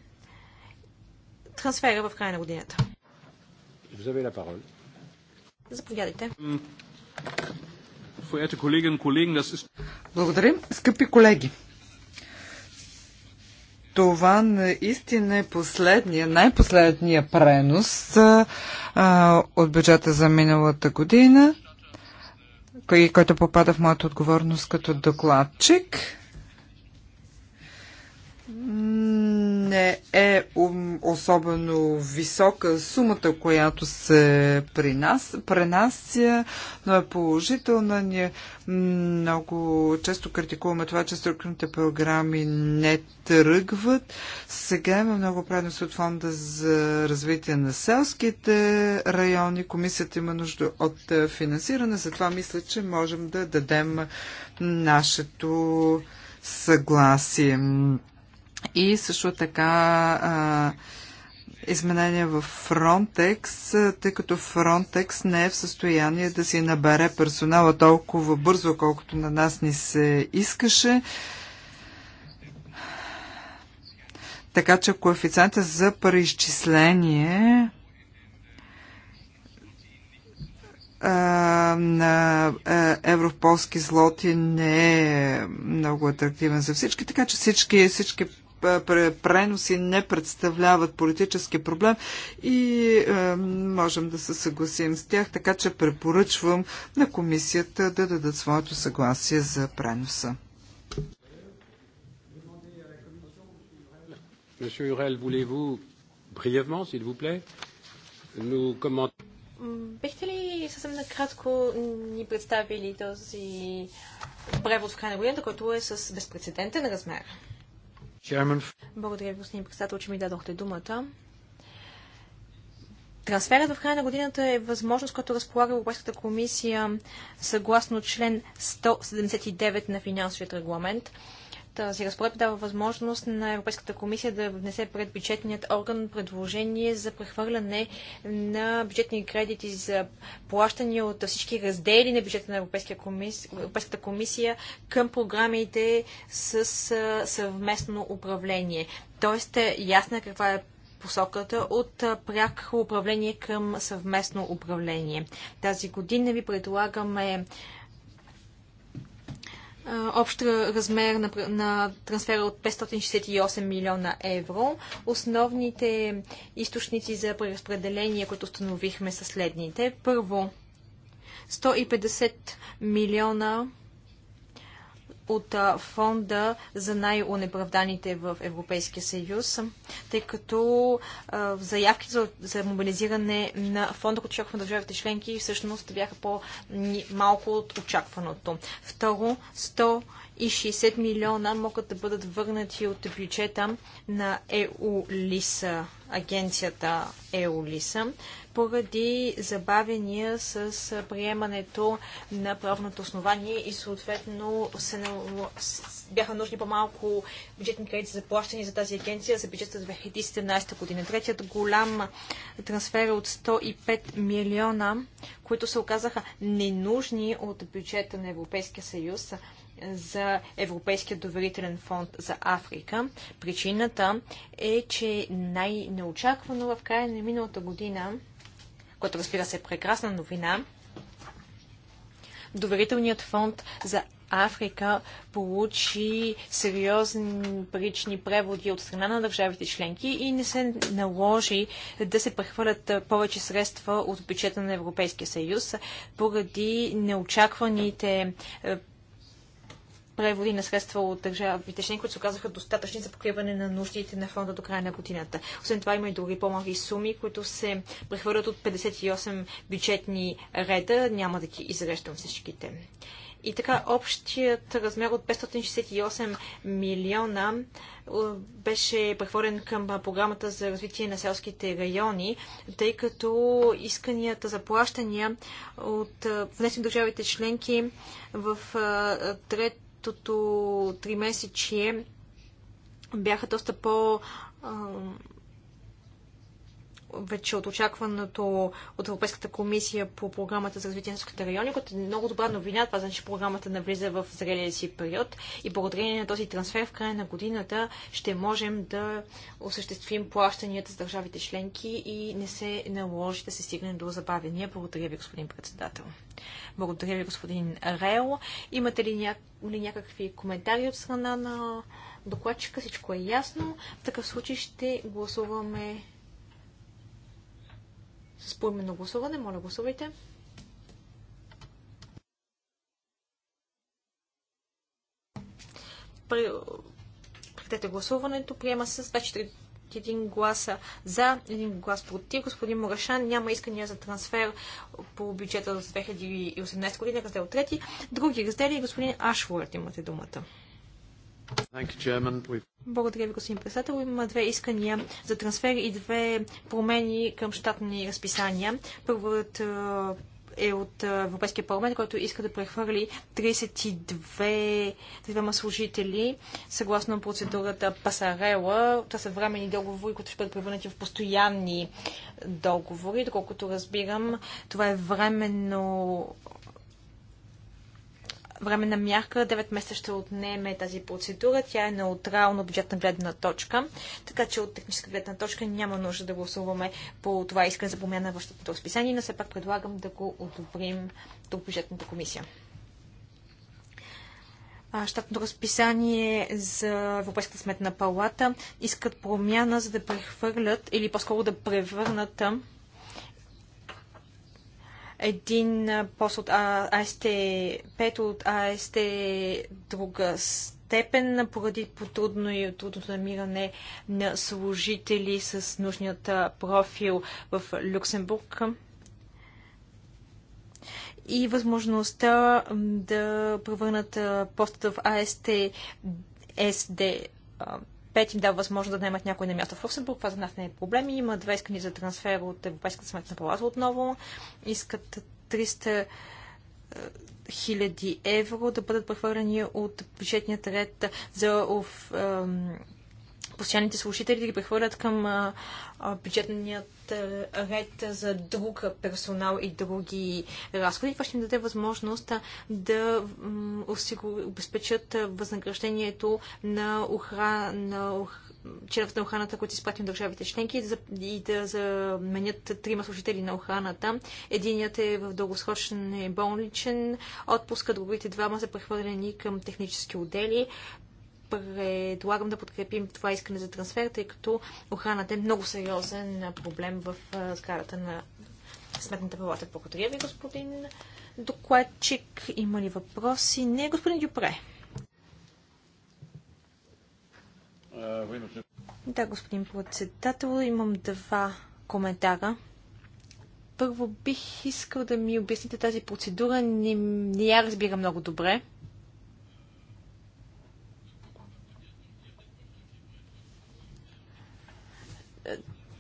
трансфера в края на годината. Заповядайте. Е- Благодаря. Скъпи колеги, това наистина е последния, най-последния пренос а, от бюджета за миналата година, кой, който попада в моята отговорност като докладчик не е особено висока сумата, която се при нас, пренася, но е положителна. Ние много често критикуваме това, че структурните програми не тръгват. Сега има много предност от фонда за развитие на селските райони. Комисията има нужда от финансиране, затова мисля, че можем да дадем нашето съгласие. И също така а, изменения в Frontex, тъй като Frontex не е в състояние да си набере персонала толкова бързо, колкото на нас ни се искаше. Така че коефициента за преизчисление на европолски злоти не е много атрактивен за всички, така че всички, всички преноси не представляват политически проблем и е, можем да се съгласим с тях, така че препоръчвам на комисията да дадат своето съгласие за преноса. Бихте ли съвсем накратко ни представили този превод в края на годината, който е с безпредседентен размер? Благодаря ви, господин председател, че ми дадохте думата. Трансферът в края на годината е възможност, която разполага Европейската комисия съгласно член 179 на финансовият регламент. Тази разпоред дава възможност на Европейската комисия да внесе пред бюджетният орган предложение за прехвърляне на бюджетни кредити за плащания от всички раздели на бюджета на Европейската комисия към програмите с съвместно управление. Тоест, е ясна е каква е посоката от пряко управление към съвместно управление. Тази година ви предлагаме общ размер на, на трансфера от 568 милиона евро. Основните източници за преразпределение, които установихме са следните. Първо, 150 милиона евро от фонда за най-унеправданите в Европейския съюз, тъй като заявки за, за мобилизиране на фонда, който очаквахме държавите членки, всъщност бяха по-малко от очакваното. Второ, 160 милиона могат да бъдат върнати от бюджета на ЕУЛИСа, агенцията ЕУЛИСа поради забавения с приемането на правното основание и съответно се бяха нужни по-малко бюджетни кредити за плащане за тази агенция за бюджета за 2017 година. Третият голям трансфер е от 105 милиона, които се оказаха ненужни от бюджета на Европейския съюз за Европейския доверителен фонд за Африка. Причината е, че най-неочаквано в края на миналата година което разбира се е прекрасна новина. Доверителният фонд за Африка получи сериозни парични преводи от страна на държавите членки и не се наложи да се прехвърлят повече средства от бюджета на Европейския съюз поради неочакваните е, преводи на средства от държавите членки, които се оказаха достатъчни за покриване на нуждите на фонда до края на годината. Освен това има и други по-малки суми, които се прехвърлят от 58 бюджетни реда. Няма да ги изрещам всичките. И така общият размер от 568 милиона е, беше прехвърлен към програмата за развитие на селските райони, тъй като исканията за плащания от е, внесени държавите членки в е, трет тото тримесечие бяха доста по- вече от очакваното от Европейската комисия по програмата за развитие на селските райони, което е много добра новина. Това значи, че програмата навлиза в зрелия си период и благодарение на този трансфер в края на годината ще можем да осъществим плащанията с държавите членки и не се наложи да се стигне до забавения. Благодаря ви, господин председател. Благодаря ви, господин Рео. Имате ли, ня... ли някакви коментари от страна на докладчика? Всичко е ясно. В такъв случай ще гласуваме с поименно гласуване. Моля, гласувайте. Прекратете гласуването. Приема се с 21 гласа за, 1 глас против. Господин Мурашан няма искания за трансфер по бюджета за 2018 година, раздел 3. Други раздели, господин Ашворд, имате думата. Благодаря ви, господин председател. Има две искания за трансфери и две промени към щатни разписания. Първият е, е от е, Европейския парламент, който иска да прехвърли 32 служители съгласно процедурата Пасарела. Това са времени договори, които ще бъдат превърнати в постоянни договори. Доколкото разбирам, това е временно временна мярка. 9 месеца ще отнеме тази процедура. Тя е неутрално бюджетна гледна точка, така че от техническа гледна точка няма нужда да гласуваме по това искане за промяна в щатното разписание, но все пак предлагам да го одобрим до бюджетната комисия. Щатното разписание за Европейската сметна палата искат промяна, за да прехвърлят или по-скоро да превърнат един пост от АСТ-5 от АСТ друга степен, поради потрудно и трудно намиране на служители с нужният профил в Люксембург и възможността да превърнат постата в АСТ СД 5 им дава възможност да наемат някой на място в Люксембург. Това за нас не е проблем. Има две искани за трансфер от Европейската сметна палата отново. Искат 300 е, хиляди евро да бъдат прехвърлени от бюджетният ред за постоянните служители да ги прехвърлят към а, бюджетният ред за друг персонал и други разходи. Това ще им даде възможност да обезпечат възнаграждението на, охрана, на членовете на охраната, които изпратим държавите членки и да заменят трима служители на охраната. Единият е в дългосрочен болничен отпуск, другите двама са прехвърлени към технически отдели предлагам да подкрепим това искане за трансфер, тъй като охраната е много сериозен проблем в сградата на Сметната палата. Благодаря ви, господин докладчик. Има ли въпроси? Не, господин Дюпре. Да, господин председател, имам два коментара. Първо бих искал да ми обясните тази процедура. Не, не я разбира много добре.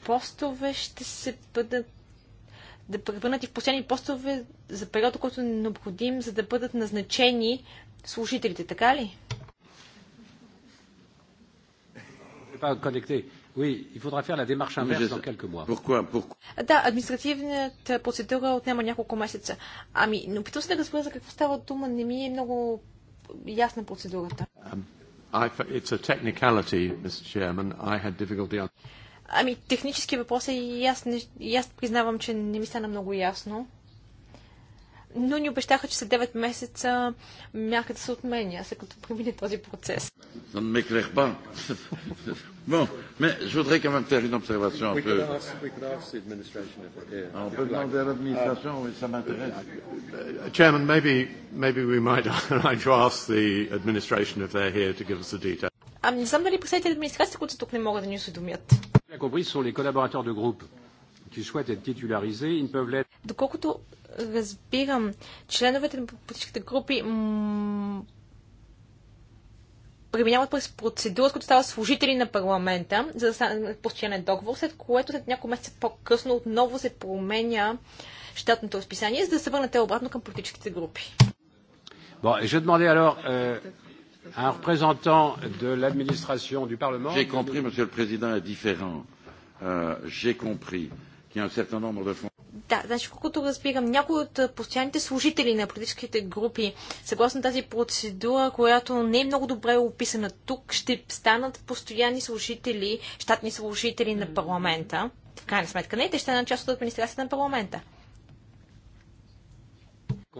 постове ще се бъдат да и в последни постове за периода, който е необходим, за да бъдат назначени служителите, така ли? Да, административната процедура отнема няколко месеца. Ами, но питам се да разбера за какво става дума. Не ми е много ясна процедурата. Um, I, Ами, технически въпрос е и аз, не, и аз признавам, че не ми стана много ясно. Но ни обещаха, че след 9 месеца мярката се отменя, след като премине този процес. Не ме крехба. Но, ме, жодре към вам тези обсервация. Ако може да се администрация, ако може да а ами, не знам дали представители администрацията, които са тук, не могат да ни осведомят. Доколкото разбирам, членовете на политическите групи преминават през процедура, с която стават служители на парламента, за да стане постоянен договор, след което след няколко месеца по-късно отново се променя щатното разписание, за да се върнете обратно към политическите групи. Bon, je demandais alors euh, un représentant de l'administration du Parlement. J'ai compris, Monsieur le Président, est différent. Euh, j'ai compris qu'il y a un certain nombre de fonds. Да, значи, колкото разбирам, някои от постоянните служители на политическите групи, съгласно тази процедура, която не е много добре описана тук, ще станат постоянни служители, щатни служители на парламента. В крайна сметка не, те ще станат част от администрацията на парламента.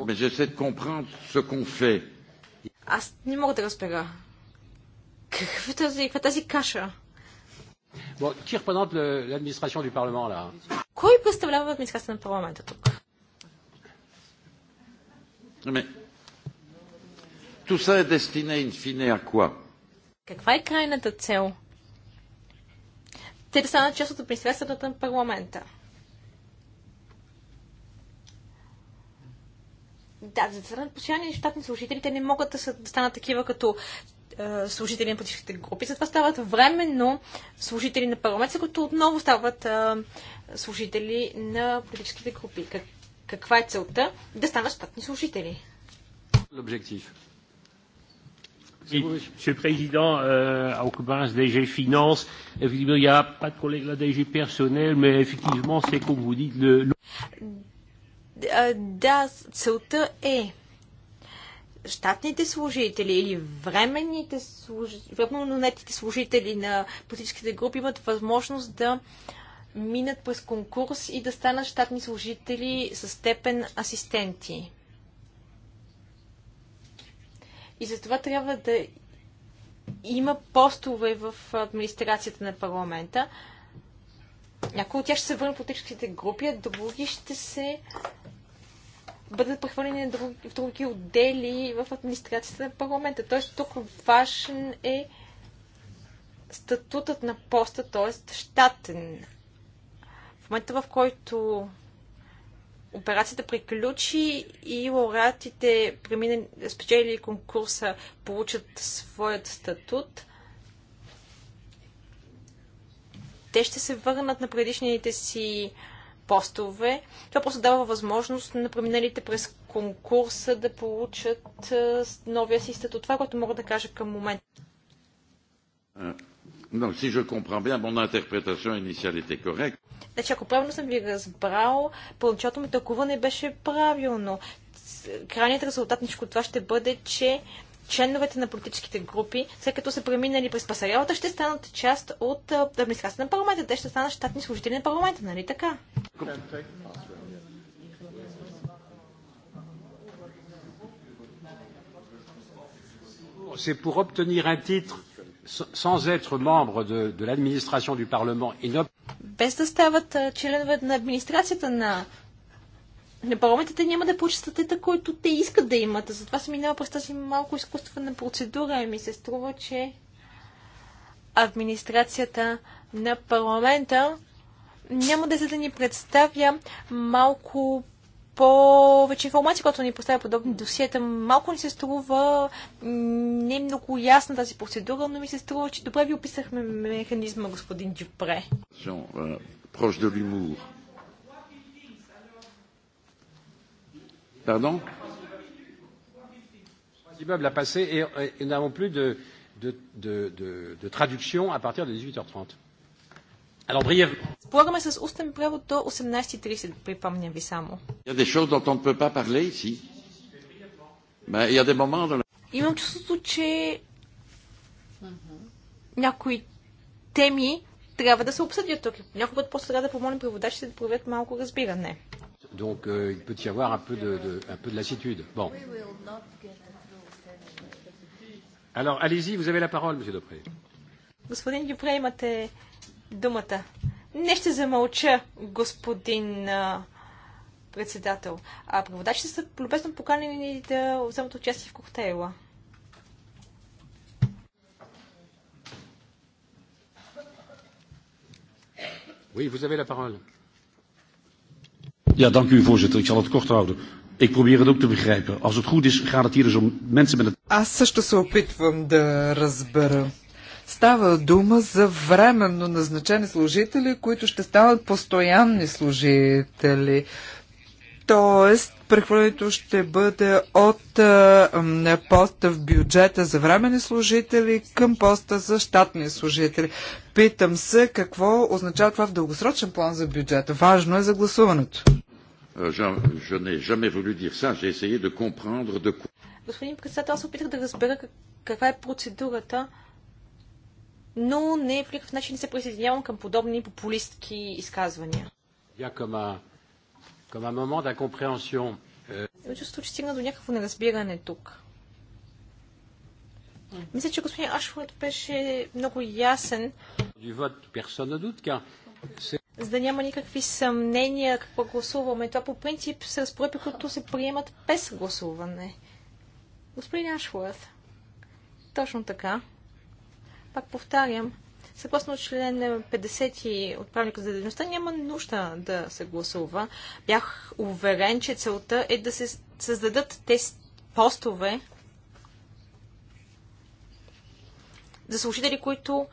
Mais j'essaie de comprendre ce qu'on fait. Аз не мога да разбера. Какъв е тази, каква е тази каша? Bon, qui représente l'administration du Parlement là Кой представлява администрацията на парламента тук? Mais, tout ça est destiné in fine à quoi Каква е крайната цел? Те да станат част от администрацията на парламента. Да, за да станат постоянни щатни служители, те не могат да, са, да станат такива като е, служители на политическите групи. Затова стават временно служители на парламента, като отново стават е, служители на политическите групи. Как, каква е целта? Да станат щатни служители. L'objectif. Monsieur le Président, euh, en Occupance, DG Finance, effectivement, il n'y a pas de collègue de la DG personnelle, mais effectivement, c'est comme vous dites le. Да, целта е щатните служители или временните служители, временно служители на политическите групи имат възможност да минат през конкурс и да станат щатни служители с степен асистенти. И за това трябва да има постове в администрацията на парламента. Някои от тях ще се върнат в политическите групи, а други ще се бъдат прехвърлени в други, отдели в администрацията на парламента. Тоест тук важен е статутът на поста, т.е. щатен. В момента, в който операцията приключи и лауреатите, спечелили конкурса, получат своят статут, те ще се върнат на предишните си постове. Това просто дава възможност на преминалите през конкурса да получат новия си статут. Това, е което мога да кажа към момента. Donc, si je comprends bien, mon interprétation initiale était correcte. Значи, ако правилно съм ви разбрал, първоначалното ми тълкуване беше правилно. Крайният резултат на това ще бъде, че членовете на политическите групи, след като са преминали през пасарелата, ще станат част от администрацията на парламента. Те ще станат щатни служители на парламента, нали така? C'est pour obtenir un titre sans être membre de, de l'administration du Parlement et non... Без да стават членове на администрацията на парламентите няма да получат статета, който те искат да имат. Затова се минава през тази малко изкуствена процедура и ми се струва, че администрацията на парламента няма да се да ни представя малко повече информация, която ни поставя подобни досиета. Малко ни се струва не е много ясна тази процедура, но ми се струва, че добре ви описахме механизма, господин Дюпре. Прош euh, de l'humour. Pardon immeuble à passer et, et nous n'avons plus de, de, de, de, de traduction à partir de 18h30. Alors, brièvement. Разполагаме с устен превод до 18.30, припомням ви само. Il y a des choses dont on ne peut pas parler ici. Mais il y a des moments dans... Имам чувството, че някои теми трябва да се обсъдят тук. Някой път просто трябва да помолим преводачите да проявят малко разбиране. Donc euh, il peut y avoir un peu de, de, un peu de lassitude. Bon. Alors allez-y, vous avez la parole, Monsieur Dupré. Господин Дюпре, имате думата. Не ще замълча, господин а, председател. А проводачите са любезно поканени да вземат участие в коктейла. Oui, vous avez la parole. Ja, dank u voorzitter. Ik zal het kort houden. Ik probeer het ook te begrijpen. Als het goed is, gaat het hier dus om mensen met het... Аз също се опитвам да разбера. Става дума за временно назначени служители, които ще станат постоянни служители. Тоест, прехвърлянето ще бъде от а, поста в бюджета за временни служители към поста за щатни служители. Питам се какво означава това в дългосрочен план за бюджета. Важно е за гласуването. Е, Господин председател, аз опитах да разбера каква е процедурата, но не в никакъв начин не се присъединявам към подобни популистки изказвания comme un d'incompréhension. Чувството, euh, че стигна до някакво неразбиране тук. Мисля, че господин Ашфорд беше много ясен. За да няма никакви съмнения какво гласуваме. Това по принцип са разпоредби, които се приемат без гласуване. Господин Ашфорд, точно така. Пак повтарям, съгласно член 50 от правилника за дейността няма нужда да се гласува. Бях уверен, че целта е да се създадат тези постове за служители, които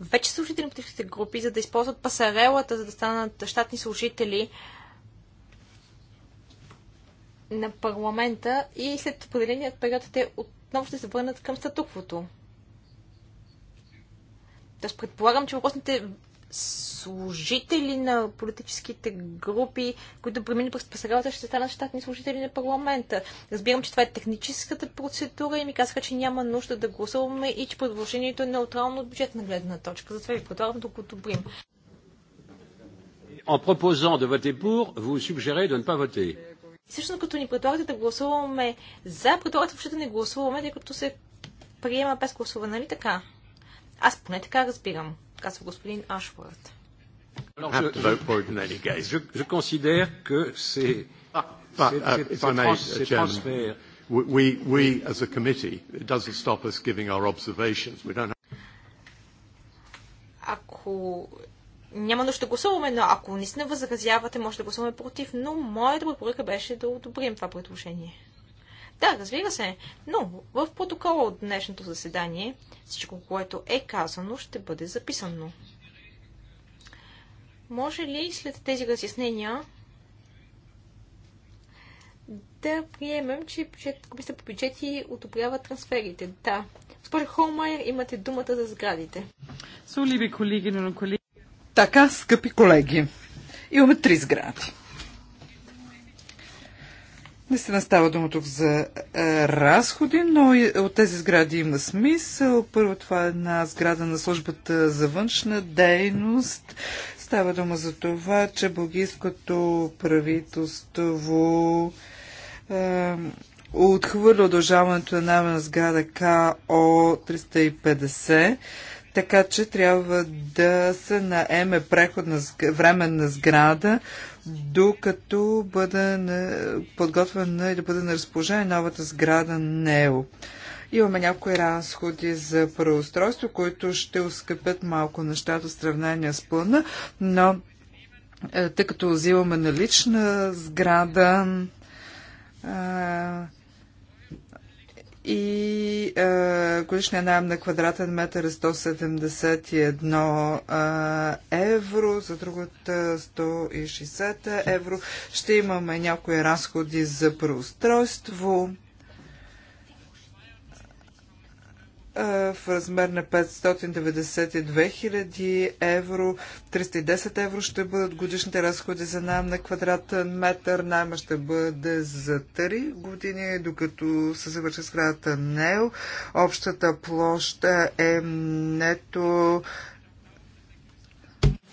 вече са служители на политическите групи, за да използват пасарелата, за да станат щатни служители на парламента и след определеният период те отново ще се върнат към статуквото. Тоест, предполагам, че въпросните служители на политическите групи, които преминат през пресарелата, ще станат щатни служители на парламента. Разбирам, че това е техническата процедура и ми казаха, че няма нужда да гласуваме и че предложението е неутрално от бюджетна гледна точка. Затова ви предлагам да го одобрим. En proposant de voter pour, vous suggérez de ne pas voter. Всъщност, като ни предлагате да гласуваме за, предлагате въобще да не гласуваме, тъй като се приема без гласуване, нали така? Аз поне така разбирам, казва господин Ашворт. Ah. Ah, ако няма нужда да гласуваме, но ако наистина възразявате, може да гласуваме против. Но моята препоръка беше да одобрим това предложение. Да, разбира се, но в протокола от днешното заседание всичко, което е казано, ще бъде записано. Може ли след тези разяснения да приемем, че комисията по бюджети одобрява трансферите? Да. Госпожа Холмайер, имате думата за сградите. Суливи колеги, но колеги. Така, скъпи колеги, имаме три сгради. Не се става дума тук за е, разходи, но и, от тези сгради има смисъл. Първо това е една сграда на службата за външна дейност. Става дума за това, че бългийското правителство е, отхвърля удължаването на една сграда КО 350 така че трябва да се наеме преходна временна сграда, докато бъде подготвена и да бъде на разположение новата сграда НЕО. Имаме някои разходи за правоустройство, които ще ускъпят малко нещата в сравнение с плана, но е, тъй като взимаме налична сграда, и е, найем на квадратен метър е 171 евро, за другата 160 евро. Ще имаме някои разходи за преустройство. в размер на 592 000 евро. 310 евро ще бъдат годишните разходи за найем на квадратен метър. Найма ще бъде за 3 години, докато се завърши сградата НЕО. Общата площ е нето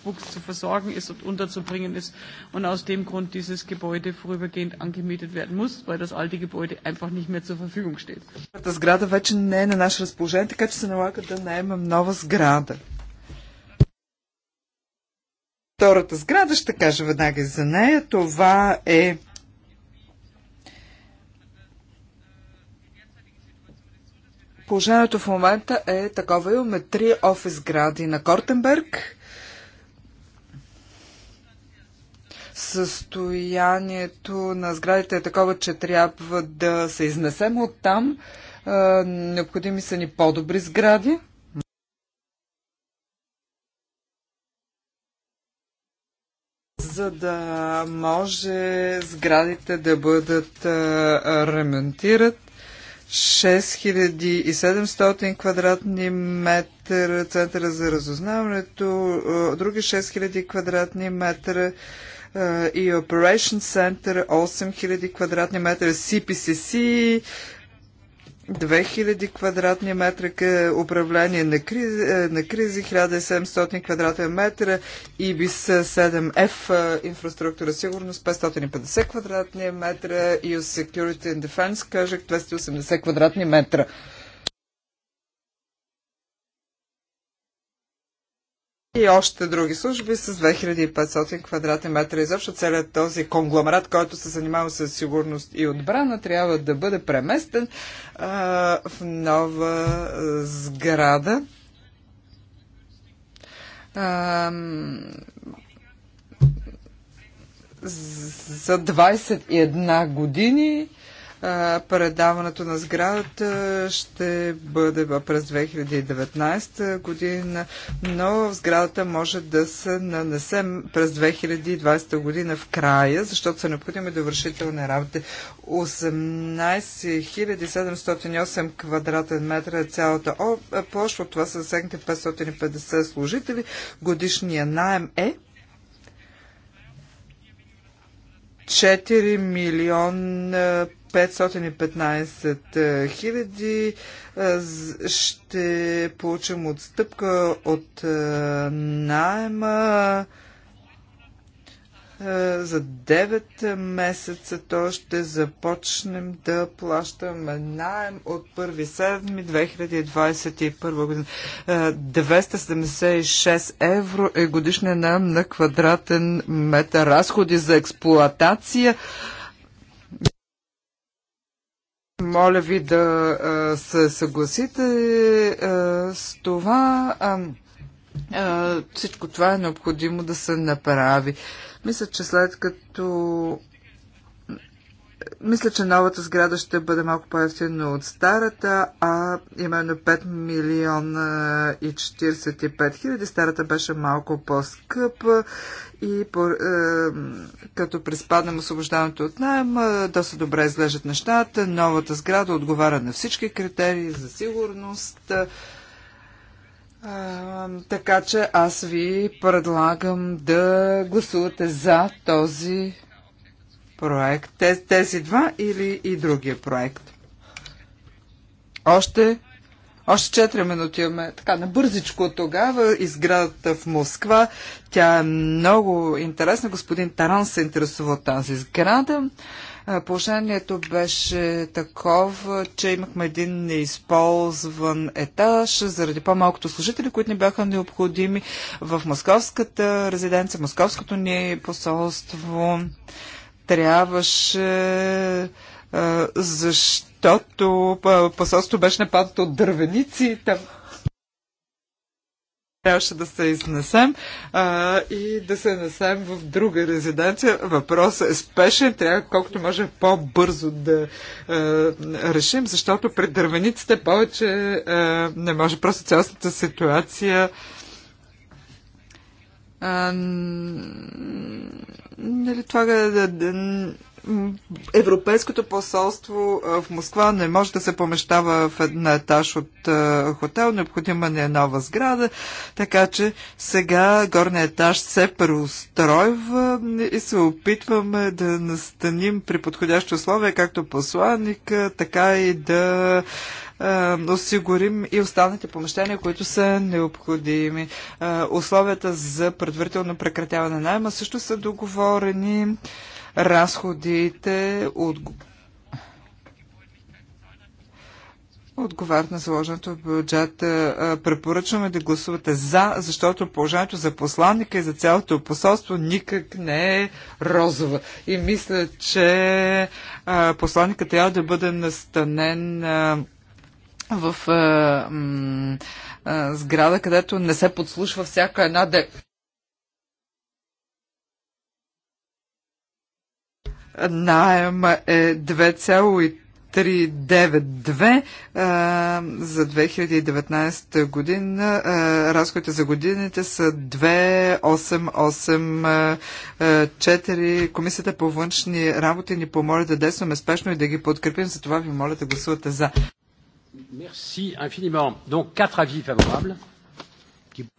Nachwuchs zu versorgen ist und unterzubringen ist und aus dem Grund dieses Gebäude vorübergehend angemietet werden muss, weil das alte Gebäude einfach nicht mehr zur Verfügung steht. Das сграда wird schon nicht in unserem разположение, така че се налага да наемем нова сграда. Втората сграда, ще кажа веднага за нея, това е Положението в момента е такова. Имаме три офис гради на Кортенберг, Състоянието на сградите е такова, че трябва да се изнесем от там. Необходими са ни по-добри сгради. за да може сградите да бъдат ремонтират. 6700 квадратни метра центъра за разузнаването, други 6000 квадратни метра и Operation Center 8000 квадратни метра, CPCC 2000 квадратни метра, управление на кризи, е, на кризи 1700 е, квадратни метра, ИБИС 7F, инфраструктура сигурност 550 квадратни метра, EU Security and Defense, кажах 280 квадратни метра. и още други служби с 2500 квадратни метра. Изобщо целият този конгломерат, който се занимава с сигурност и отбрана, трябва да бъде преместен а, в нова а, сграда. А, за 21 години Предаването на сградата ще бъде през 2019 година, но в сградата може да се нанесе през 2020 година в края, защото са необходими довършителни работи. 18 708 квадратен метра е цялата е, площ, от това са засегнати 550 служители. Годишния найем е 4 милион е, 515 хиляди ще получим отстъпка от найема за 9 месеца то ще започнем да плащаме найем от 1.7.2021 година. 276 евро е годишния найем на квадратен метър. Разходи за експлоатация моля ви да се съгласите с това. Всичко това е необходимо да се направи. Мисля, че след като мисля, че новата сграда ще бъде малко по-ефтина от старата, а именно 5 милиона и 45 хиляди. Старата беше малко по-скъпа и по, е, като преспаднем освобождаването от найем, е, доста добре изглеждат нещата. Новата сграда отговаря на всички критерии за сигурност. Е, така че аз ви предлагам да гласувате за този проект, тези два или и другия проект. Още още 4 минути имаме. Така, набързичко тогава изградата в Москва. Тя е много интересна. Господин Таран се интересува от тази сграда. Положението беше такова, че имахме един неизползван етаж заради по-малкото служители, които ни бяха необходими в московската резиденция, московското ни посолство. Трябваше защото посолството беше нападнато от дървеници. Там трябваше да се изнесем а, и да се несем в друга резиденция. Въпросът е спешен, трябва колкото може по-бързо да а, решим, защото при дървениците повече а, не може. Просто цялостната ситуация а, нали, това да, да, Европейското посолство в Москва не може да се помещава в една етаж от хотел, необходима ни не е нова сграда, така че сега горният етаж се преустройва и се опитваме да настаним при подходящи условия, както посланника, така и да осигурим и останалите помещения, които са необходими. Условията за предварително прекратяване найма също са договорени разходите от отговарят на заложеното в бюджета. Препоръчваме да гласувате за, защото положението за посланника и за цялото посолство никак не е розово. И мисля, че посланника трябва да бъде настанен в сграда, където не се подслушва всяка една де найема е 2,392 за 2019 година. Разходите за годините са 2884. Комисията по външни работи ни помоля да действаме спешно и да ги подкрепим. За това ви моля да гласувате за. Merci infiniment. Donc, quatre avis favorables.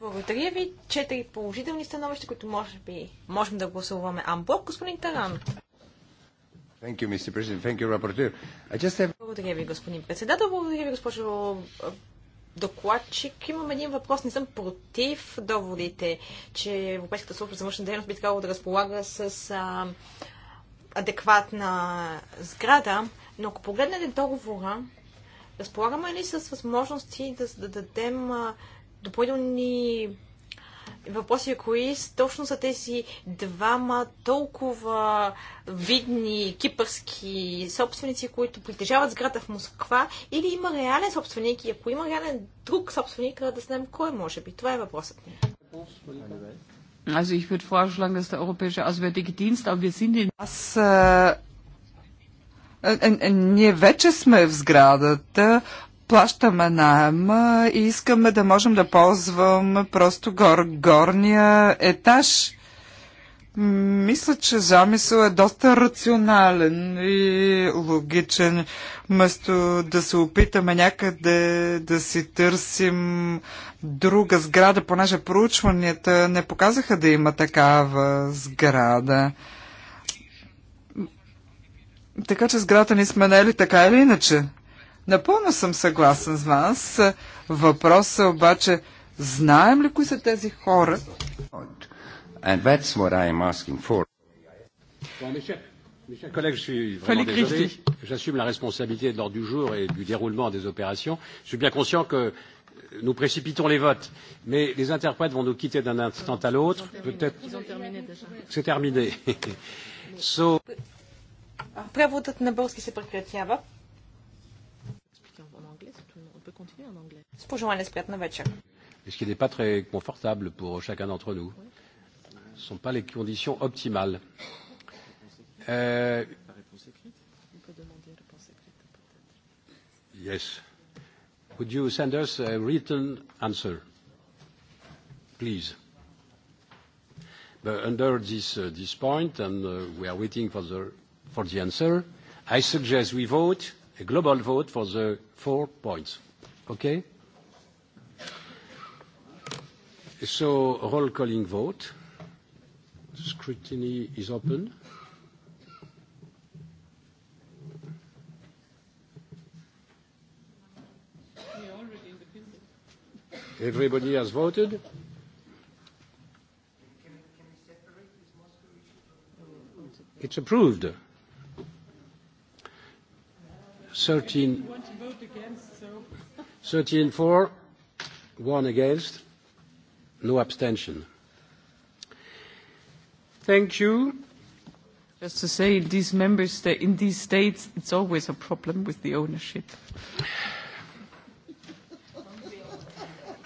Благодаря ви. Четири положителни становища, които може би можем да гласуваме Амбок, Господин Таран. Благодаря ви, господин председател. Благодаря ви, госпожо докладчик. Имам един въпрос. Не съм против доводите, че Европейската служба за външна дейност би трябвало да разполага с а, адекватна сграда. Но ако погледнете договора, разполагаме ли с възможности да, да дадем а, допълнителни Въпросът е кои точно са тези двама толкова видни кипърски собственици, които притежават сграда в Москва или има реален собственик и ако има реален друг собственик, да знаем кой може би. Това е въпросът ми. Also ich würde vorschlagen, dass der Europäische Auswärtige Dienst, aber wir sind in... Аз, ние вече сме в сградата плащаме найем и искаме да можем да ползвам просто гор, горния етаж. Мисля, че замисъл е доста рационален и логичен. Вместо да се опитаме някъде да си търсим друга сграда, понеже проучванията не показаха да има такава сграда. Така че сградата ни сме наели така или иначе. Напълно съм съгласен с вас. Въпросът е обаче, знаем ли кои са тези хора? And that's what I am asking for. Mes chers collègues, je suis vraiment J'assume la responsabilité de l'ordre du jour et du déroulement des opérations. Je suis bien conscient que nous précipitons les votes, mais les interprètes vont nous quitter d'un instant à l'autre. Peut-être. C'est terminé. so... Преводът на български С пожелание с приятна вечер. Et ce qui n'est pas très confortable pour chacun d'entre nous. Ce ne sont pas les conditions optimales. Euh... Yes. Would you send us a written answer, please? But under this, uh, this point, and uh, we are waiting for the, for the answer, I suggest we vote, a global vote for the four points. Okay? So roll calling vote. The Scrutiny is open. We're already in the building. Everybody has voted? It's approved. 13 for, one against No abstention. Thank you. Just to say, in these member states, in these states, it's always a problem with the ownership.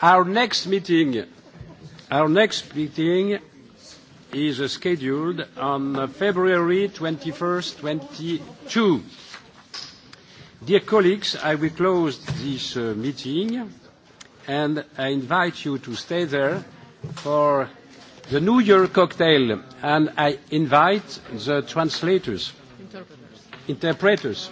Our next meeting, our next meeting is scheduled on February 21st, 2022. Dear colleagues, I will close this meeting and I invite you to stay there for the New Year cocktail, and I invite the translators, interpreters. interpreters.